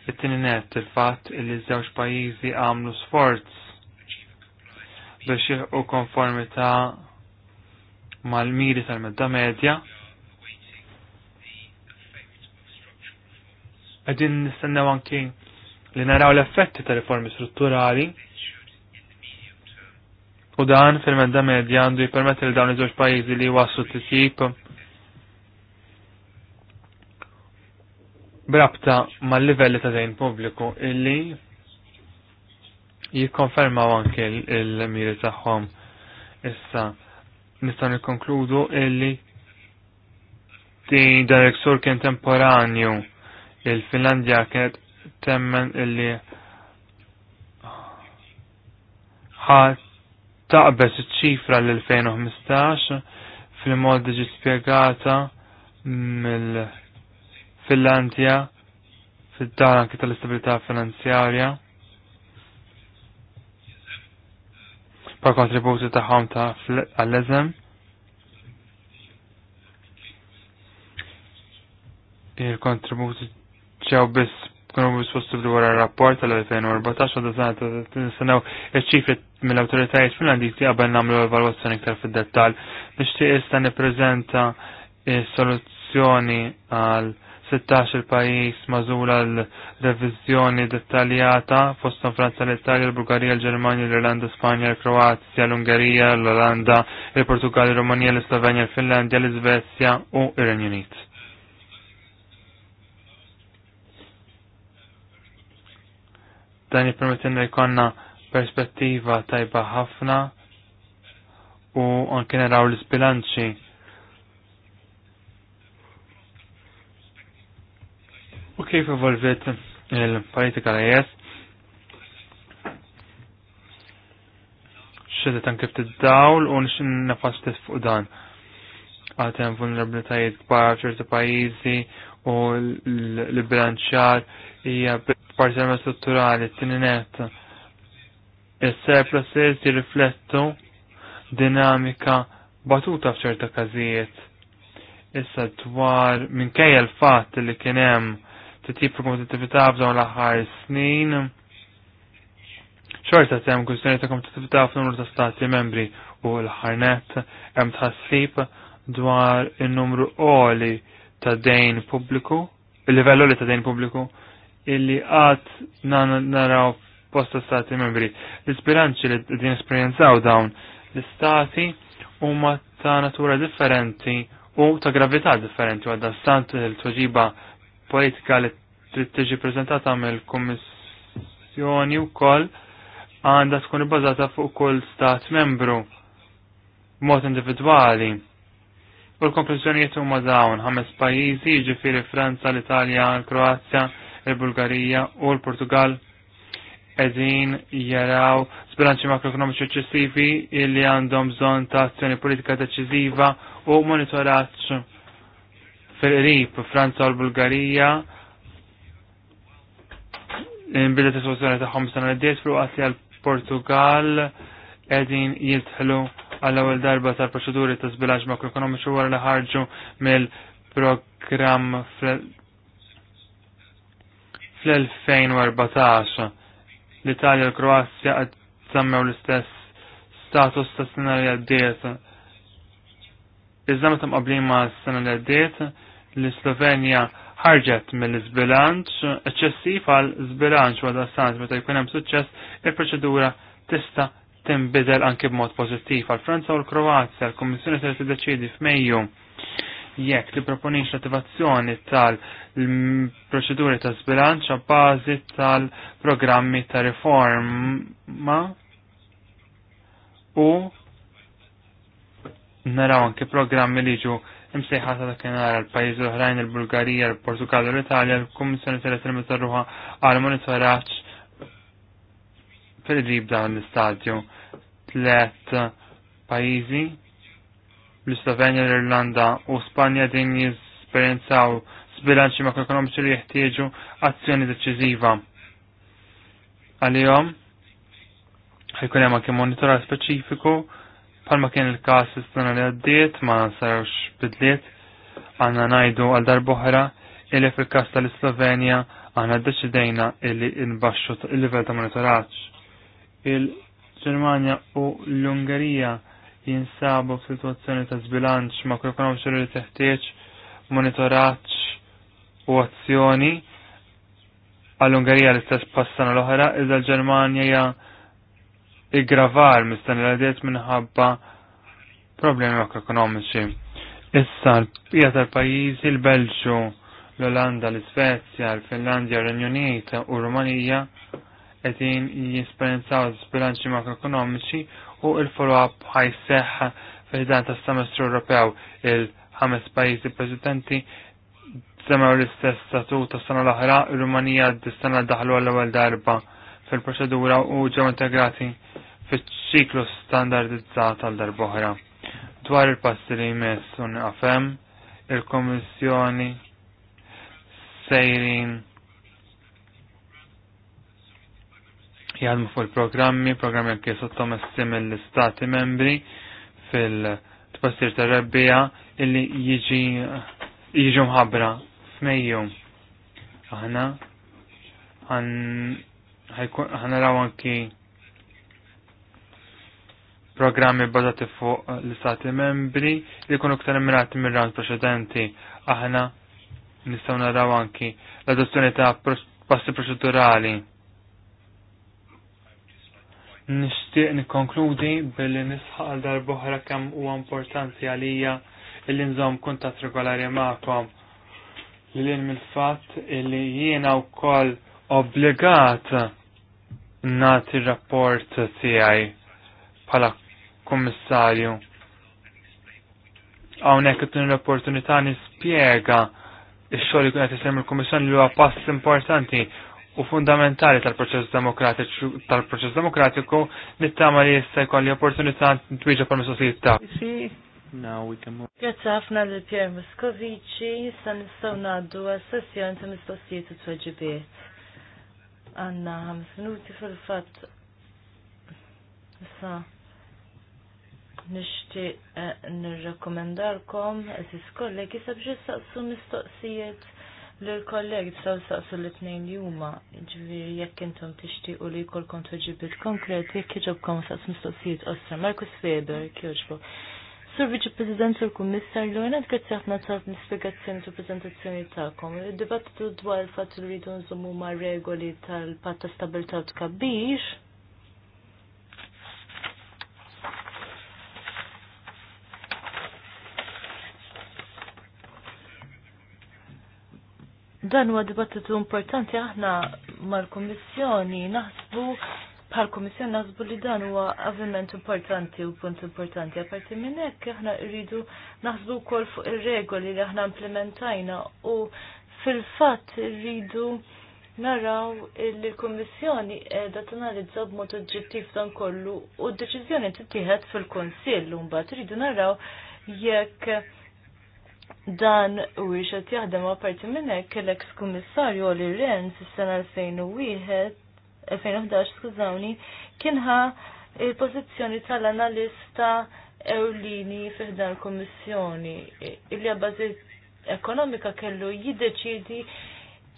It-tieni net il-fatt li żewġ pajjiżi għamlu sforz biex jilħqu konformità mal-miri tal-medda medja. Għedin nistennew anki li naraw l-effetti tal-riformi strutturali u dan fil medda medja għandu jipermetti li dawn iż-żewġ pajjiżi li waslu tip brabta mal-livelli ta' dejn pubbliku illi jikkonfermaw anke l miri tagħhom issa nistgħu nikkonkludu illi din dan il-ksur kien temporanju il-Finlandja kienet temmen illi ħat Taqbeż iċ-ċifra l-2015 fil-mod ġi spiegata mill-Finlandja fid-dan anki tal-istabilità finanzjarja. Pa kontributi tagħhom ta' għall-eżem. Il-kontributi ġew biss tkun mhux possibbli wara rapport tal-2014 u dażan tinsenew iċ-ċifri mill-awtoritajiet Finlandiżi qabel nagħmlu evalwazzjoni iktar fid-dettall. Nixtieq issa nippreżenta soluzzjoni għal 16 il-pajis mażula l-revizjoni dettaljata fostom Franza, l-Italja, l-Bulgarija, l-Ġermanja, l-Irlanda, Spanja, l-Kroazja, l-Ungerija, l-Olanda, il-Portugal, il-Romanija, l-Slovenja, l-Finlandja, l-Svezja u ir-Renju Unit. dan jippermettilna jkollna perspettiva tajba ħafna u anke naraw l-isbilanċi. U kif evolvit il-politika l-IS? Xedet an kif t-dawl u nix nafas fuq dan. Għatem vulnerabilitajiet kbar ċerti pajizi u l-bilanċar hija partijama strutturali t-tininet il-surpluses jirriflettu dinamika batuta f'ċerta kazijiet. Issa dwar minkejja l-fatt li kienem t-tip kompetitivita f'dawn l-aħħar snin, xorta tem kwistjoni ta' kompetitività f'numru ta' stati membri u l-ħarnet hemm tħassib dwar in-numru qoli ta' dejn pubbliku, il-livellu li ta' dejn pubbliku illi għat naraw posta stati membri. L-ispiranċi li din esperienzaw dawn l-istati huma ta' natura differenti u ta' gravità differenti għadda stant l-tweġiba politika li trid tiġi prezentata mill-Kummissjoni wkoll għandha tkun ibbażata fuq kull stat membru b'mod individwali. U l-konklużjonijiet huma dawn ħames pajjiżi, ġifiri Franza, l-Italja, l-Kroazja, il-Bulgarija u l-Portugal edin jaraw sbilanċi makroekonomiċi eċċessivi illi għandhom bżon ta' azzjoni politika deċiżiva u monitoraġġ fil-qrib Franza u l-Bulgarija nbidet is-soluzzjoni tagħhom sena l-dies fil li għall-Portugal qegħdin jidħlu għall-ewwel darba tal-proċeduri ta' sbilanċ makroekonomiċi wara li ħarġu mill-programm fl-2014 l-Italja u l-Kroazja qed żammew l-istess status ta' sena li għaddiet. Iżda meta mqablin s sena li għaddiet, l-Slovenja ħarġet mill-żbilanċ eċċessiv għal żbilanċ s sant meta jkun hemm suċċess il-proċedura tista' tinbidel anke b'mod pożittiv għal Franza u l-Kroazja. L-Kummissjoni se tiddeċiedi f'Mejju jekk ti proponix attivazzjoni tal-proċeduri ta' sbilanċa bazi tal-programmi ta' riforma u naraw anke programmi li ġu imsejħa ta' dakinhar għal-pajjiżi l-oħrajn il-Bulgarija, il-Portugal u l-Italja, l-Kummissjoni tal ruha għal monitoraċ fil-ġib dawn l-istadju tlet pajjiżi l-Slovenja, l-Irlanda u Spanja din jisperjenzaw sbilanċi makroekonomiċi li jeħtieġu azzjoni deċiżiva. jom ħajkun hemm anke monitora speċifiku bħalma kien il-każ is-sena li għaddiet ma sarux bidliet għandna ngħidu għal darb'oħra illi fil-każ tal-Slovenja għandna ddeċidejna illi nbaxxu il-livell ta' monitoraġġ. Il-Ġermanja u l-Ungerija jinsabu f'sitwazzjoni ta' zbilanċ makroekonomiċi li teħtieġ monitoraġġ u azzjoni għall-Ungerija l-istess passana l-oħra, iżda l-Ġermanja ja iggravar mistan l-għadiet minħabba problemi makroekonomiċi. Issa l-pija tal-pajizi l-Belġu, l-Olanda, l-Svezja, l-Finlandja, l-Unjonita u Rumanija qegħdin jisperjenzaw zbilanċi makroekonomiċi u il-follow-up ħajseħ dan tas semestru Ewropew il-ħames pajjiżi prezidenti semmew l-istess statut tas sena l-oħra, il-Rumanija d-sena daħlu għall-ewwel darba fil-proċedura u ġew integrati fiċ-ċiklu standardizzat għal oħra. Dwar il-passi li jmess un il-Komissjoni sejrin jgħalmu fuq il-programmi, programmi sottom sottomessi mill istati membri fil-tbassir ta' rabbija illi jiġi jiġu mħabbra f'Mejju. Aħna għan għan anki programmi bbażati fuq l istati membri li jkunu ktar immirati mir-round preċedenti. Aħna nistgħu naraw anki l-adozzjoni ta' passi proċedurali Nishtiq nikonkludi billi nisħal darbohra kemm huwa importanti għalija illi nżomm kuntat regolari magħkom. Lilin mill-fatt illi jiena wkoll obbligat nagħti rapport tiegħi bħala kummissarju. Hawnhekk qed l-opportunità nispjega ix-xogħol li qed isem il-Kummissjoni li huwa pass importanti u fundamentali tal-proċess demokratiku tal-proċess demokratiku nittama li jista' li opportunità twieġa per mistoqsijiet ta' Grazzi ħafna lil Pier Moscovici se nistgħu ngħaddu għas-sessjon ta' mistoqsijiet u tweġibiet. Anna ħames minuti fil-fatt issa nixtieq eh, nirrakkomendarkom eżis kollegi sabġi saqsu mistoqsijiet L-kollegi tsaw saqsu l-tnejn li huma, jekk intom tixtiequ li kontu ġibit konkret jekk iġobkom saqs mistoqsijiet ostra, Markus Weber kjoġbu. Sur Viċi President u l-Kummissar Lornet grazzi ħafna tal l-ispjegazzjoni prezentazzjoni preżentazzjoni tagħkom. il dibattitu dwar il-fatt li rridu nżommu ma' regoli tal-patta stabilità u Dan huwa dibattitu importanti aħna mal-Kummissjoni naħsbu bħal kummissjoni naħsbu li dan huwa avviment importanti u punt importanti. Aparti minn hekk aħna rridu naħsbu wkoll fuq ir-regoli li aħna implementajna u fil-fatt rridu naraw li l qiegħda tanalizza b'mod oġġettiv dan kollu u d-deċiżjoni tittieħed fil-Kunsill mbagħad iridu naraw jekk dan u xed jaħdem għaparti minnek l-eks kummissarju li Ren s-sena 2011 skużawni kienħa il-pozizjoni tal-analista ewlini fiħdan l-kommissjoni il-li għabbazi ekonomika kellu jideċidi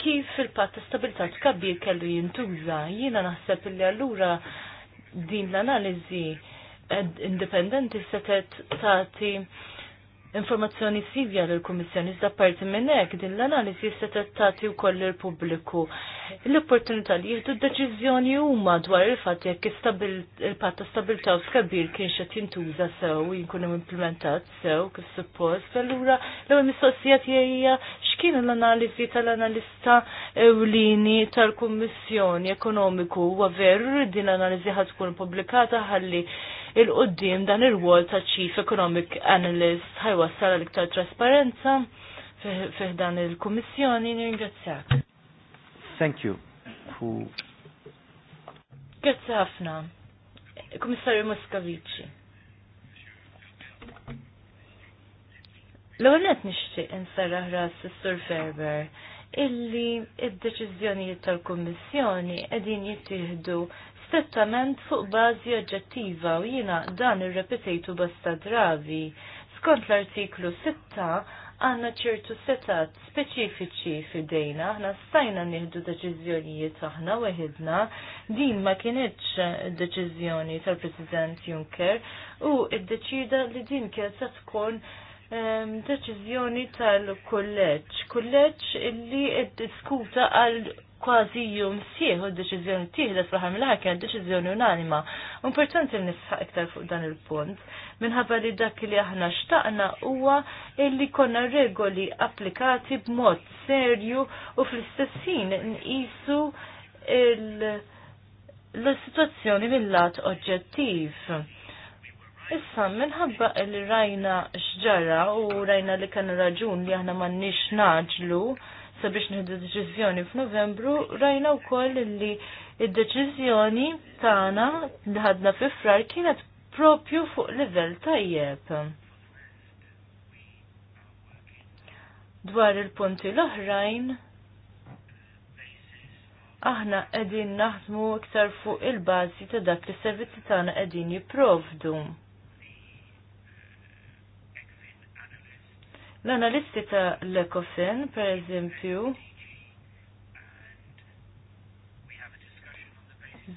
kif il-pat ta' stabilità tkabbir kellu jintuża. Jiena naħseb li allura din l-analiżi indipendenti setet tagħti ta informazzjoni sivja l kummissjoni iżda parti minn hekk din l-analiżi se u wkoll l pubbliku L-opportunità li jieħdu deċiżjoni huma dwar il-fatt jekk il-patta stabilta u skabir kien qed jintuża sew u jinkun implementat sew kif suppost, allura l-ewwel mistoqsija tiegħi x'kien l-analiżi tal-analista ewlieni tal-Kummissjoni Ekonomiku huwa veru din l-analiżi ħatkun tkun pubblikata ħalli il-qoddim dan ir-wol ta' Chief Economic Analyst ħajwassal l-iktar trasparenza fih dan il-Kummissjoni nirringrazzjak. Thank you. Grazzi ħafna. Kummissarju Moscovici. L-għonet nishtiq nsarraħ ras s-Sur Ferber illi id deċiżjonijiet tal kummissjoni edin jittieħdu strettament fuq bażi oġġettiva u jiena dan irrepetejtu bosta dravi. Skont l-artiklu 6 għanna ċertu setat speċifiċi fidejna, aħna stajna nieħdu deċiżjonijiet aħna weħidna, din ma kienieċ deċiżjoni tal-President Juncker u id-deċida li din kienet se tkun Ehm, deċiżjoni tal-kulleġġ. Kulleġġ illi diskuta għal kważi jum sieħu d-deċizjoni tiħdet s ħar mill deċizjoni unanima. Importanti li nisħaq iktar fuq dan il-punt, minħabba li dak li aħna xtaqna huwa illi konna regoli applikati b'mod serju u fl-istess ħin nqisu l-situazzjoni mill-lat oġġettiv Issa, minħabba li rajna xġara u rajna li kanu raġun li aħna nix naġlu sabiex nħeddu deċizjoni f'Novembru, rajna u koll li id-deċizjoni tana li ħadna fi frar kienet propju fuq level tajjeb. dwar il-punti l-oħrajn, aħna qegħdin naħdmu iktar fuq il-bażi ta' dak li servizzi tagħna qegħdin jipprovdu. L-analisti ta' l-Ecofin, per eżempju,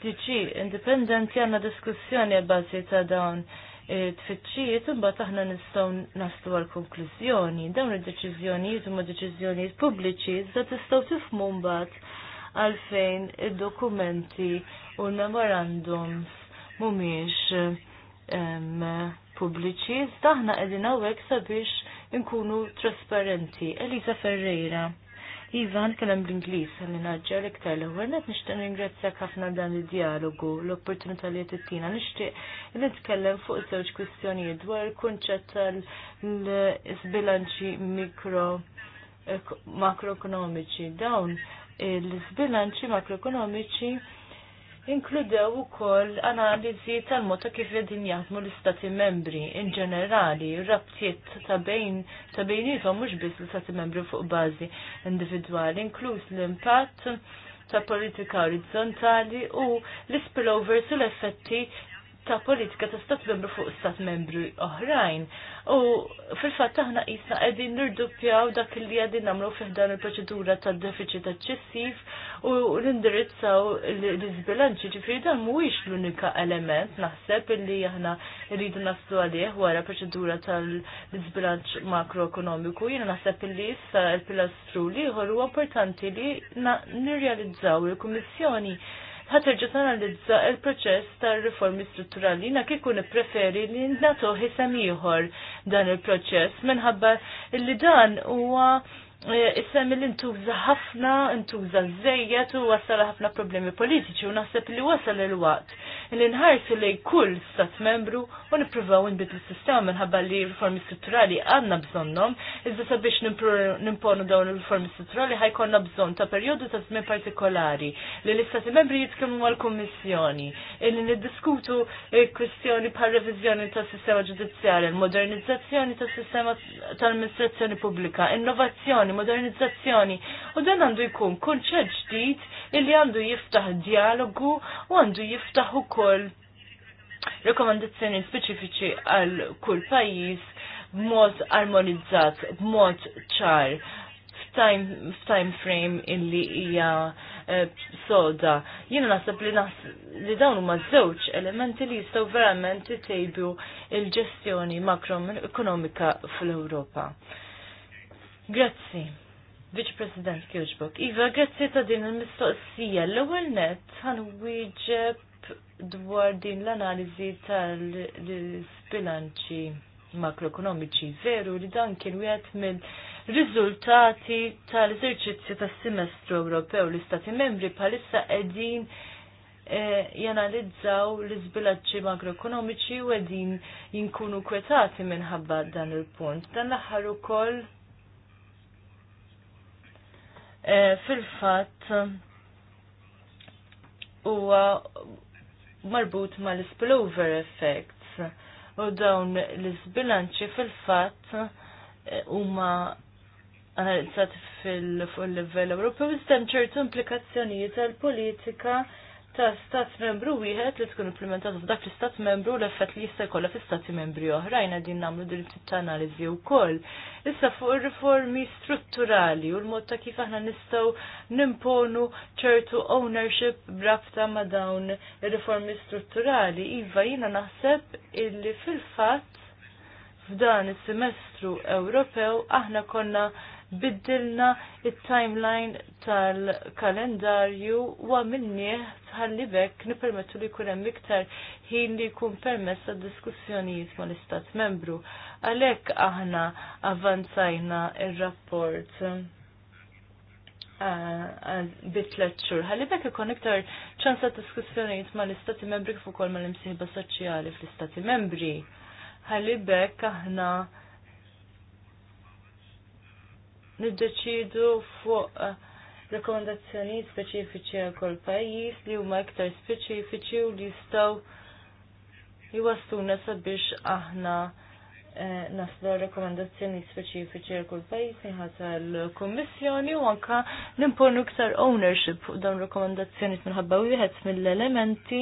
DG, indipendenti għanna diskussjoni bazi ta' dawn tfittxijiet imbagħad aħna nistgħu naslu għal konklużjoni. Dawn id-deċiżjonijiet huma deċiżjonijiet pubbliċi iżda tistgħu tifhmu mbagħad għalfejn id-dokumenti u l-memorandums mhumiex pubbliċi iżda aħna qegħdin hawnhekk sabiex nkunu trasparenti. Elisa Ferreira. Iva, kellem bl-Inglis, għalli naġġa l-iktar l-ewel, net nishtan ringrazzja ħafna dan il-dialogu, l-opportunità li jtettina, nishtiq nitkellem fuq żewġ kwistjonijiet dwar il-kunċett tal-sbilanċi mikro eh, makroekonomiċi. Dawn l-sbilanċi makroekonomiċi inkludew ukoll analiżi tal mota kif jedin jaħdmu l-istati membri in ġenerali, rabtiet ta' bejn ta' bejnietom mhux biss l-istati membri fuq bażi individwali, inkluż l-impatt ta' politika orizzontali u l-spillovers u l-effetti ta' politika ta' stat membru fuq stat membru oħrajn. U fil-fatt aħna qisna qegħdin nirduppjaw dak li qegħdin nagħmlu fiħdan il-proċedura tad deficit eċċessiv u nindirizzaw l-iżbilanċi ġifri dan mhuwiex l-unika element naħseb illi aħna rridu naslu għalih wara proċedura tal-iżbilanċ makroekonomiku. Jiena naħseb illi issa l-pilastru li huwa importanti li nirrealizzaw il-Kummissjoni ħaterġa tanalizza il-proċess tal-riformi strutturali. Na kikun preferi li nagħtuh ħisem ieħor dan il-proċess minħabba li dan huwa Eh, Issem li intuża ħafna, intuża żejjed u wasal ħafna problemi politiċi u naħseb li wasal il-waqt li nħarsu lejn kull stat membru u nippruvaw nbidlu s-sistema minħabba li riformi strutturali għandna bżonnhom, iżda sabiex nimponu dawn il-riformi strutturali ħajkonna bżonn ta' perjodu ta' żmien partikolari li l-istati membri jitkellmu mal-Kummissjoni, li niddiskutu kwistjoni bħal reviżjoni tas-sistema ġudizzjarja, il-modernizzazzjoni tas-sistema tal-amministrazzjoni pubblika, innovazzjoni innovazzjoni, modernizzazzjoni. U dan għandu jkun kunċett ġdid illi għandu jiftaħ dialogu u għandu jiftaħ ukoll rekomandazzjoni speċifiċi għal kull pajjiż b'mod armonizzat, b'mod ċar f'time, f'time frame illi hija eh, soda. Jiena naħseb li nas, li dawn huma żewġ elementi li jistgħu verament itejbu il-ġestjoni makroekonomika fl-Ewropa. Grazzi. Vice President Kirchbok. Iva, grazzi ta' din il-mistoqsija. L-ewwel net ħan wieġeb dwar din l-analiżi tal-bilanċi makroekonomiċi. Veru li dan kien wieħed mill riżultati tal-eżerċizzju tas-semestru Ewropew l istati membri bħalissa qegħdin eh, janalizzaw l izbilaċi makroekonomiċi u għedin jinkunu kwetati minħabba dan il-punt. Dan l-aħħar koll Eh, fil-fatt huwa marbut mal-spillover effects u dawn l-sbilanċi fil-fatt eh, huma analizzati fil-livell Ewropew iżda ċertu implikazzjonijiet għall politika ta' stat membru wieħed li tkun implementat f'dak l-istat membru l-effett li jista' jkollha fl-istati membri oħrajn qegħdin nagħmlu din tip ta' analiżi wkoll. Issa fuq ir-riformi strutturali u l-mod ta' kif aħna nistgħu nimponu ċertu ownership b'rabta ma' dawn ir-riformi strutturali, iva jiena naħseb illi fil-fatt f'dan is-semestru Ewropew aħna konna biddilna il-timeline tal-kalendarju u għamilnieh tħalli bekk nipermettu li kunem miktar ħin li kun permess għad diskussjonijiet ma l-istat membru. Għalek aħna avanzajna il-rapport eh, eh, bit xur. Għalli bekk ikon iktar ċansa diskussjonijiet ma l-istati membri kif ukoll ma l-imsiħba soċjali fl-istati membri. Għalli bekk aħna niddeċidu fuq eh, rekomendazzjoni speċifiċi għal kol pajjiż li huma iktar speċifiċi u li jistgħu jwastuna sabiex aħna Eh, naslu rekomendazzjoni speċifiċi għal kull pajjiż inħata l-Kummissjoni u anka nimponu iktar ownership fuq dawn rekomendazzjoni minħabba wieħed mill-elementi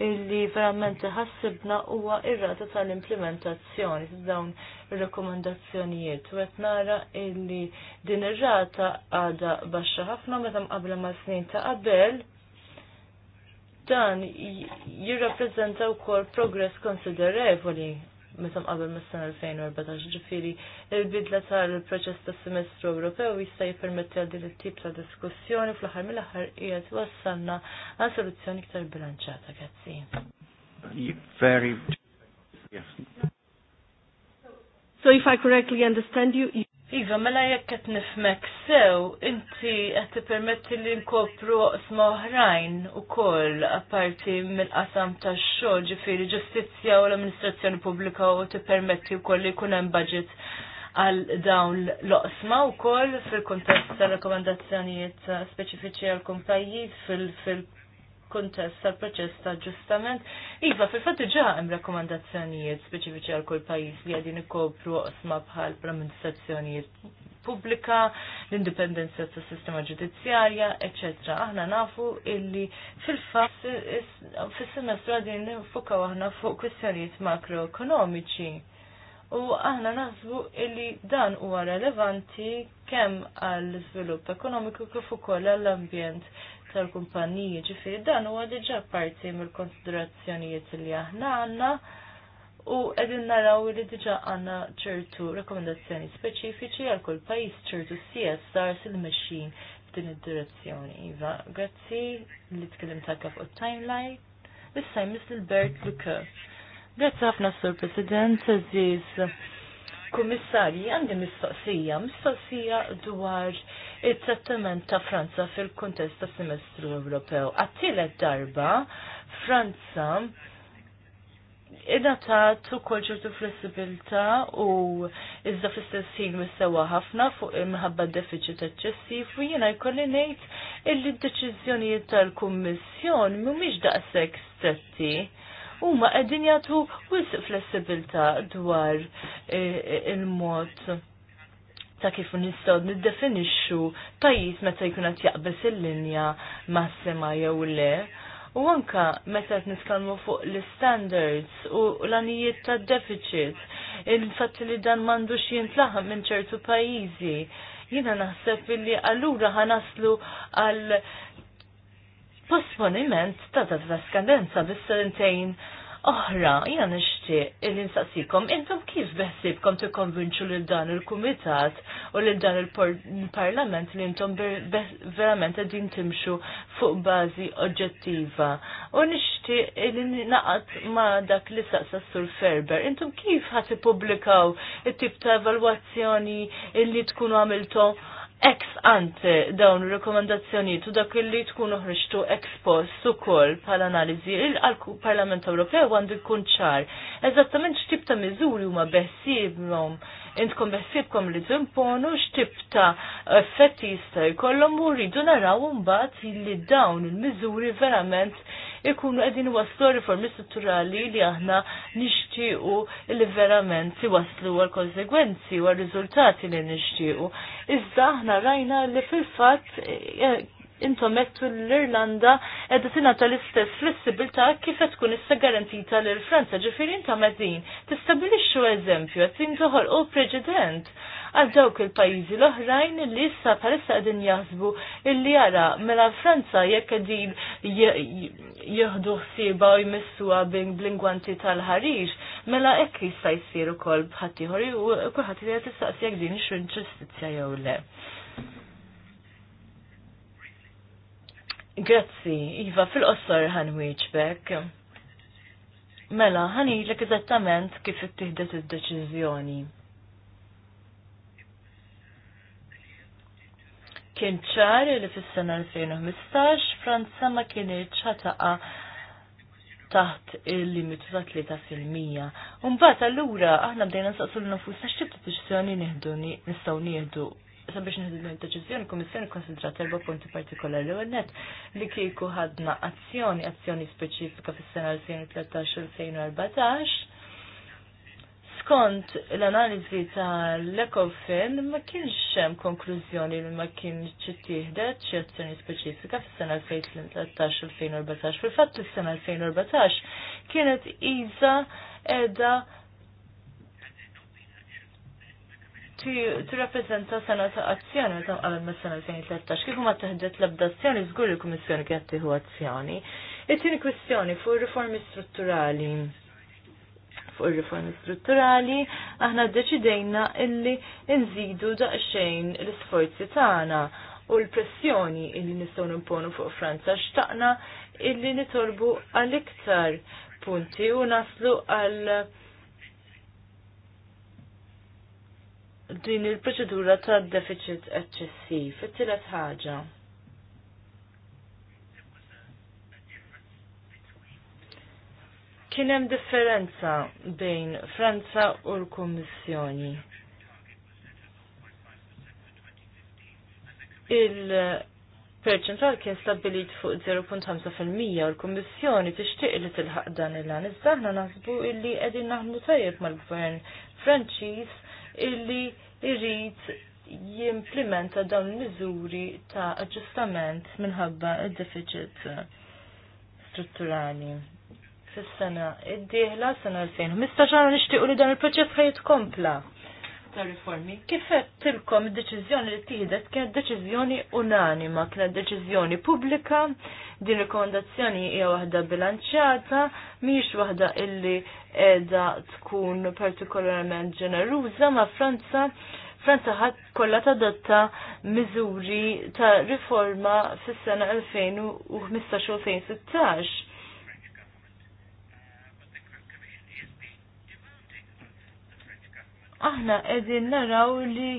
li verament ħassibna huwa irrata rata tal-implementazzjoni dawn ir-rekomendazzjonijiet u qed nara illi din ir-rata għadha baxxa ħafna meta mqabbla ma' snin ta' qabel dan jirrappreżenta wkoll progress konsiderevoli meta qabel mis-sena 2014, ġifiri il-bidla tal-proċess ta' semestru Ewropew jista' jippermetti għal din it-tip ta' diskussjoni fl-aħħar mill-aħħar qiegħed wassalna għal soluzzjoni iktar bilanċata grazzi. So if I correctly understand you, you Iva, mela jekk qed nifmek sew, inti qed tippermetti li nkopru oqsma oħrajn ukoll apparti mill-qasam tax-xogħol, ġifieri ġustizzja u l-amministrazzjoni pubblika u tippermetti wkoll li jkun hemm budget għal dawn l-oqsma wkoll fil-kuntest tal-rakkomandazzjonijiet speċifiċi għal kumpajjiż fil-, -fil fil-kontest tal-proċess ta' ġustament. Iva, fil-fatt ġa hemm rakkomandazzjonijiet speċifiċi għal kull pajjiż li qegħdin ikopru oqsma bħal pramministrazzjonijiet pubblika, l-indipendenza tas sistema ġudizzjarja, eċetra. Aħna nafu illi fil-fatt fis-semestru għadin nifukaw aħna fuq kwistjonijiet makroekonomiċi. U aħna naħsbu illi dan huwa relevanti kemm għall iżvilupp ekonomiku kif ukoll għall-ambjent tal kumpanija ġifiri dan huwa diġà parti mill-konsiderazzjonijiet li aħna għandna u qegħdin naraw li diġà għandna ċertu rekomendazzjoni speċifiċi għal kull pajjiż ċertu CSRs il mexxin f'din id-direzzjoni. Iva, grazzi li tkellim taka fuq timeline. Issa Mr. bert Luke. Grazzi ħafna Sur President, Aziz. Kummissarji, għandi mistoqsija, mistoqsija dwar it-trattament ta' Franza fil-kontest ta' semestru Ewropew. Għattilet darba Franza id ta' tu ċertu flessibilta u iżda fl-istess mis sewa ħafna fuq imħabba deficit eċċessiv u jiena jkolli ngħid illi d-deċiżjonijiet tal-Kummissjon mhumiex daqshekk stretti. Huma qegħdin jagħtu wisq flessibilta dwar eh, il-mod ta' kif nistgħu niddefinixxu pajjiż meta jkun qed jaqbes il-linja massima jew le. U anka meta qed nitkellmu fuq l-standards u l-anijiet tad-deficit, il-fatt li dan m'għandux jintlaħam minn ċertu pajjiżi. Jiena naħseb illi allura ħanaslu għal posponiment ta' ta' skadenza bis-sentejn oħra, jgħan nishtiq l insaqsikom intom kif beħsibkom tikkonvinċu lil dan il-kumitat u lil dan il-parlament li intom verament għedin timxu fuq bazi oġġettiva. U nishtiq li naqat ma dak li saqsa sur Ferber, intom kif ħat publikaw it-tip ta' evalwazzjoni li tkunu għamiltom ex ante dawn rekomendazzjoni u dak li tkun uħriġtu ex post ukoll pal analiżi il-Parlament Ewropew għandu jkun ċar. Eżattament x'tib ta' miżuri huma behsib intkom beħsibkom li timponu x'tib ta' effetti jista' jkollhom u rridu naraw mbagħad li dawn il-miżuri verament ikunu qegħdin waslu riformi strutturali li aħna nixtiequ li verament waslu għal konsegwenzi u għal riżultati li nixtiequ. Iżda aħna rajna li fil-fatt eh, intom għettu l-Irlanda edha tinata l-istess flessibilta kif qed tkun issa garantita l franza ġifieri intom din tistabilixxu eżempju qed tintoħol u preġident għal dawk il-pajjiżi l-oħrajn li issa bħalissa qegħdin jaħsbu illi jara mela Franza jekk qegħdin jieħdu ħsieba u jmissuha bl blingwanti tal-ħarix, mela hekk jista' jsir ukoll bħadd ieħor u kulħadd jistaqsi jekk din ix ġustizzja jew le. Grazzi, Iva, fil-qossor ħan wieġbek. Mela, ħan l eżattament kif ittieħdet id-deċiżjoni. Kien ċar li fis-sena 2015 Franza ma kienx ħataqa' taħt il-limitu ta' 3%. Umbat allura aħna bdejna nsaqsu l-nafusna x'tib deċiżjoni nieħdu nistgħu nieħdu sabiex nħidu l-deċizjoni, komissjoni konsidrat erba punti partikolari u net li kieku ħadna azzjoni, azzjoni speċifika fis sena 2013-2014. Skont l-analizi ta' l-Ecofin ma kienx hemm konklużjoni li ma kienx ittieħdet xi azzjoni speċifika fis-sena 2013-2014. Fil-fatt is-sena 2014 kienet iża edha Tu tirrappreżenta sena ta' azzjoni ta' qabel ma' sena 2013 kif ma teħdet l-ebda azzjoni żgur il-Kummissjoni kienet tieħu azzjoni. It-tieni kwistjoni fuq ir-riformi strutturali fuq ir-riformi strutturali, aħna deċidejna illi nżidu daqsxejn l-isforzi tagħna u l-pressjoni illi nistgħu nimponu fuq Franza xtaqna illi nitolbu għal iktar punti u naslu għal din il-proċedura ta' deficit eċċessiv. It-tielet ħaġa. Kien hemm differenza bejn Franza u l-Kummissjoni. il perċentwal kien stabilit fuq 0.5% u l-Kummissjoni tixtieq li tilħaq dan il-għan. Iżda aħna naħsbu illi qegħdin naħdmu tajjeb mal-Gvern Franċiż illi irrit jimplementa dawn il-miżuri ta' aġġustament minħabba id-deficit strutturali fis-sena id-dieħla sena 2015 nixtiequ li dan il-proċess ħajt kompla ta' riformi. Kif tilkom id-deċizjoni li tieħdet kienet deċizjoni unanima, kienet deċizjoni pubblika, din rekomendazzjoni hija waħda bilanċjata, mhijiex waħda illi qiegħda tkun partikolarment ġeneruża ma' Franza. Franza ħadd kollha tadotta miżuri ta' riforma fis-sena 2015 u 2016 aħna qegħdin naraw li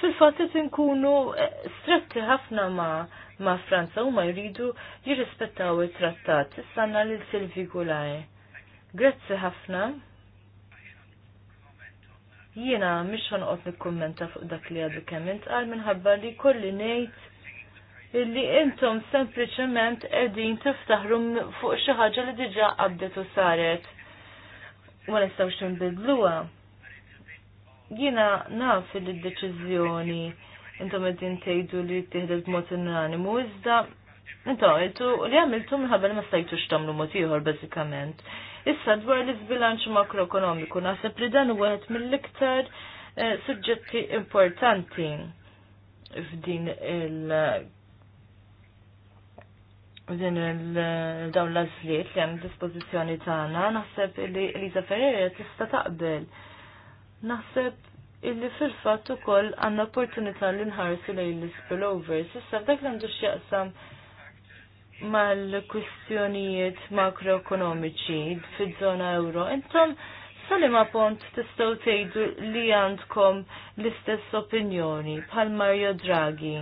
fil-fatt qed eh, stretti ħafna ma' ma' Franza u ma jridu jirrispettaw it-trattat. Issa sanna lil Silvi Gulaj. Grazzi ħafna. Jiena mhix ħanqod nikkummenta fuq dak li għadu kemm intqal minħabba li kolli ngħid illi intom sempliciment edin tiftaħru fuq xi ħaġa li diġà qabdet u saret. Ma nistgħux nbidluha. Jiena naf il-deċiżjoni intom qegħdin tgħidu li tieħdet b'mod animu iżda intom qiltu li għamiltu minħabba ma stajtu tagħmlu mod ieħor bażikament. Issa dwar l zbilanċ makroekonomiku naħseb li dan huwa wieħed mill-iktar eh, suġġetti importanti f'din il- din il-dawn l li għam dispozizjoni tagħna, naħseb li Elisa Ferreira tista' taqbel Naħseb illi fil-fatt ukoll għandna opportunità li nħarsu lejn l spillover Sissa, dak li għandu x'jaqsam mal-kwistjonijiet makroekonomiċi fiż-żona euro. Intom salima pont tistgħu tgħidu li għandkom l-istess opinjoni bħal Mario Draghi.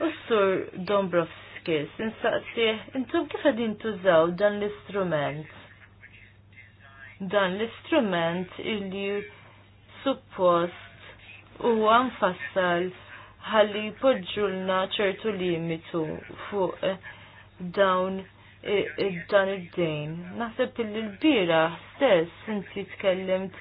U s-sur Dombrovskis insaqsih intom kif qegħdin tużaw dan l-istrument? Dan l-istrument illi suppost huwa għanfassal ħalli jpoġġulna ċertu limitu fuq eh, dawn eh, eh, dan id-dejn. Naħseb li l-bira stess inti tkellimt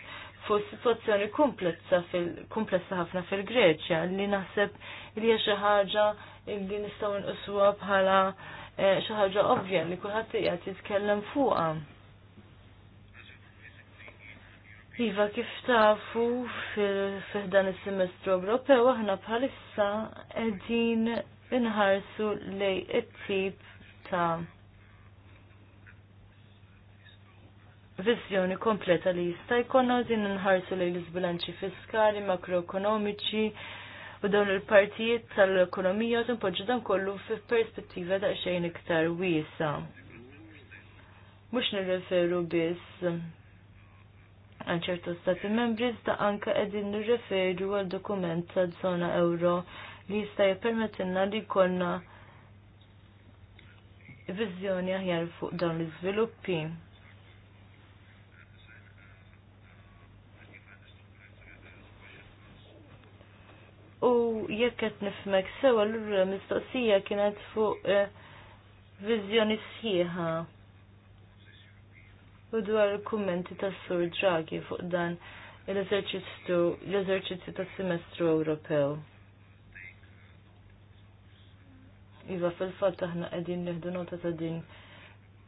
fuq situazzjoni komplessa ħafna fil-Greċja li naħseb li hija xi ħaġa li nistgħu nqisuha bħala xi ħaġa ovvja li kulħadd qiegħed jitkellem fuqha. Iva, kif tafu fil-fihdan il-semestru Ewropew, aħna bħalissa edin inħarsu lej it-tip ta' vizjoni kompleta li jista' jkollna din inħarsu lej l-izbilanċi fiskali, makroekonomiċi u dawn il-partijiet tal-ekonomija tinpoġġu dan kollu fi perspettiva daqsxejn iktar wiesa. Mhux nirreferu biss għan ċertu stati membri iżda anke qegħdin nirreferu għal dokument ta' żona euro li jista' jippermettilna li jkollna viżjoni aħjar fuq dawn l-iżviluppi. U jekk qed nifmek sewa l-mistoqsija kienet fuq eh, viżjoni sħiħa u dwar kummenti tas sur Draghi fuq dan l-eżerċizzju tas semestru Ewropew. Iva fil-fatt aħna qegħdin nieħdu nota ta' din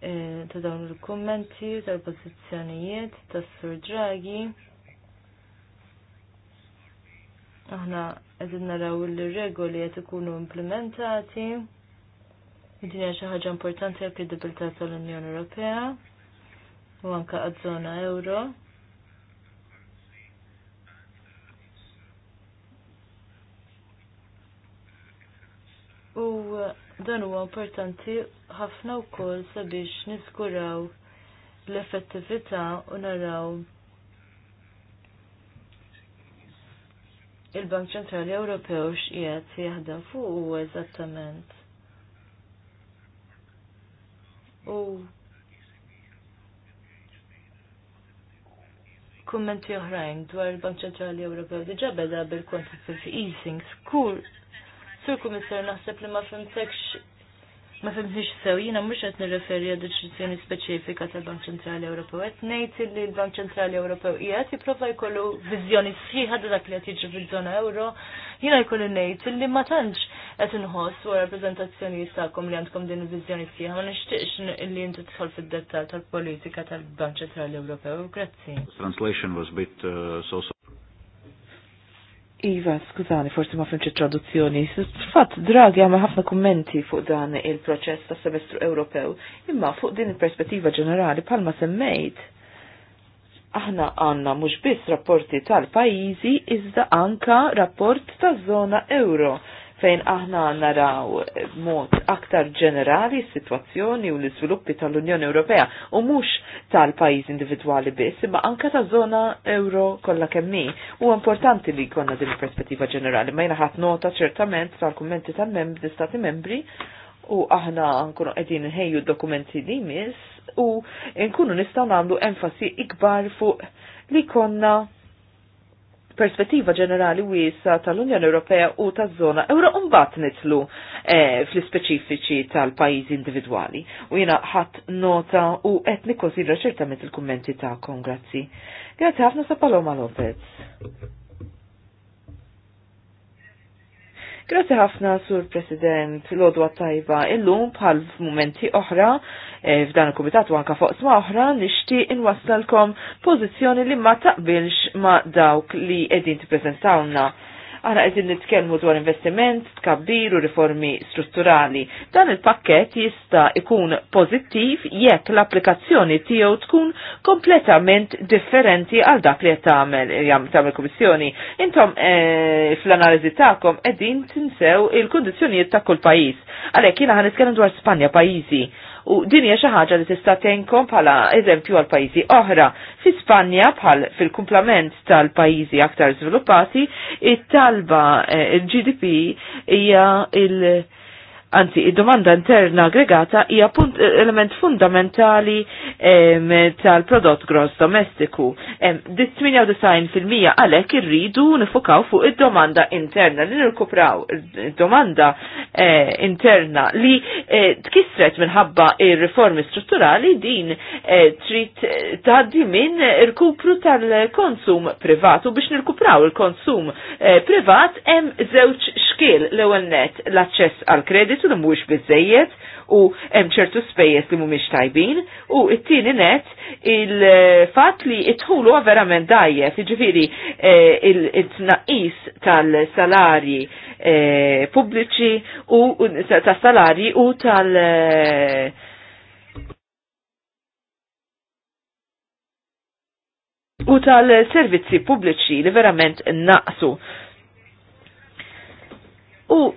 e, ta' dawn il-kummenti tal-pożizzjonijiet tas sur Draghi. Aħna qegħdin naraw il-regoli qed ikunu implementati. Din hija xi ħaġa importanti għal kredibilità tal-Unjoni Ewropea u anka għadżona żona euro. U dan huwa importanti ħafna wkoll sabiex niżguraw l-effettività u naraw il-Bank Ċentrali Ewropew x'qiegħed jaħdem fuq u eżattament. U kummenti oħrajn dwar il-Bank Ċentrali Ewropew diġà beda bil fil-fi easing. Skur, sur kummissar naħseb li ma fimtekx ma fimtix sew jina mhux qed nirreferi għad deċiżjoni speċifika tal-Bank Ċentrali Ewropew. Għet ngħid li l-Bank Ċentrali Ewropew jgħet jipprova jkollu viżjoni sħiħa dak li qed jġi fiż-żona euro. Jiena jkollu ngħid li ma tantx qed inħoss wara rappreżentazzjonijiet tagħkom li għandkom din il-viżjoni fija, ma nixtieqx li inti tħol fid-dettall tal-politika tal-Bank Ċentrali Ewropew. Grazzi. Translation was bit uh, so so. Iva, skużani, forsi ma fimx traduzzjoni. Fatt, dragi għamma ħafna kummenti fuq dan il-proċess ta' semestru Ewropew, imma fuq din il-perspettiva ġenerali palma semmejt. Aħna għanna mhux biss rapporti tal-pajjiżi iżda anka rapport taż-żona euro fejn aħna naraw mod aktar ġenerali s-situazzjoni u l-iżviluppi tal-Unjoni Ewropea u mhux tal-pajjiż individwali biss, imma anke ta' żona euro kollha kemm hi. Huwa importanti li jkollna din il-perspettiva ġenerali, ma jiena ħadd nota ċertament tal-kummenti tal-membri stati membri u aħna nkunu qegħdin nħejju d-dokumenti li miss u nkunu nistgħu nagħmlu enfasi ikbar fuq li konna perspettiva ġenerali wiesa tal-Unjoni Ewropea u taż-żona euro mbagħad nitlu e, fl-ispeċifiċi tal-pajjiżi individwali. U jiena ħadd nota u qed nikkonsidra ċertament il-kummenti tagħkom, grazzi. Grazie ħafna sa Paloma Lopez. Grazie ħafna, Sur President, l-odwa tajba. Illum bħal f'mumenti oħra, e, f'dan il-Kumitat u anka fuq sma oħra, nixti inwassalkom pożizzjoni li ma taqbilx ma dawk li edin tippreżentawna Aħna qegħdin nitkellmu dwar investiment, tkabbir u riformi strutturali. Dan il-pakket jista' ikun pożittiv jekk l-applikazzjoni tiegħu tkun kompletament differenti għal dak li qed tagħmel tagħmel kummissjoni. Intom eh, fl-analiżi tagħkom qegħdin tinsew il-kundizzjonijiet ta' kull pajjiż. Għalhekk jiena ħanitkellem dwar Spanja pajjiżi u din hija xi ħaġa li tista' tenkom bħala eżempju għal pajjiżi oħra. Fi Spanja bħal fil-kumplament tal-pajjiżi aktar żviluppati, it-talba eh, il-GDP hija il-, -GDP, anzi id-domanda interna aggregata hija punt element fundamentali tal-prodott gross domestiku. dit 98% għalhekk irridu nifokaw fuq id-domanda interna li nirkupraw id-domanda eh, interna li eh, tkissret minħabba ir-riformi strutturali din eh, trid tgħaddi minn irkupru tal-konsum u biex nirkupraw il-konsum privat hemm żewġ xkiel l-ewwel net l-aċċess għal kredit budget u biżejjed u hemm ċertu spejjeż li mhumiex tajbin u t-tieni net il-fatt li itħulu verament dajjef, jiġifieri eh, il-tnaqqis tal-salarji eh, pubbliċi u tas-salarji u tal- eh, u tal-servizzi pubbliċi li verament naqsu. U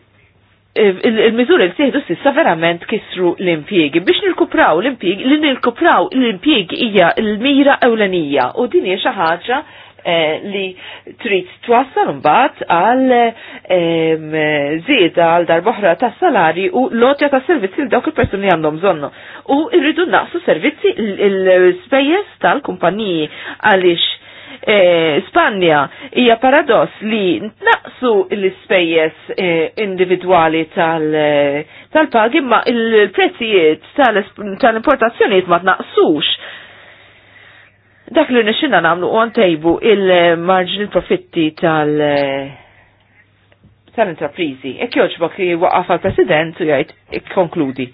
il-mizuri li tieħdu sissa verament kisru l-impjiegi. Biex nil-kupraw l impiegi li nil-kupraw l-impjiegi hija l-mira ewlenija u din hija xi ħaġa li trid twassal mbagħad għal żieda għal darboħra ta' salari u lotja ta' servizzi li dawk il-persuni għandhom bżonnu. U rridu naqsu servizzi l-spejjeż tal-kumpaniji għaliex E, Spanja hija paradoss li naqsu l-ispejjeż e, individwali e, tal-pag imma il-prezzijiet tal-importazzjonijiet ma tnaqsux. Dak li nixinna namlu għan tejbu il-marġin profitti tal- tal-intraprizi. Ek joġbok li waqqaf għal-president u jgħid konkludi.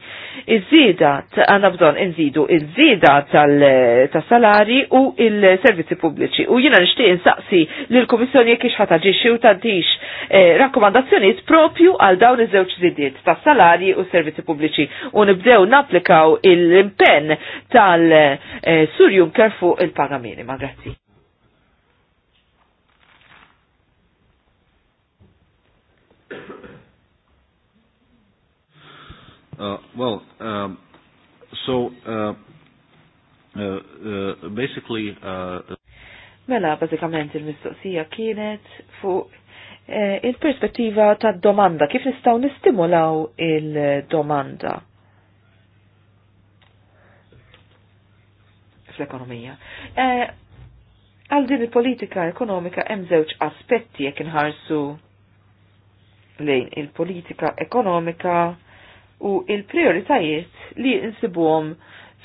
Iż-żieda għandna bżonn inżidu iż-żieda tas-salari u il-servizzi pubbliċi. U jiena nixtieq insaqsi li l-Kummissjoni jekk ix ħataġixxi u tadix eh, rakkomandazzjonijiet propju għal dawn iż-żewġ żidiet tas-salari u servizzi pubbliċi u nibdew napplikaw l-impenn tal-Sur eh, Juncker fuq il-paga minima. Grazzi. Uh, well, um, so uh, uh, uh, basically. Uh, mela, bazzikament il-mistoqsija kienet fuq eh, il-perspettiva ta' domanda, kif nistaw nistimulaw il-domanda fl-ekonomija. Eh, għal din il-politika ekonomika hemm żewġ aspetti jekk inħarsu lejn il-politika ekonomika u il-prioritajiet li insibuhom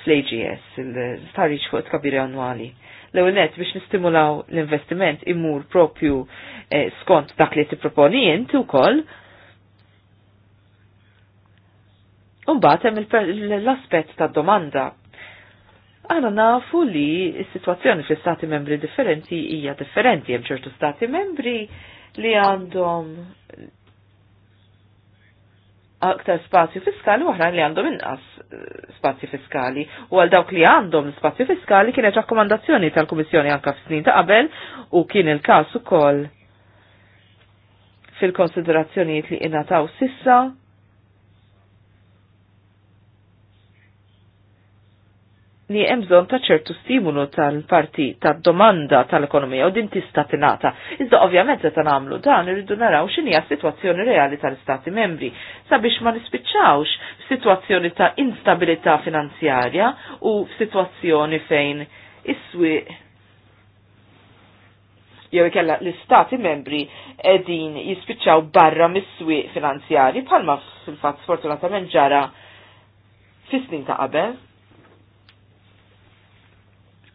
fl-AGS, il-tarriċ fuq kabiri annwali. L-ewwel biex nistimulaw l-investiment imur propju eh, skont dak li tipproponi inti wkoll. koll. hemm l-aspett tad domanda. Għana nafu li s-situazzjoni fl stati membri differenti hija differenti, hemm ċertu stati membri li għandhom aktar spazju fiskali u li għandhom inqas eh, spazju fiskali. U għal dawk li għandhom spazju fiskali kienet rakkomandazzjoni tal-Kummissjoni anka f'snin ta' qabel u kien il-każ ukoll fil-konsiderazzjonijiet li inataw sissa li hemm bżonn ta' ċertu stimulu tal-parti tad-domanda tal-ekonomija u din tista' tingħata. Iżda ovvjament se nagħmlu dan irridu naraw x'inhi s-sitwazzjoni reali tal-Istati membri sabiex ma nispiċċawx f'sitwazzjoni ta' instabilità finanzjarja u f'sitwazzjoni fejn is-swieq jew ikella l-istati membri edin jispiċċaw barra mis-swieq finanzjari bħalma fil-fatt sfortunatament ġara fis-snin ta' qabel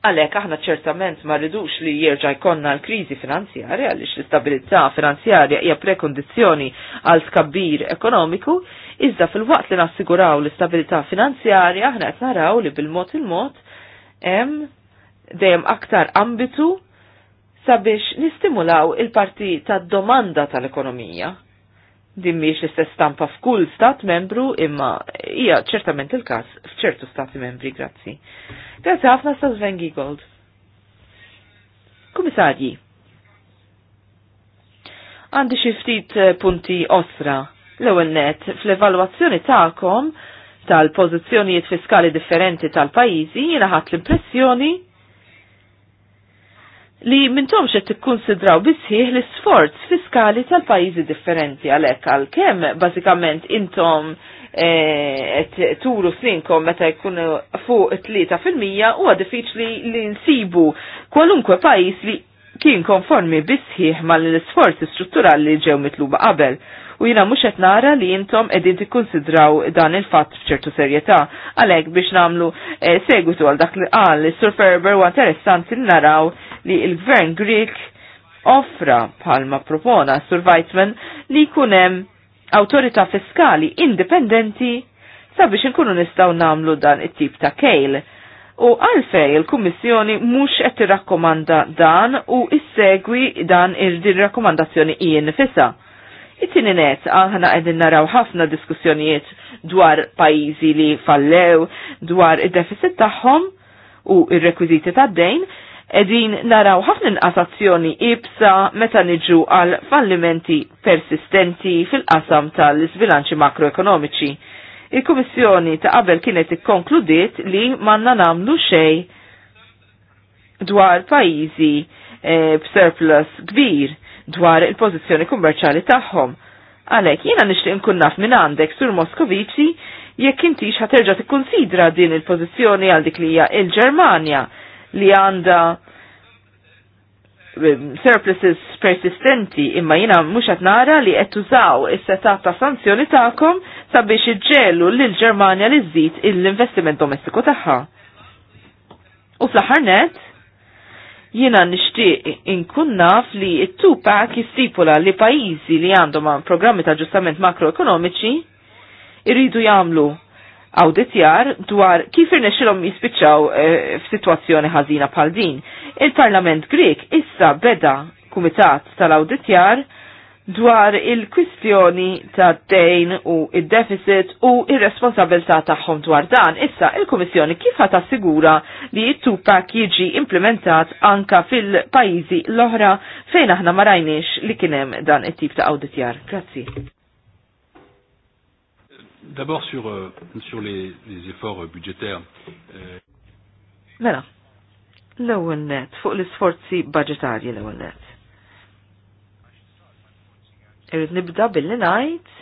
Għalek aħna ċertament ma ridux li jirġa jkonna l-krizi finanzjarja għalix l-istabilità finanzjarja hija prekondizjoni għal tkabbir ekonomiku, iżda fil-waqt li nassiguraw l-istabilità finanzjarja aħna qed naraw li bil-mod il-mod hemm dejjem aktar ambitu sabiex nistimulaw il-parti tad-domanda tal-ekonomija Din miex l-istess stampa f'kull stat membru imma hija ċertament il-każ f'ċertu stati membri, grazzi. Grazzi ħafna sa' Sven Gold. Kummissarji, għandi xi ftit eh, punti osra. L-ewwel net fl-evalwazzjoni tagħkom tal-pożizzjonijiet fiskali differenti tal-pajjiżi jiena ħadd l-impressjoni li mintom xe tikkonsidraw bisħiħ l isforz fiskali tal-pajizi differenti għalek għal kem bazikament intom eh, turu sinkom meta jkun fuq 3% huwa diffiċli li nsibu kwalunkwe pajis li kien konformi bisħiħ mal l-isforzi strutturali li ġew mitluba qabel u jina mux qed nara li jintom edin tikkonsidraw dan il-fatt f'ċertu serjetà. Għalhekk biex namlu eh, segwitu għal dak li qal is-Sur Ferber u interessanti naraw li il-Gvern Grik offra palma propona Sur Weizmann li kunem autorita fiskali indipendenti sabiex nkunu nistaw namlu dan it-tip ta' kejl. U għalfej il-Kummissjoni mhux qed tirrakkomanda dan u issegwi dan ir-rakkomandazzjoni hija nifisha. It-tini net, aħna għedin naraw ħafna diskussjonijiet dwar pajizi li fallew, dwar id-deficit tagħhom u il rekwiziti tad-dejn, edin naraw ħafna inqasazzjoni ibsa meta niġu għal fallimenti persistenti fil-qasam tal-sbilanċi makroekonomiċi. Il-Kummissjoni ta' qabel kienet ikkonkludiet li manna namlu xej dwar pajizi e, b'surplus kbir dwar il-pożizzjoni kummerċali tagħhom. Għalhekk jiena nixtieq nkun naf minn għandek sur Moskovici jekk intix ħaterġa' tikkunsidra din il-pożizzjoni għal dik li hija il-Ġermanja li għandha eh, surpluses persistenti imma jina mux nara li qed tużaw is-setat ta' sanzjoni tagħkom sabiex iġġelu lil Ġermanja li żżid l-investiment domestiku tagħha. U fl-aħħar net, Jiena nixtieq inkun naf li it-tupak jistipula li pajjiżi li għandhom programmi ta' ġustament makroekonomiċi irridu jagħmlu awditjar dwar kif irnexxilhom jispiċċaw f eh, f'sitwazzjoni ħażina bħal din. Il-Parlament Grek issa beda kumitat tal-awditjar dwar il-kwistjoni ta' dejn u il-deficit u il-responsabilità tagħhom dwar dan. Issa, il-Komissjoni kif ta' sigura li jittupa tupak jiġi implementat anka fil-pajizi l-oħra fejn aħna ma rajniex li kienem dan it-tip ta' auditjar. Grazzi. D'abord sur, euh, sur les, les efforts budgétaires. Euh. Mela, l-ewwel net fuq l-isforzi budgetarji l-ewwel net Irrid nibda billi ngħid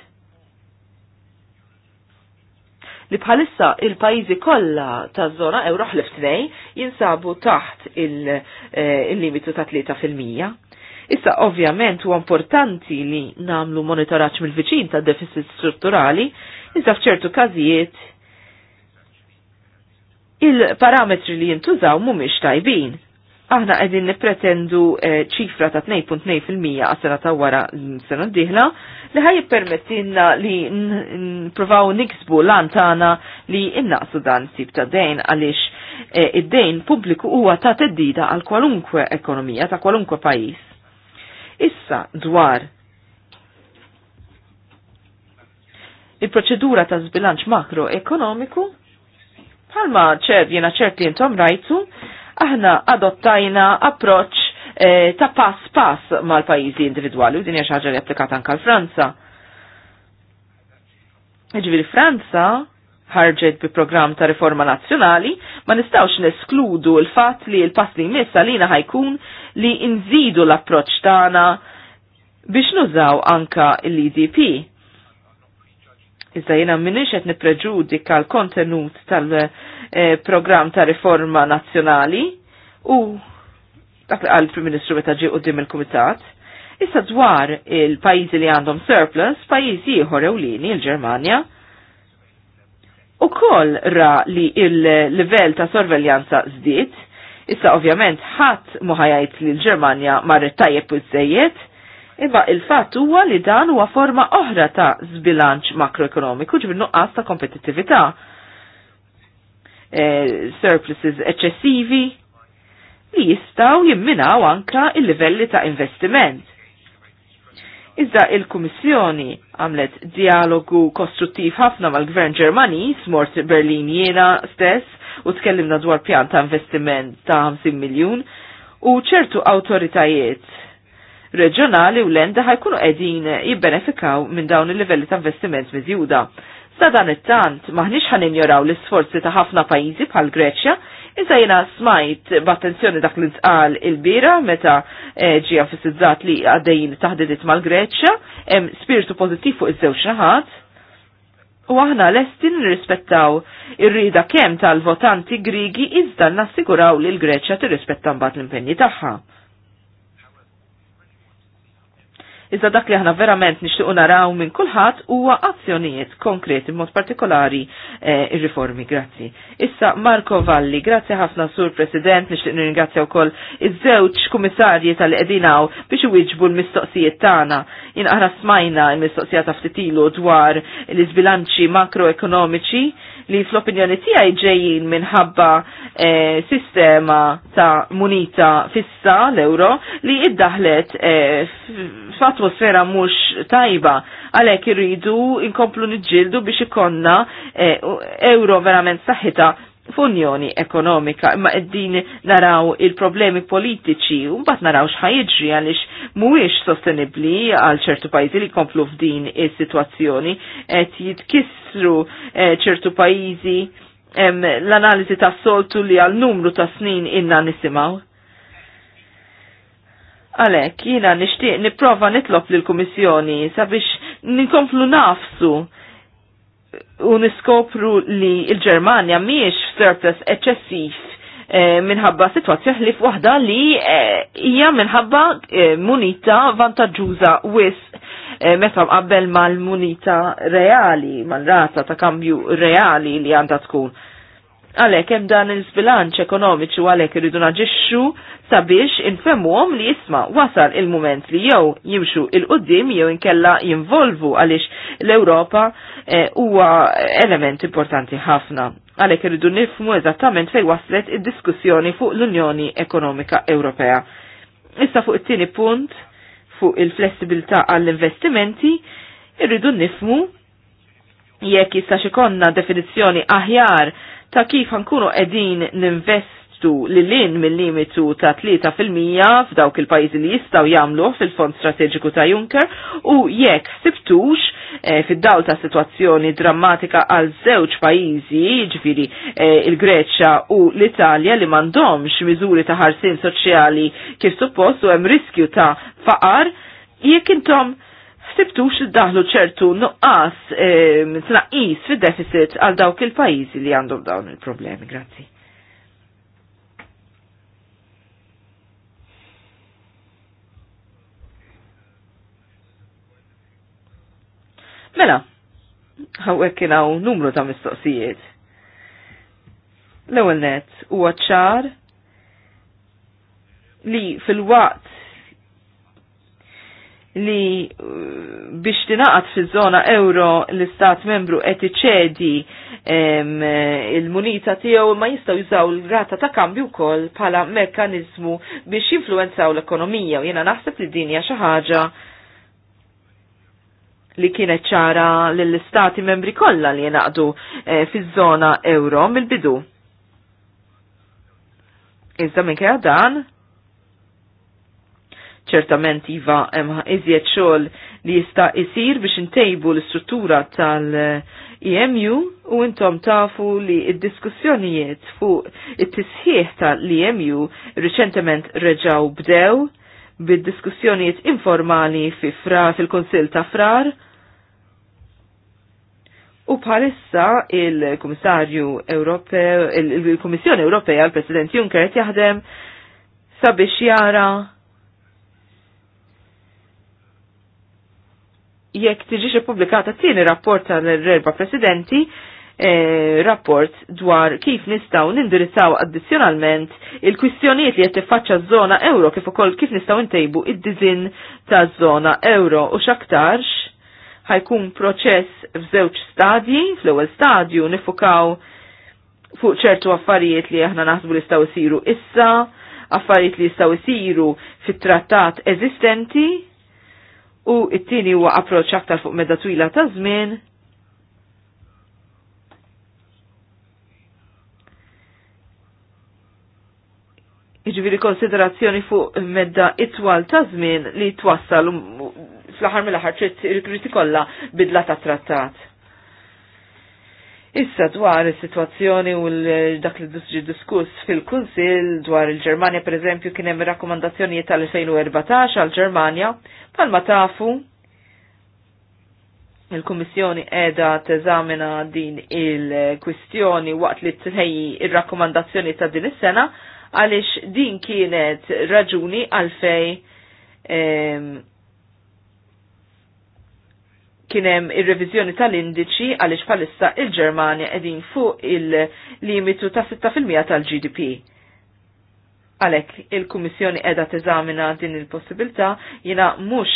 li bħalissa il-pajizi kollha taż-żona euro ħlef tnej jinsabu taħt eh, il-limitu ta' 3%. Issa ovvjament huwa importanti li namlu monitoraċ mill-viċin ta' deficit strutturali, iżda f'ċertu każijiet il-parametri li jintużaw mhumiex tajbin aħna qegħdin nippretendu eh, ċifra ta' 2.2% għasena sena ta' wara mm, sena d-dieħla li ħaj permettinna li nipprovaw niksbu lan tagħna li innaqsu dan tip ta' dejn għaliex eh, id-dejn pubbliku huwa ta' teddida għal kwalunkwe ekonomija ta' kwalunkwe pajjiż. Issa dwar il-proċedura ta' zbilanċ makroekonomiku, palma ċer jena ċert li jintom rajtu, aħna adottajna approċ eh, ta' pass pass mal-pajizi individuali u din hija xi ħaġa li applikata anke l-Franza. Jiġifieri Franza ħarġet bi programm ta' riforma nazzjonali, ma nistawx neskludu l-fatt li l-pass li jmiss għalina ħajkun li nżidu l-approċċ tagħna biex nużaw anka l-EDP Iżda jena minnix qed nipreġudi l-kontenut tal-programm eh, ta' riforma nazzjonali u dak li qal prim Ministru meta ġie dim il-Kumitat. Issa dwar il-pajjiżi li għandhom surplus, pajjiżi ieħor ewlini il-Ġermanja, u koll ra li il-level ta' sorveljanza zdit, issa ovvjament ħadd muħajajt li l-Ġermanja marret tajjeb u zzejiet, Imma il-fatt huwa li dan huwa forma oħra ta' zbilanċ makroekonomiku ġbir nuqqas ta' kompetittività. E, surpluses eċċessivi li jistaw jimminaw anka il-livelli ta' investiment. Iżda il-Kummissjoni għamlet dialogu kostruttiv ħafna mal-Gvern Ġermaniż mort Berlin jiena stess u tkellimna dwar pjan ta' investiment ta' 50 miljun u ċertu awtoritajiet reġjonali u l-enda ħajkunu qegħdin jibbenefikaw minn dawn il-livelli ta' investiment miżjuda. Sa dan it-tant maħniex ħaninjoraw l-isforzi ta' ħafna pajjiżi bħal Greċja Iżda jena smajt b'attenzjoni dak li tqal il-bira meta eh, ġi għafisizzat li għaddejn taħdidiet mal-Greċja, hemm spiritu pożittiv fuq iż-żewġ naħat, U aħna lestin nirrispettaw ir-rida kemm tal-votanti Grigi iżda nassiguraw li l-Greċja tirrispetta mbagħad l-impenji tagħha. Iżda dak li aħna verament nixtiequ naraw minn kulħadd huwa azzjonijiet konkreti mod partikolari eh, ir-riformi. Grazzi. Issa Marko Valli, grazzi ħafna Sur President, nixtieq nirringrazzja wkoll iż-żewġ kummissarji tal-qedinaw biex iwiġbu l-mistoqsijiet tagħna. Jien aħna smajna l-mistoqsija ta' ftitilu dwar l-iżbilanċi makroekonomiċi li fl-opinjoni tiegħi ġejjin minħabba e, sistema ta' munita fissa l-euro li iddaħlet e, f'atmosfera mhux tajba għalhekk irridu inkomplu niġġieldu biex ikonna e, euro verament saħħita f'unjoni ekonomika, imma din naraw il-problemi politiċi, u mbagħad naraw xħajġri għaliex mhuwiex sostenibbli għal ċertu pajjiżi li komplu f'din is-sitwazzjoni qed jitkissru eh, ċertu pajjiżi l-analiżi ta' soltu li għal numru ta' snin inna nisimaw. Għalek, jina nishtiq niprofa nitlob l-Komissjoni sabiex ninkomplu nafsu u niskopru li il-Ġermanja miex surplus eċessif eh, minħabba situazzjoni li waħda li eh, hija minħabba eh, munita vantaġġuża wis meta qabel mal-munita reali, mal-rata ta' kambju reali li għandha tkun għalek hemm dan il-sbilanċ ekonomiċi u għalek irridu naġixxu sabiex infemmuhom li jisma wasal il-mument li jew jimxu il qudiem jew inkella jinvolvu għaliex l-Ewropa Eh, huwa element importanti ħafna. Għalhekk irridu nifmu eżattament fejn waslet id-diskussjoni fuq l-Unjoni Ekonomika Ewropea. Issa fuq it-tieni punt fuq il-flessibilità għall-investimenti, irridu nifmu jekk jista' xikonna definizzjoni aħjar ta' kif nkunu qegħdin invest jeżistu li lin mill-limitu ta' 3% f'dawk il pajzi li jistgħu jamlu fil-Fond Strateġiku ta' Juncker u jekk ħsibtux e, eh, fid-dawl ta' sitwazzjoni drammatika għal żewġ pajjiżi, ġviri e, eh, il-Greċja u l-Italja li m'għandhomx miżuri ta' ħarsin soċjali kif suppost u hemm riskju ta' faqar, jekk intom ħsibtux daħlu ċertu nuqqas e, tnaqqis fid-deficit għal dawk il-pajjiżi li għandhom dawn il-problemi. Grazzi. Mela, għawek kienaw numru ta' mistoqsijiet. L-ewel net, u ċar li fil-waqt li uh, biex tinaqat fi zona euro l-istat membru qed iċedi il-munita tiegħu ma jistgħu jużaw l-rata ta' kambju wkoll bħala mekkaniżmu biex jinfluwenzaw l-ekonomija u jiena naħseb li din hija xi ħaġa li kienet ċara l-istati membri kollha li jenaqdu e, fiż-żona euro mill-bidu. Iżda minn kera dan, ċertament iva hemm iżjed xogħol li jista' isir biex intejbu l-istruttura tal-EMU u intom tafu li id-diskussjonijiet fuq it-tisħiħ tal-EMU riċentement reġaw bdew bid-diskussjonijiet informali fi fra fil-Konsil ta' Frar. U bħalissa il-Komissarju Ewropew, il-Komissjoni Ewropea, l-President Juncker qed jaħdem sabiex jara jekk tiġix ippubblikata tieni rapport tal-erba' presidenti E, rapport dwar kif nistaw nindirizzaw addizzjonalment il-kwistjonijiet li qed tiffaċċa żona euro kif ukoll kif nistaw intejbu id-dizin ta' żona euro u x'aktarx ħajkun proċess f'żewġ stadji, fl-ewwel stadju nifukaw fuq ċertu affarijiet li aħna naħsbu li jistgħu jsiru issa, affarijiet li jistgħu jsiru fit-trattat eżistenti, u it-tieni huwa approċċ aktar fuq medda twila ta' żmien Iġviri konsiderazzjoni fuq medda itwal ta' żmien li twassal fl-aħħar mill-aħħar trid kollha bidla ta' trattat. Issa dwar is-sitwazzjoni u dak li ġi diskuss fil-Kunsil dwar il-Ġermanja pereżempju kien hemm rakkomandazzjonijiet tal-2014 għal Ġermanja palma tafu il-Kummissjoni qiegħda teżamina din il-kwistjoni waqt li tħejji il rakkomandazzjoni ta' din is-sena għaliex din kienet raġuni għalfej kienem ir-reviżjoni tal-indiċi għaliex palissa il-Ġermanja edin fuq il-limitu ta' 6% tal-GDP. Għalek, il-Kummissjoni edha teżamina din il-possibilità jina mux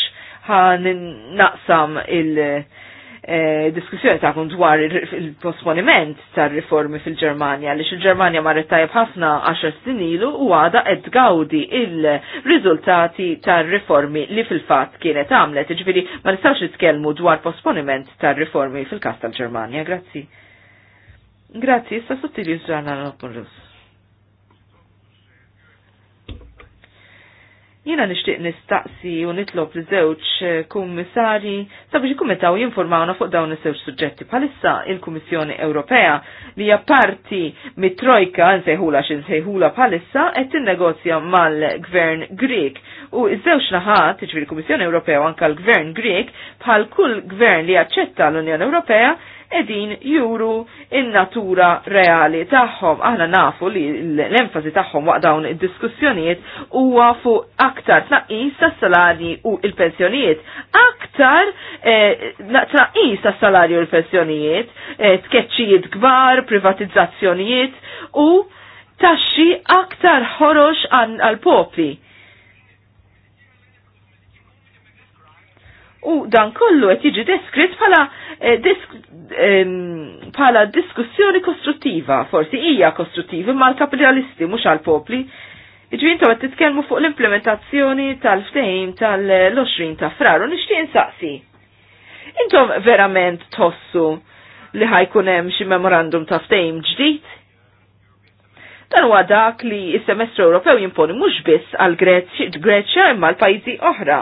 ħan naqsam il- Eh, diskussjoni ta' kun dwar il-posponiment tar riformi fil-Germania, li xil-Germania marret tajb ħafna 10 snin ilu u għada ed gawdi il-rizultati tar riformi li fil-fat kienet għamlet, ġviri ma nistawx nitkelmu dwar posponiment tar riformi fil-kas tal-Germania, grazzi. Grazzi, sta sottili ġurnal l-Opporus. Jiena nixtieq nistaqsi u nitlob li żewġ eh, kummissari. sabiex ikkumentaw jinformawna fuq dawn iż-żewġ suġġetti. Bħalissa il-Kummissjoni Ewropea li hija parti mit-trojka nsejħula xi nsejħula bħalissa qed tinnegozja mal-Gvern Grieg u iż-żewġ naħat, jiġifieri kummissjoni Ewropea u anke l-Gvern Grieg bħal kull gvern li jaċċetta l-Unjoni Ewropea edin juru in-natura reali tagħhom. Aħna nafu li l-enfasi tagħhom waqt dawn id-diskussjonijiet huwa fuq aktar tnaqqis tas-salarji u l-pensjonijiet. Aktar eh, tnaqqis tas-salarji u l-pensjonijiet, eh, tkeċċijiet kbar, privatizzazzjonijiet u taxxi aktar ħorox għal popli U dan kollu qed jiġi deskritt bħala eh, disk, diskussjoni kostruttiva, forsi hija kostruttiva mal-kapitalisti mhux għall-popli. Iġbin qed titkellmu fuq l-implementazzjoni tal-ftehim tal-20 ta' frar u nixtieq insaqsi. Intom verament tossu li ħajkun hemm xi memorandum ta' ftehim ġdid? Dan huwa dak li s-semestru Ewropew jimponi mhux biss għal Greċja imma l-pajjiżi oħra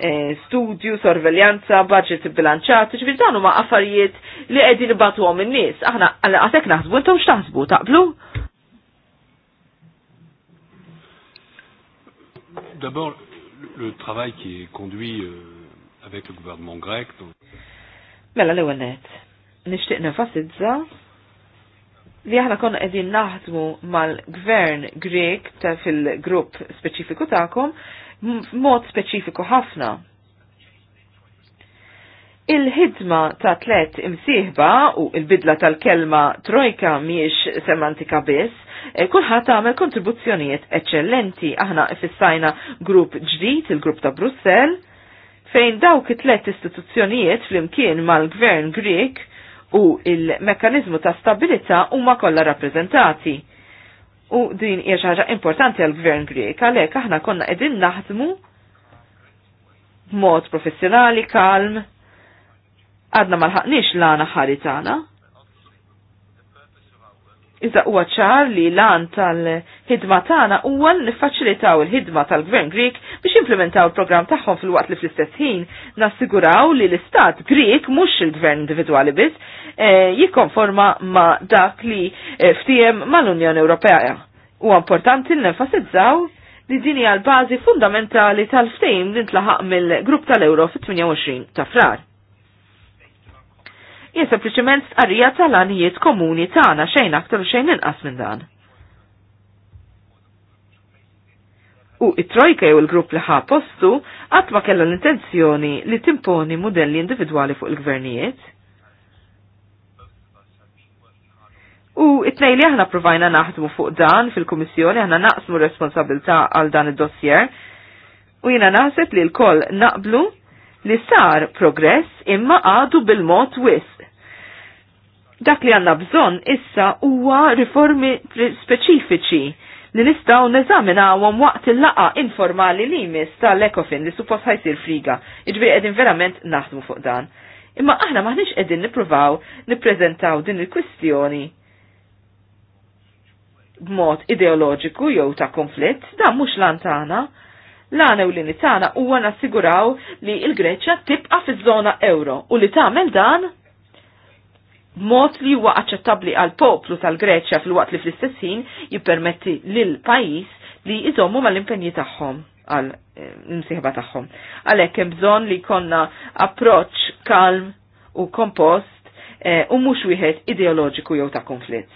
Eh, studju, sorveljanza, budget bilanċat, ġifir dan huma affarijiet li qegħdin nibatu għom in-nies. Aħna għatek naħsbu, intom x'taħsbu, taqblu? D'abord, le travail qui est conduit euh, avec le gouvernement grec. Mela l-ewwel nishtiq Nixtieq li aħna konna qegħdin naħdmu mal-gvern Grek ta' fil-grupp speċifiku tagħkom mod speċifiku ħafna. Il-ħidma ta' tlet imsieħba u il-bidla tal-kelma trojka miex semantika biss, eh, kulħadd għamel kontribuzzjonijiet eccellenti. Aħna ifissajna grupp ġdid, il-grupp ta' Brussel, fejn dawk it-tlet istituzzjonijiet flimkien mal-Gvern Grek u il mekanizmu ta' stabilità huma kollha rappreżentati. U din hija xi ħaġa importanti għall gvern Grek għalhekk aħna konna qegħdin naħdmu b'mod professjonali, kalm, għadna ma l-ħaqnix l-għana ħari tagħna. Iżda huwa ċar li l-għan tal- ħidma tagħna huwa niffaċilitaw il-ħidma tal-Gvern Grik biex implementaw il-programm tagħhom fil-waqt li fl-istess ħin nassiguraw li l-Istat Grik mhux il-Gvern individwali biss eh, jikkonforma ma' dak li eh, ftiem mal-Unjoni Ewropea. U importanti nenfasizzaw li dini għal bażi fundamentali tal-ftejm li ntlaħaq mill-grupp tal-Euro fit-28 ta' frar. Jien sempliċement arrija tal-anijiet komuni tagħna xejn aktar u xejn inqas minn dan. u it-trojka jew il-grupp li postu qatt ma kellha l-intenzjoni li timponi modelli individwali fuq il-gvernijiet. U it-tnej li aħna provajna naħdmu fuq dan fil-Kummissjoni aħna naqsmu responsabilità għal dan id-dossier u jiena naħseb li l-koll naqblu li sar progress imma għadu bil-mod wisq dak li għanna bżon issa huwa riformi speċifiċi li nistaw neżaminawhom waqt il-laqa informali li jmiss tal-Ekofin li suppost ħajsir friga, iġbiri qegħdin verament naħdmu fuq dan. Imma aħna maħniex qegħdin nippruvaw nippreżentaw din il-kwistjoni b'mod ideoloġiku jew ta' konflitt, dan mhux lan tagħna. L-għana u l-initana huwa nassiguraw li l greċja tibqa' fiż-żona euro u li tagħmel dan mod li huwa aċċettabbli għal poplu tal-Greċja fil-waqt li fl-istess ħin jippermetti lil pajjiż li jżommu mal-impenji tagħhom għal eh, msieħba tagħhom. Għalhekk hemm bżonn li jkollna approċċ kalm u kompost eh, u mhux wieħed ideoloġiku jew ta' konflitt.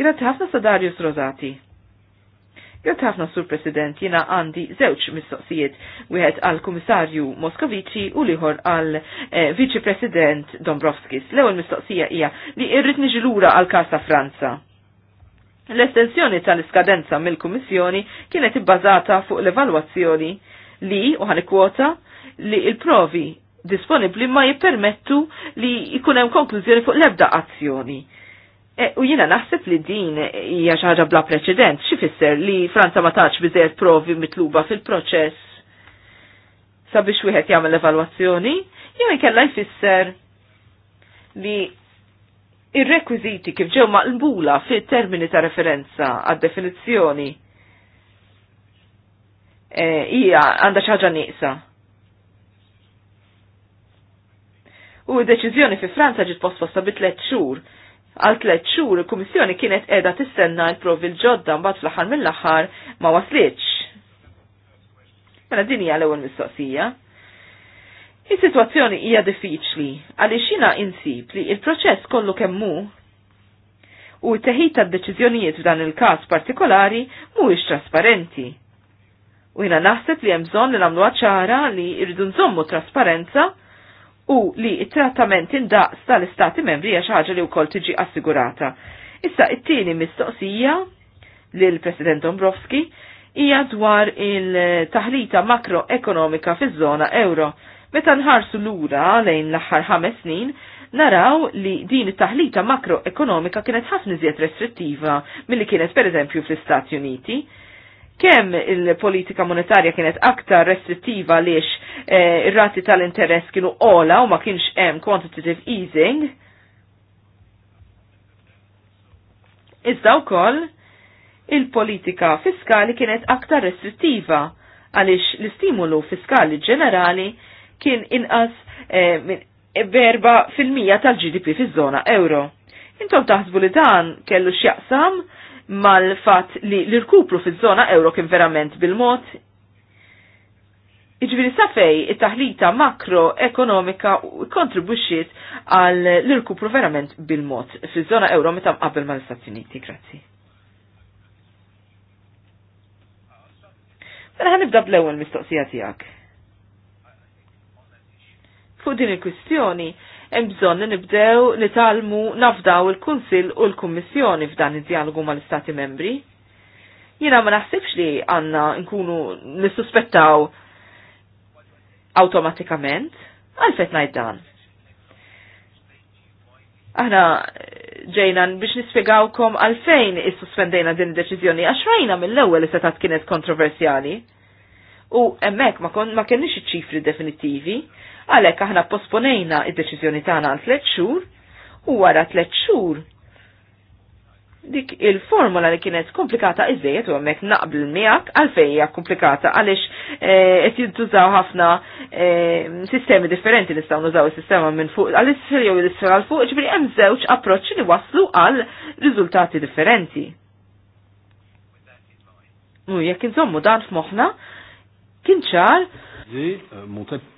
Grazzi ħafna sa Darius Rosati. Jo ħafna sur President, jina għandi zewċ mistoqsijiet, wieħed għal Kummissarju Moskovici u liħor għal eh, Viċi President Dombrovskis. L-ewwel mistoqsija hija li irrit niġi lura għal Kasa Franza. L-estensjoni tal-iskadenza mill-Kummissjoni kienet ibbażata fuq l-evalwazzjoni li, u kwota, li il-provi disponibli ma jippermettu li jkun hemm konklużjoni fuq l-ebda azzjoni Eh, u jina naħseb li din hija xi ħaġa bla preċedent, x'ifisser li Franza ma tax biżejjed provi mitluba fil-proċess sabiex wieħed jagħmel evalwazzjoni, jew inkella jfisser li ir-rekwiżiti kif ġew maqlbula fit-termini ta' referenza għad-definizzjoni eh, hija e, għandha xi ħaġa nieqsa. U d-deċiżjoni fi Franza ġiet posposta bi tliet xhur għal tliet xhur il-Kummissjoni kienet qiegħda tistenna l-provi l-ġodda mbagħad fl-aħħar mill-aħħar ma waslitx. Mela din hija l-ewwel mistoqsija. Is-sitwazzjoni hija diffiċli għaliex jiena insib li il-proċess kollu kemm hu u t-teħid tad-deċiżjonijiet f'dan il-każ partikolari mhuwiex trasparenti. U jina naħseb li jemżon li namlu ċara li rridu nżommu trasparenza u li it-trattament indaqs tal-istati membri għax ħaġa li wkoll tiġi assigurata. Issa it-tieni mistoqsija lil President Dombrovski hija dwar il-taħlita makroekonomika fiż-żona euro. Meta nħarsu lura lejn l-aħħar ħames snin, naraw li din it-taħlita makroekonomika kienet ħafna iżjed restrittiva milli kienet pereżempju fl-Istati Uniti kemm il-politika monetarja kienet aktar restrittiva għaliex eh, ir-rati tal-interess kienu ola u ma kienx hemm quantitative easing. Iżda wkoll il-politika fiskali kienet aktar restrittiva għaliex l-istimulu fiskali ġenerali kien inqas eh, berba fil-mija tal-GDP fiż-żona euro. Intom taħsbu li dan kellu x'jaqsam mal-fat li l-irkupru fiż-żona euro kien verament bil-mod. Iġviri safej it-taħlita makroekonomika kontribuxiet għal l-irkupru verament bil-mod fiż-żona euro meta qabel mal-Stati Uniti. Grazzi. Mela ħanibda bl-ewwel mistoqsija tiegħek. Fuq din il-kwistjoni, hemm bżonn li nibdew nitalmu nafdaw il-Kunsill u l-Kummissjoni f'dan id-dialogu mal-Istati membri. Jiena ma naħsibx li għandna nkunu nissuspettaw awtomatikament għalfet ngħid dan. Aħna ġejna biex nispjegawkom għalfejn is-suspendejna din id-deċiżjoni għax rajna mill-ewwel li setat kienet kontroversjali. U emmek ma, kon, ċifri definitivi, Għalhekk aħna posponejna id-deċiżjoni tagħna għal tliet xhur u wara tliet xhur dik il-formula li kienet komplikata iżejjed u għamek naqbl miegħek hija komplikata għaliex eh, qed jintużaw ħafna eh, sistemi differenti nistgħu nużaw is-sistema minn fuq għal jew l-isfel għal fuq, ġifieri hemm żewġ approċċi li waslu għal riżultati differenti. U jekk inżommu dan f'moħħna kien ċar. Euh,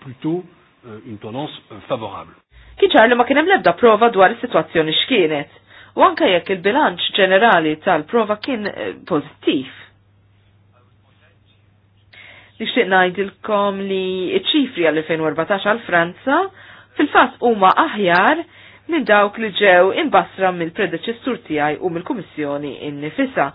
plutôt Euh, une tendance euh, favorable. Kiċar li ma kienem lebda prova dwar is-sitwazzjoni x'kienet, u anke jekk il-bilanċ ġenerali tal-prova kien eh, pożittiv. Nixtieq ngħidilkom li ċ-ċifri għal-2014 għal Franza fil-fatt huma aħjar minn dawk li ġew imbasra mill-predeċessur tiegħi u mill-Kummissjoni innifisa.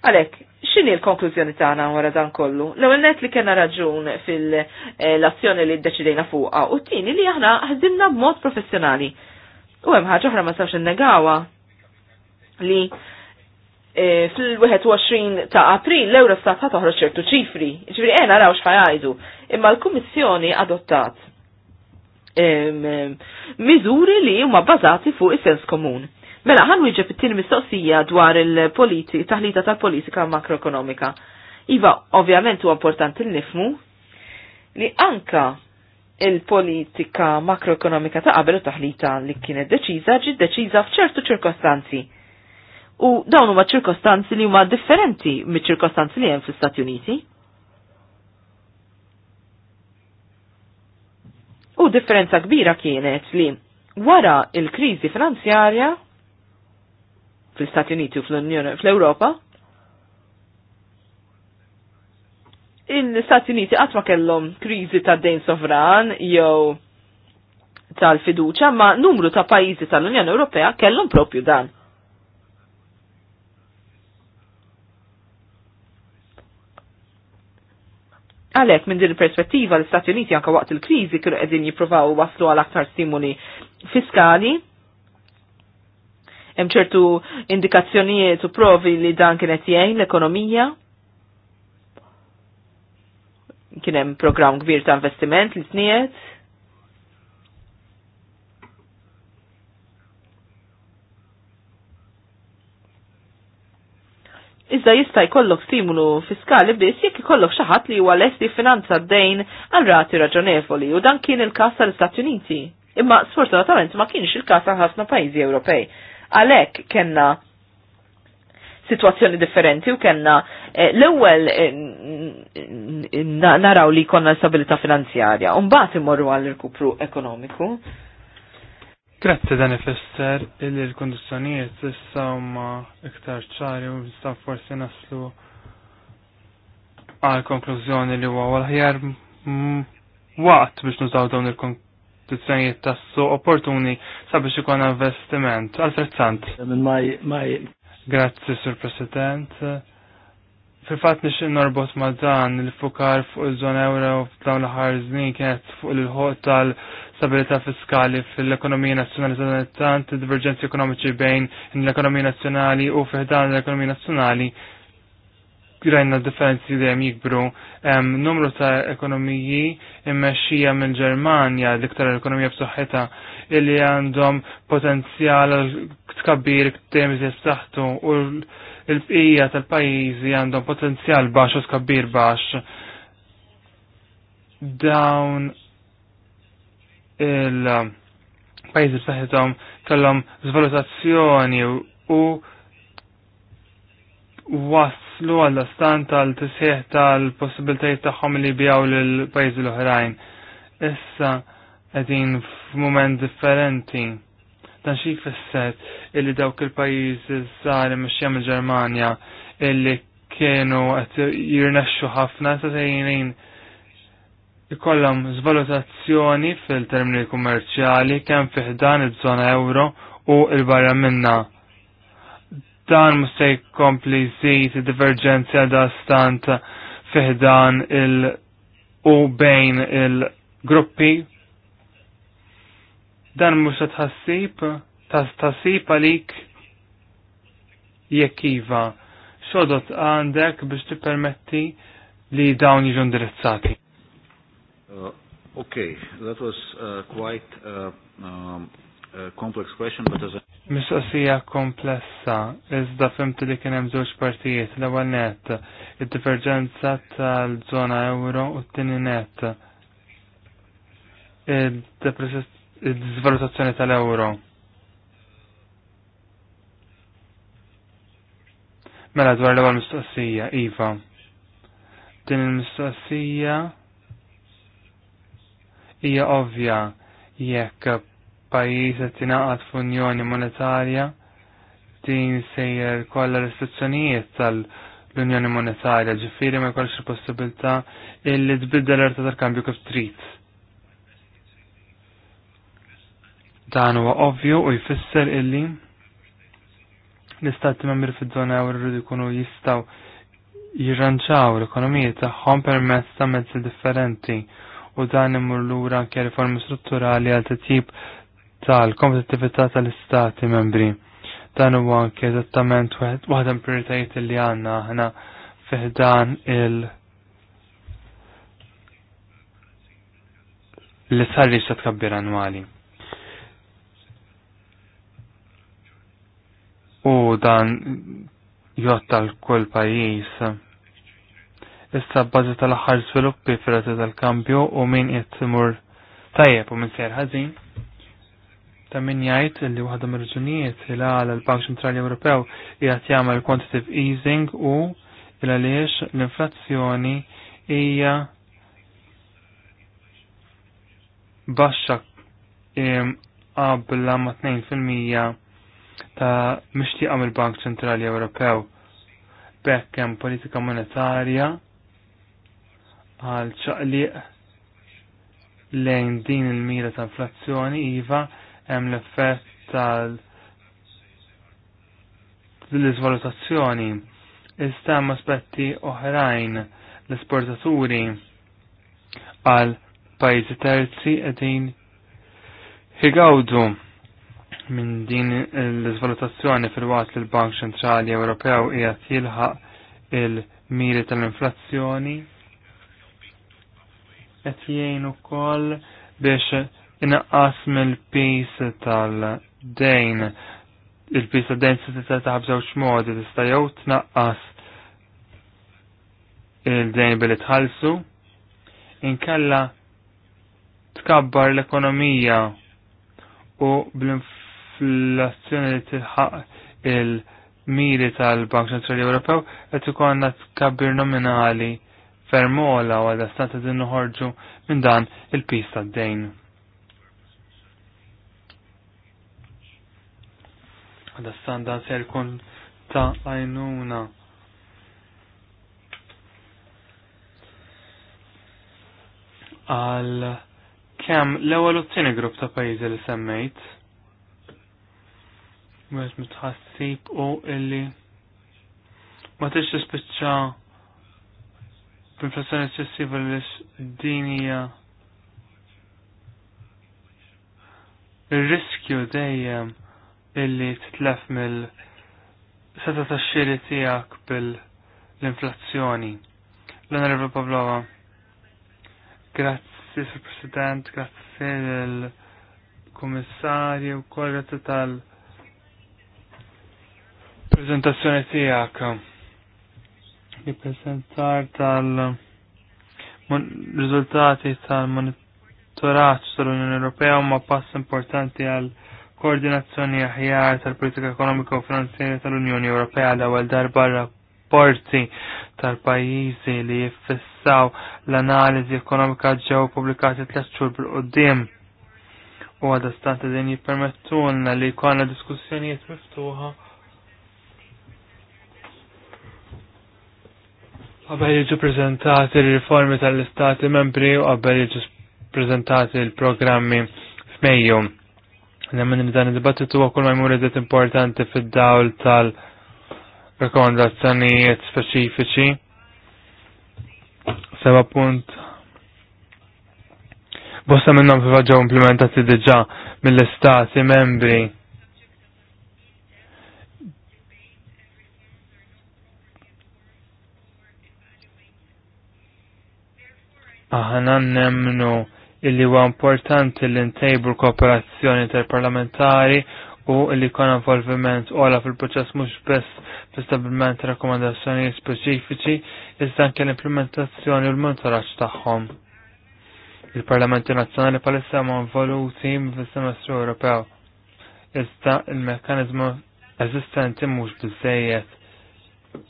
Għalek, xini l-konklużjoni tagħna wara dan kollu? L-ewwel nett li kellna raġun fil-azzjoni li ddeċidejna fuqha u t-tieni li aħna ħdimna b'mod professjonali. U hemm ħaġa oħra ma sawx innegawha li e, fil-21 ta' april l-Eurostat ħat toħroġ ċertu ċifri, ġifri ena raw xħajajdu, imma l-Kummissjoni adottat miżuri li huma bbażati fuq is-sens komun. Mela, ħan wieġeb it-tieni mistoqsija dwar il-politi, taħlita tal-politika makroekonomika. Iva, ovvjament huwa importanti li nifmu li anka il-politika makroekonomika ta' qabel u taħlita li kienet deċiża ġiet deċiża f'ċertu ċirkostanzi. U dawn huma ċirkostanzi li huma differenti miċ-ċirkostanzi li hemm fl-Istati Uniti. U differenza kbira kienet li wara il-kriżi finanzjarja fl-Istati Uniti u fl-Europa, il-Stati Uniti qatt ma kellhom kriżi ta' dejn sovran jew tal-fiduċa, ma numru ta' pajjiżi tal-Unjoni Ewropea kellhom propju dan. Għalek, minn din il-perspettiva, l-Stati Uniti anka waqt il-krizi kienu għedin jippruvaw waslu għal aktar stimuli fiskali Hemm ċertu indikazzjonijiet u provi li dan kienet jgħin l-ekonomija. Kien hemm programm kbir ta' investiment li tniet. Iżda jista' jkollok stimulu fiskali biss jekk ikollok xi ħadd li huwa lest jiffinanza d-dejn għal rati raġonevoli u dan kien il-każ tal-Istati Uniti. Imma sfortunatament ma kienx il-każ għal ħafna pajjiżi Ewropej. Għalhekk kellna situazzjoni differenti u kellna eh, l-ewwel eh, naraw li konna stabilità finanzjarja u mbagħad imorru għall irkupru ekonomiku. Grazzi Dani Fester, illi l-kondizzjonijiet issa huma iktar ċari u issa forsi naslu għal konklużjoni li huwa l-ħjar waqt biex nużaw dawn il-konklużjoni kondizjonijiet tassu opportuni sabiex ikun investiment. Għal-frezzant. Grazzi, Sur President. Fil-fat nix norbot ma dan il-fukar fuq il-żona euro f'dawn l-ħar żnien kienet fuq il-ħoq tal-stabilità fiskali fil-ekonomija nazzjonali tal tant divergenzi ekonomiċi bejn l-ekonomija nazzjonali u fiħdan l-ekonomija nazzjonali rajna differenzi li hemm jikbru. Hemm numru ta' ekonomiji immexxija mill-Ġermanja l-iktar ekonomija b'saħħitha illi għandhom potenzjal tkabbir temiz saħtu u l-bqija tal-pajjiżi għandhom potenzjal baxx u tkabbir baxx. Dawn il-pajjiżi b'saħħithom kellhom żvalutazzjoni u was waslu għalla stan tal-tisħiħ tal-possibilitajiet tagħhom li bijaw lil pajjiżi l-oħrajn. Issa qegħdin f'mument differenti. Dan xi jfisser illi dawk il-pajjiżi żgħar imexxija il ġermanja illi kienu qed jirnexxu ħafna sa tejjin ikollhom żvalutazzjoni fil-termini kummerċjali kemm ħdan iż-żona euro u l-barra minna dan musta se jkompli żid diverġenzja da stant fiħdan il- u bejn il-gruppi. Dan mhux se tħassib, tħassib għalik jekk iva xodot għandek biex tippermetti li dawn jiġu indirizzati. Uh, that was uh, quite uh, um, Uh, complex question, but as a... Mistoqsija komplessa, iżda fimti li kien hemm żewġ partijiet, l-ewwel net, id-diverġenza tal-żona euro u t-tieni net. Id-dizvalutazzjoni tal-euro. Mela dwar l-ewwel mistoqsija, Iva. Din il-mistoqsija hija ovvja jekk pajjiż qed tingħaqad f'Unjoni Monetarja din sejjer kollha restrizzjonijiet tal-Unjoni Monetarja ġifieri ma jkollx il-possibilità illi tbiddel l-arta tal-kambju kif trid. Dan huwa ovvju u jfisser illi l-istati membri fid-żona euro jridu jkunu jistgħu jirranġaw l ekonomijiet tagħhom permezz ta' mezzi differenti u dan imur lura anke riformi strutturali għal tip tal kompetitività tal-istati membri. Dan huwa anke eżattament waħda prioritajiet li għandna aħna fiħdan il- li sarri tkabbir annwali. U dan jotta l-kull pajis. Issa bazi tal-ħar sviluppi fil tal kambju u min jittimur tajjeb u min ser ħazin ta' min jgħid li waħda mirġunijiet il għal bank Ċentrali Ewropew jgħat jagħmel quantitative easing u il għaliex l-inflazzjoni hija baxxa qabla ma' 2% ta' mixtieqa mill-Bank Ċentrali Ewropew. Bekk hemm politika monetarja għal ċaqliq lejn din il-mira ta' inflazzjoni iva hemm l-effett tal l-izvalutazzjoni. Iżda hemm aspetti oħrajn l-esportaturi għal pajjiżi terzi qegħdin jigawdu minn din l-izvalutazzjoni fil-waqt li l-Bank Ċentrali Ewropew qiegħed jilħaq il-miri tal-inflazzjoni qed jgħin ukoll biex inaqqas mill-pis tal-dejn. Il-pis tal-dejn se tista' taħab żewġ modi tista' jew tnaqqas il-dejn billi tħallsu inkella tkabbar l-ekonomija u bl-inflazzjoni li tilħaq il-miri tal-Bank Ċentrali Ewropew qed ikollna tkabbir nominali fermola u għadha stata din noħorġu minn dan il-pis tad-dejn. Għada standa serkun ta' għajnuna. Għal kem l-ewel u t-tini grupp ta' pajizi li semmejt. Mwet mitħassib u illi ma t tispiċċa b'inflazzjoni eccessiva li din hija ir-riskju dejjem illi titlef mill seta ta' xiri tijak bil-inflazzjoni. l onorevo Pavlova, grazzi Sir President, grazzi l-Kommissarju, u kol grazzi tal-prezentazzjoni tijak. Li prezentar tal-rizultati tal-monitoraċ tal-Unjoni Ewropea ma pass importanti għal koordinazzjoni aħjar tal-politika ekonomika u finanzjarja tal-Unjoni Ewropea l-ewwel darba rapporti tal-pajjiżi li jiffissaw l-analiżi ekonomika ġew pubblikati tliet xhur bil-qudiem u stanti din jippermettulna li jkollna diskussjonijiet miftuħa Għabel jiġu prezentati l-riformi tal-istati membri u għabel jiġu prezentati l-programmi f'Mejjum. Nemmen li dan id-dibattitu għakul ma jmur importanti fid-dawl tal-rekomendazzjonijiet speċifiċi. Seba punt. Bosta minnom fivaġġaw implementati diġa mill-istati membri. Aħna nemmnu illi huwa importanti li ntejbu kooperazzjoni interparlamentari u illi kon involviment għala fil-proċess mhux biss fil istabilment rekomendazzjoni speċifiċi iżda anke l-implementazzjoni u l monitoraċ tagħhom. Il-Parlamenti Nazzjonali palissa ma involuti fis-semestru Ewropew. Iżda il-mekkaniżmu eżistenti mhux biżejjed.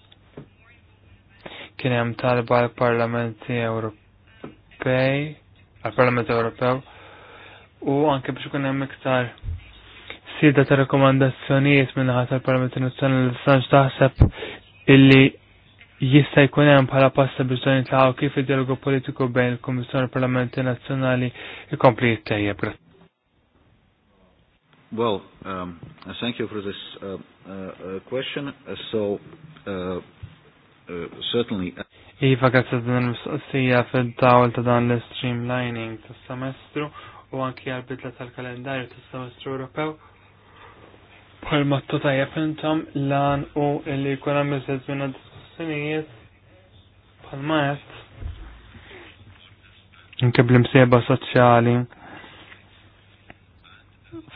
Kien hemm talba l-Parlamenti Ewropej għal-Parlament Ewropew u anke biex ikun hemm iktar sida ta' rekomandazzjonijiet minn ħadd tal-Parlament Nazzjonali li sanx taħseb illi jista' jkun hemm bħala passa biex dan jitlaqgħu kif id-dialogu politiku bejn il-Kummissjoni Parlament Nazzjonali jkompli jittejjeb. Well, um, thank you for this uh, uh, uh question. Uh, so, uh, uh, certainly. Uh... Iva grazzi din il-mistoqsija fil-dawl ta' dan l-streamlining tas semestru u anki għal-bidla tal-kalendarju tas semestru Ewropew. Pol mattu ta' intom lan u illi kuna mizzet minna diskussinijiet pal maħet. Inke bl-imsieba soċjali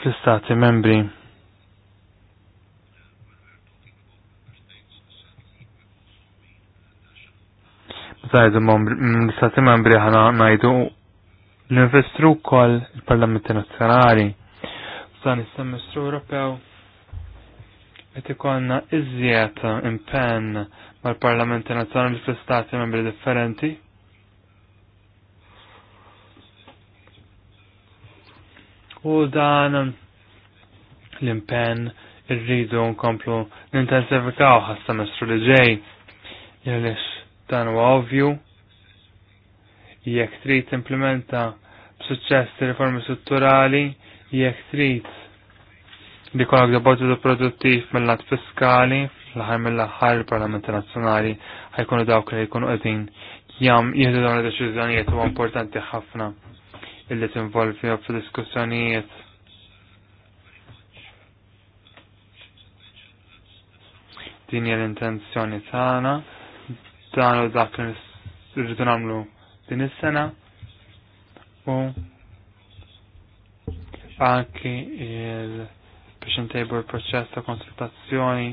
fl-istati membri. sajdu mill-stati mm, membri ħana najdu l-investru kol il parlamenti Nazzjonali. F'dan is-semestru Ewropew qed ikollna iżjed impenn mal parlamenti Nazzjonali fl-istati membri differenti. U dan l-impenn irridu nkomplu nintensifikaw ħas-semestru li ġej. Jellix dan huwa ovvju jekk trid implementa b'suċċess riformi strutturali jekk trid li kollok depożitu produttiv mill-lat fiskali fl ħar mill ħar il-Parlamenti Nazzjonali ħajkunu dawk li jkunu qegħdin jam jieħdu dawn id-deċiżjonijiet huwa importanti ħafna illi tinvolvi fi diskussjonijiet. Din hija l-intenzjoni tagħna dan u dak li rridu nagħmlu din is-sena u anki il biex intejbu l-proċess ta' konsultazzjoni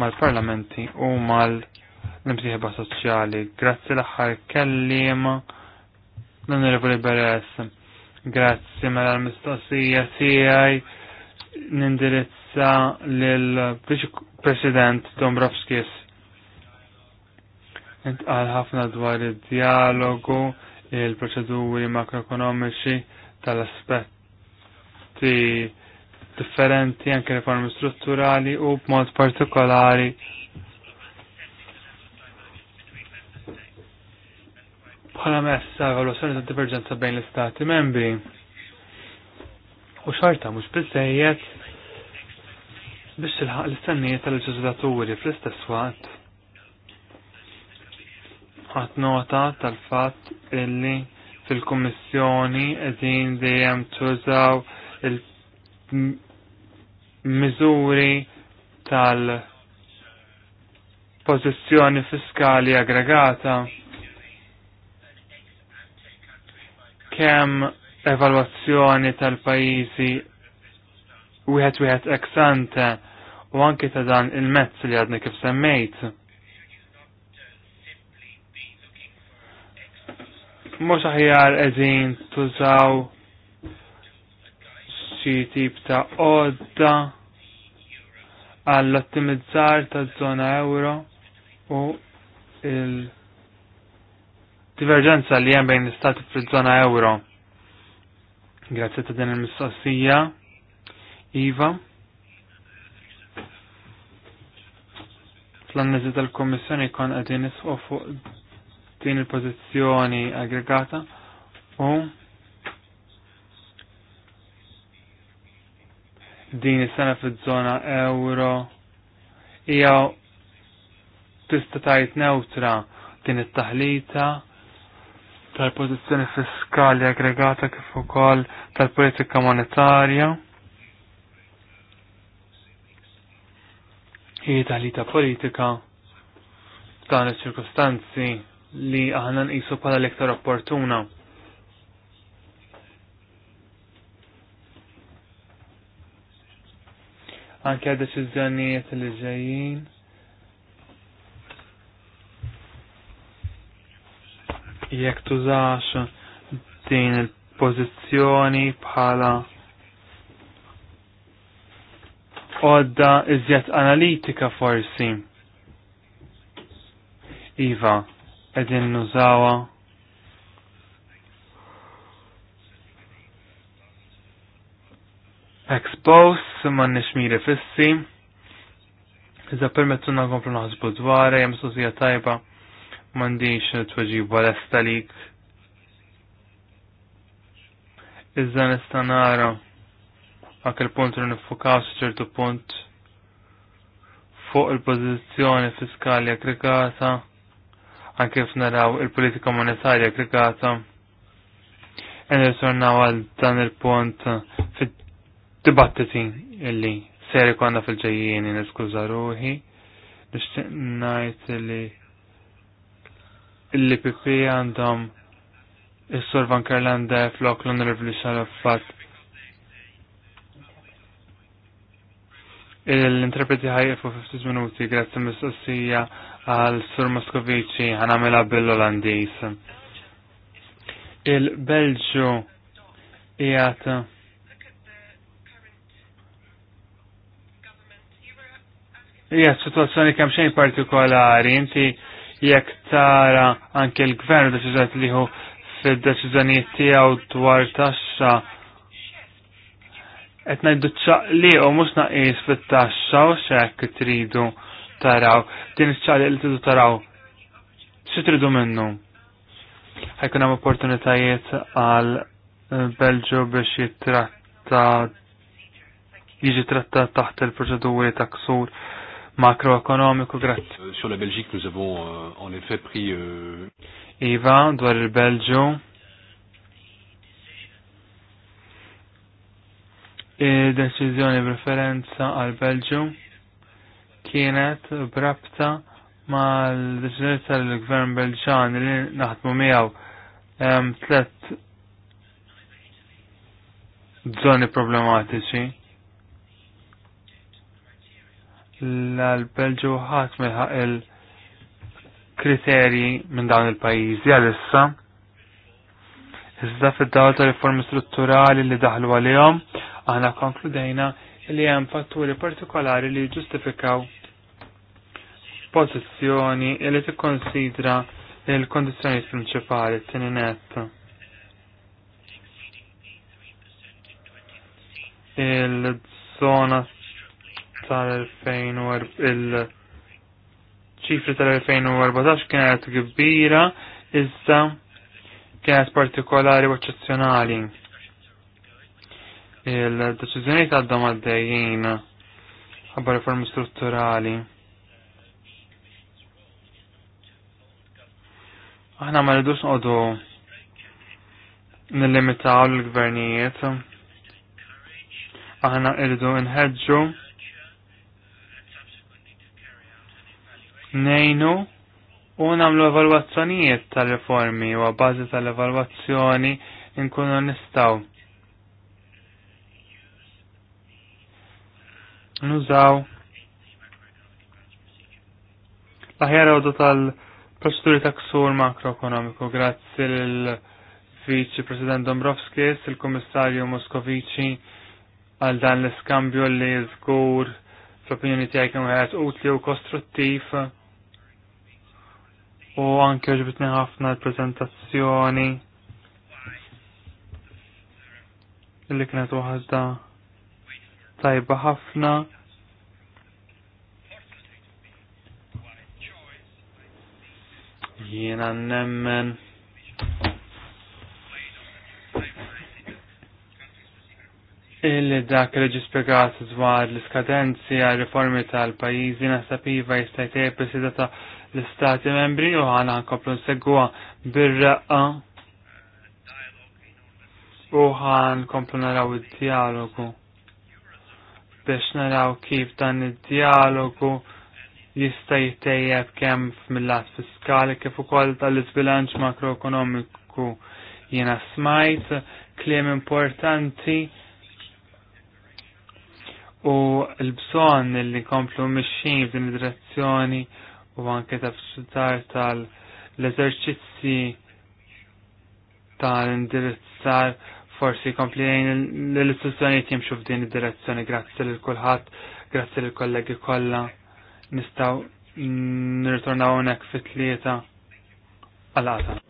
mal-parlamenti u mal-imsieħba soċjali. Grazzi l-aħħar kellim l-Onorevoli Beres. Grazzi mela l-mistoqsija tiegħi nindirizza lil President Dombrovskis Intqal ħafna dwar id-dialogu, il-proċeduri makroekonomiċi tal-aspetti differenti anke riformi strutturali u b'mod partikolari bħala messa evoluzzjoni ta' diverġenza bejn l-istati membri. U xorta mhux biżejjed biex tilħaq l-istennijiet tal-leġislaturi fl-istess waqt ħadd nota tal-fatt illi fil-Kummissjoni qegħdin dejjem tużaw il-miżuri tal- pożizzjoni fiskali aggregata kemm evalwazzjoni tal-pajjiżi wieħed wieħed ex ante u anke ta' dan il-mezz li għadni kif semmejt. mhux aħjar qegħdin tużaw xi tip ta' odda għall-ottimizzar taż-żona euro u il- diverġenza li hemm bejn l istat fil-żona euro. Grazzi ta' din il-mistoqsija. Iva. Fl-anniżi tal komissjoni kon qegħdin nisqu fuq din il-pozizjoni aggregata u din is-sena fiż-żona euro hija tista' tajt neutra din it-taħlita tal-pożizzjoni fiskali aggregata kif ukoll tal-politika monetarja. Hi taħlita politika f'dan iċ-ċirkostanzi li aħna nqisu bħala l-iktar opportuna. Anke deċiżjonijiet li ġejjin. Jekk tużax din il-pożizzjoni bħala għodda iżjed analitika forsi. Iva, edin nużawa Expose ma nixmiri fissi Iza permettu na komplu naħsbu dwar, jem sużija tajba, mandiċ t-tweġiba balesta lik. Iza nista nara għak punt li nifukaw ċertu punt fuq il-pozizjoni fiskali aggregata anke naraw il-politika monetarja applikata. Nirritornaw għal dan il-punt fit-dibattiti illi seri konna fil-ġejjieni niskuża ruħi. Nixtieq ngħid li l-IPP għandhom is-Sur Van Kerlanda flok l-Onorevoli Fat. l-interpreti ħajqfu 50 minuti grazzi mistoqsija għal Sur Moskovici ħanamela bil-Olandis. Il-Belġu jgħat Ija, situazzjoni kemm xejn partikolari, inti jekk tara anke l-gvern deċiżat liħu fid-deċiżjonijiet tiegħu dwar taxxa qed ngħidu ċaqliq u mhux naqis fit-taxxa u x'hekk tridu taraw, din iċċali li tidu taraw, xi tridu minnu. Ħajkun hemm opportunitajiet għal eh, Belġu biex jitratta jiġi tratta taħt il-proċeduri ta' ksur makroekonomiku grazzi. Sur la Belgique nous avons euh, en effet pris euh, Iva dwar il-Belġu il-deċizjoni eh, preferenza għal Belġu kienet brabta mal-deċiżjoni tal-Gvern Belġan li naħdmu miegħu tlet zoni problematiċi. L-Belġu ħadd milħaq il-kriterji minn dawn il-pajjiżi għalissa. Iżda fid-dawl ta' riformi strutturali li daħlu għalihom, aħna konkludejna li hemm fatturi partikolari li ġustifikaw pożizzjoni li tikkonsidra il kondizjoni prinċipali t tininet. net. il zona tal-2004 il-ċifri tal-2014 kienet kbira issa kienet partikolari u eċċezzjonali. il deċizjoni tal-domaddejjina għabba reformi strutturali. Aħna ma rridux noqogħdu nillimitaw l-gvernijiet. Aħna rridu nħeġġu nejnu u nagħmlu evalwazzjonijiet tal-riformi u bażi tal-evalwazzjoni nkunu nistgħu. Nużaw l-aħjar tal- Proċeduri ta' ksur makroekonomiku, grazzi l-Viċi President Dombrovskis, il-Komissarju Moskovici, għal dan l-iskambju li jizgur fl-opinjoni tijaj kienu għed utli u kostruttiv u anke ġbitni ħafna l-prezentazzjoni li kienet waħda tajba ħafna Jiena nemmen. Illi dak li ġispiegat dwar l skadenzi għal riformi tal-pajizi naħseb iva jista' jtejb ta' l-istati membri u għana nkomplu nsegwa birraqa. raqqa u ħan komplu naraw id-dialogu biex naraw kif dan id-dialogu jista' jitejjeb kemm mill-lat fiskali kif ukoll tal-isbilanċ makroekonomiku jiena smajt kliem importanti u l-bżonn li komplu mixxin f'din id-direzzjoni u anke taf tal-eżerċizzi tal-indirizzar forsi komplejn l-istituzzjonijiet jimxu f'din id-direzzjoni grazzi lil kulħadd, grazzi l kollegi kollha nistaw nirtornaw nek fit-tlieta għal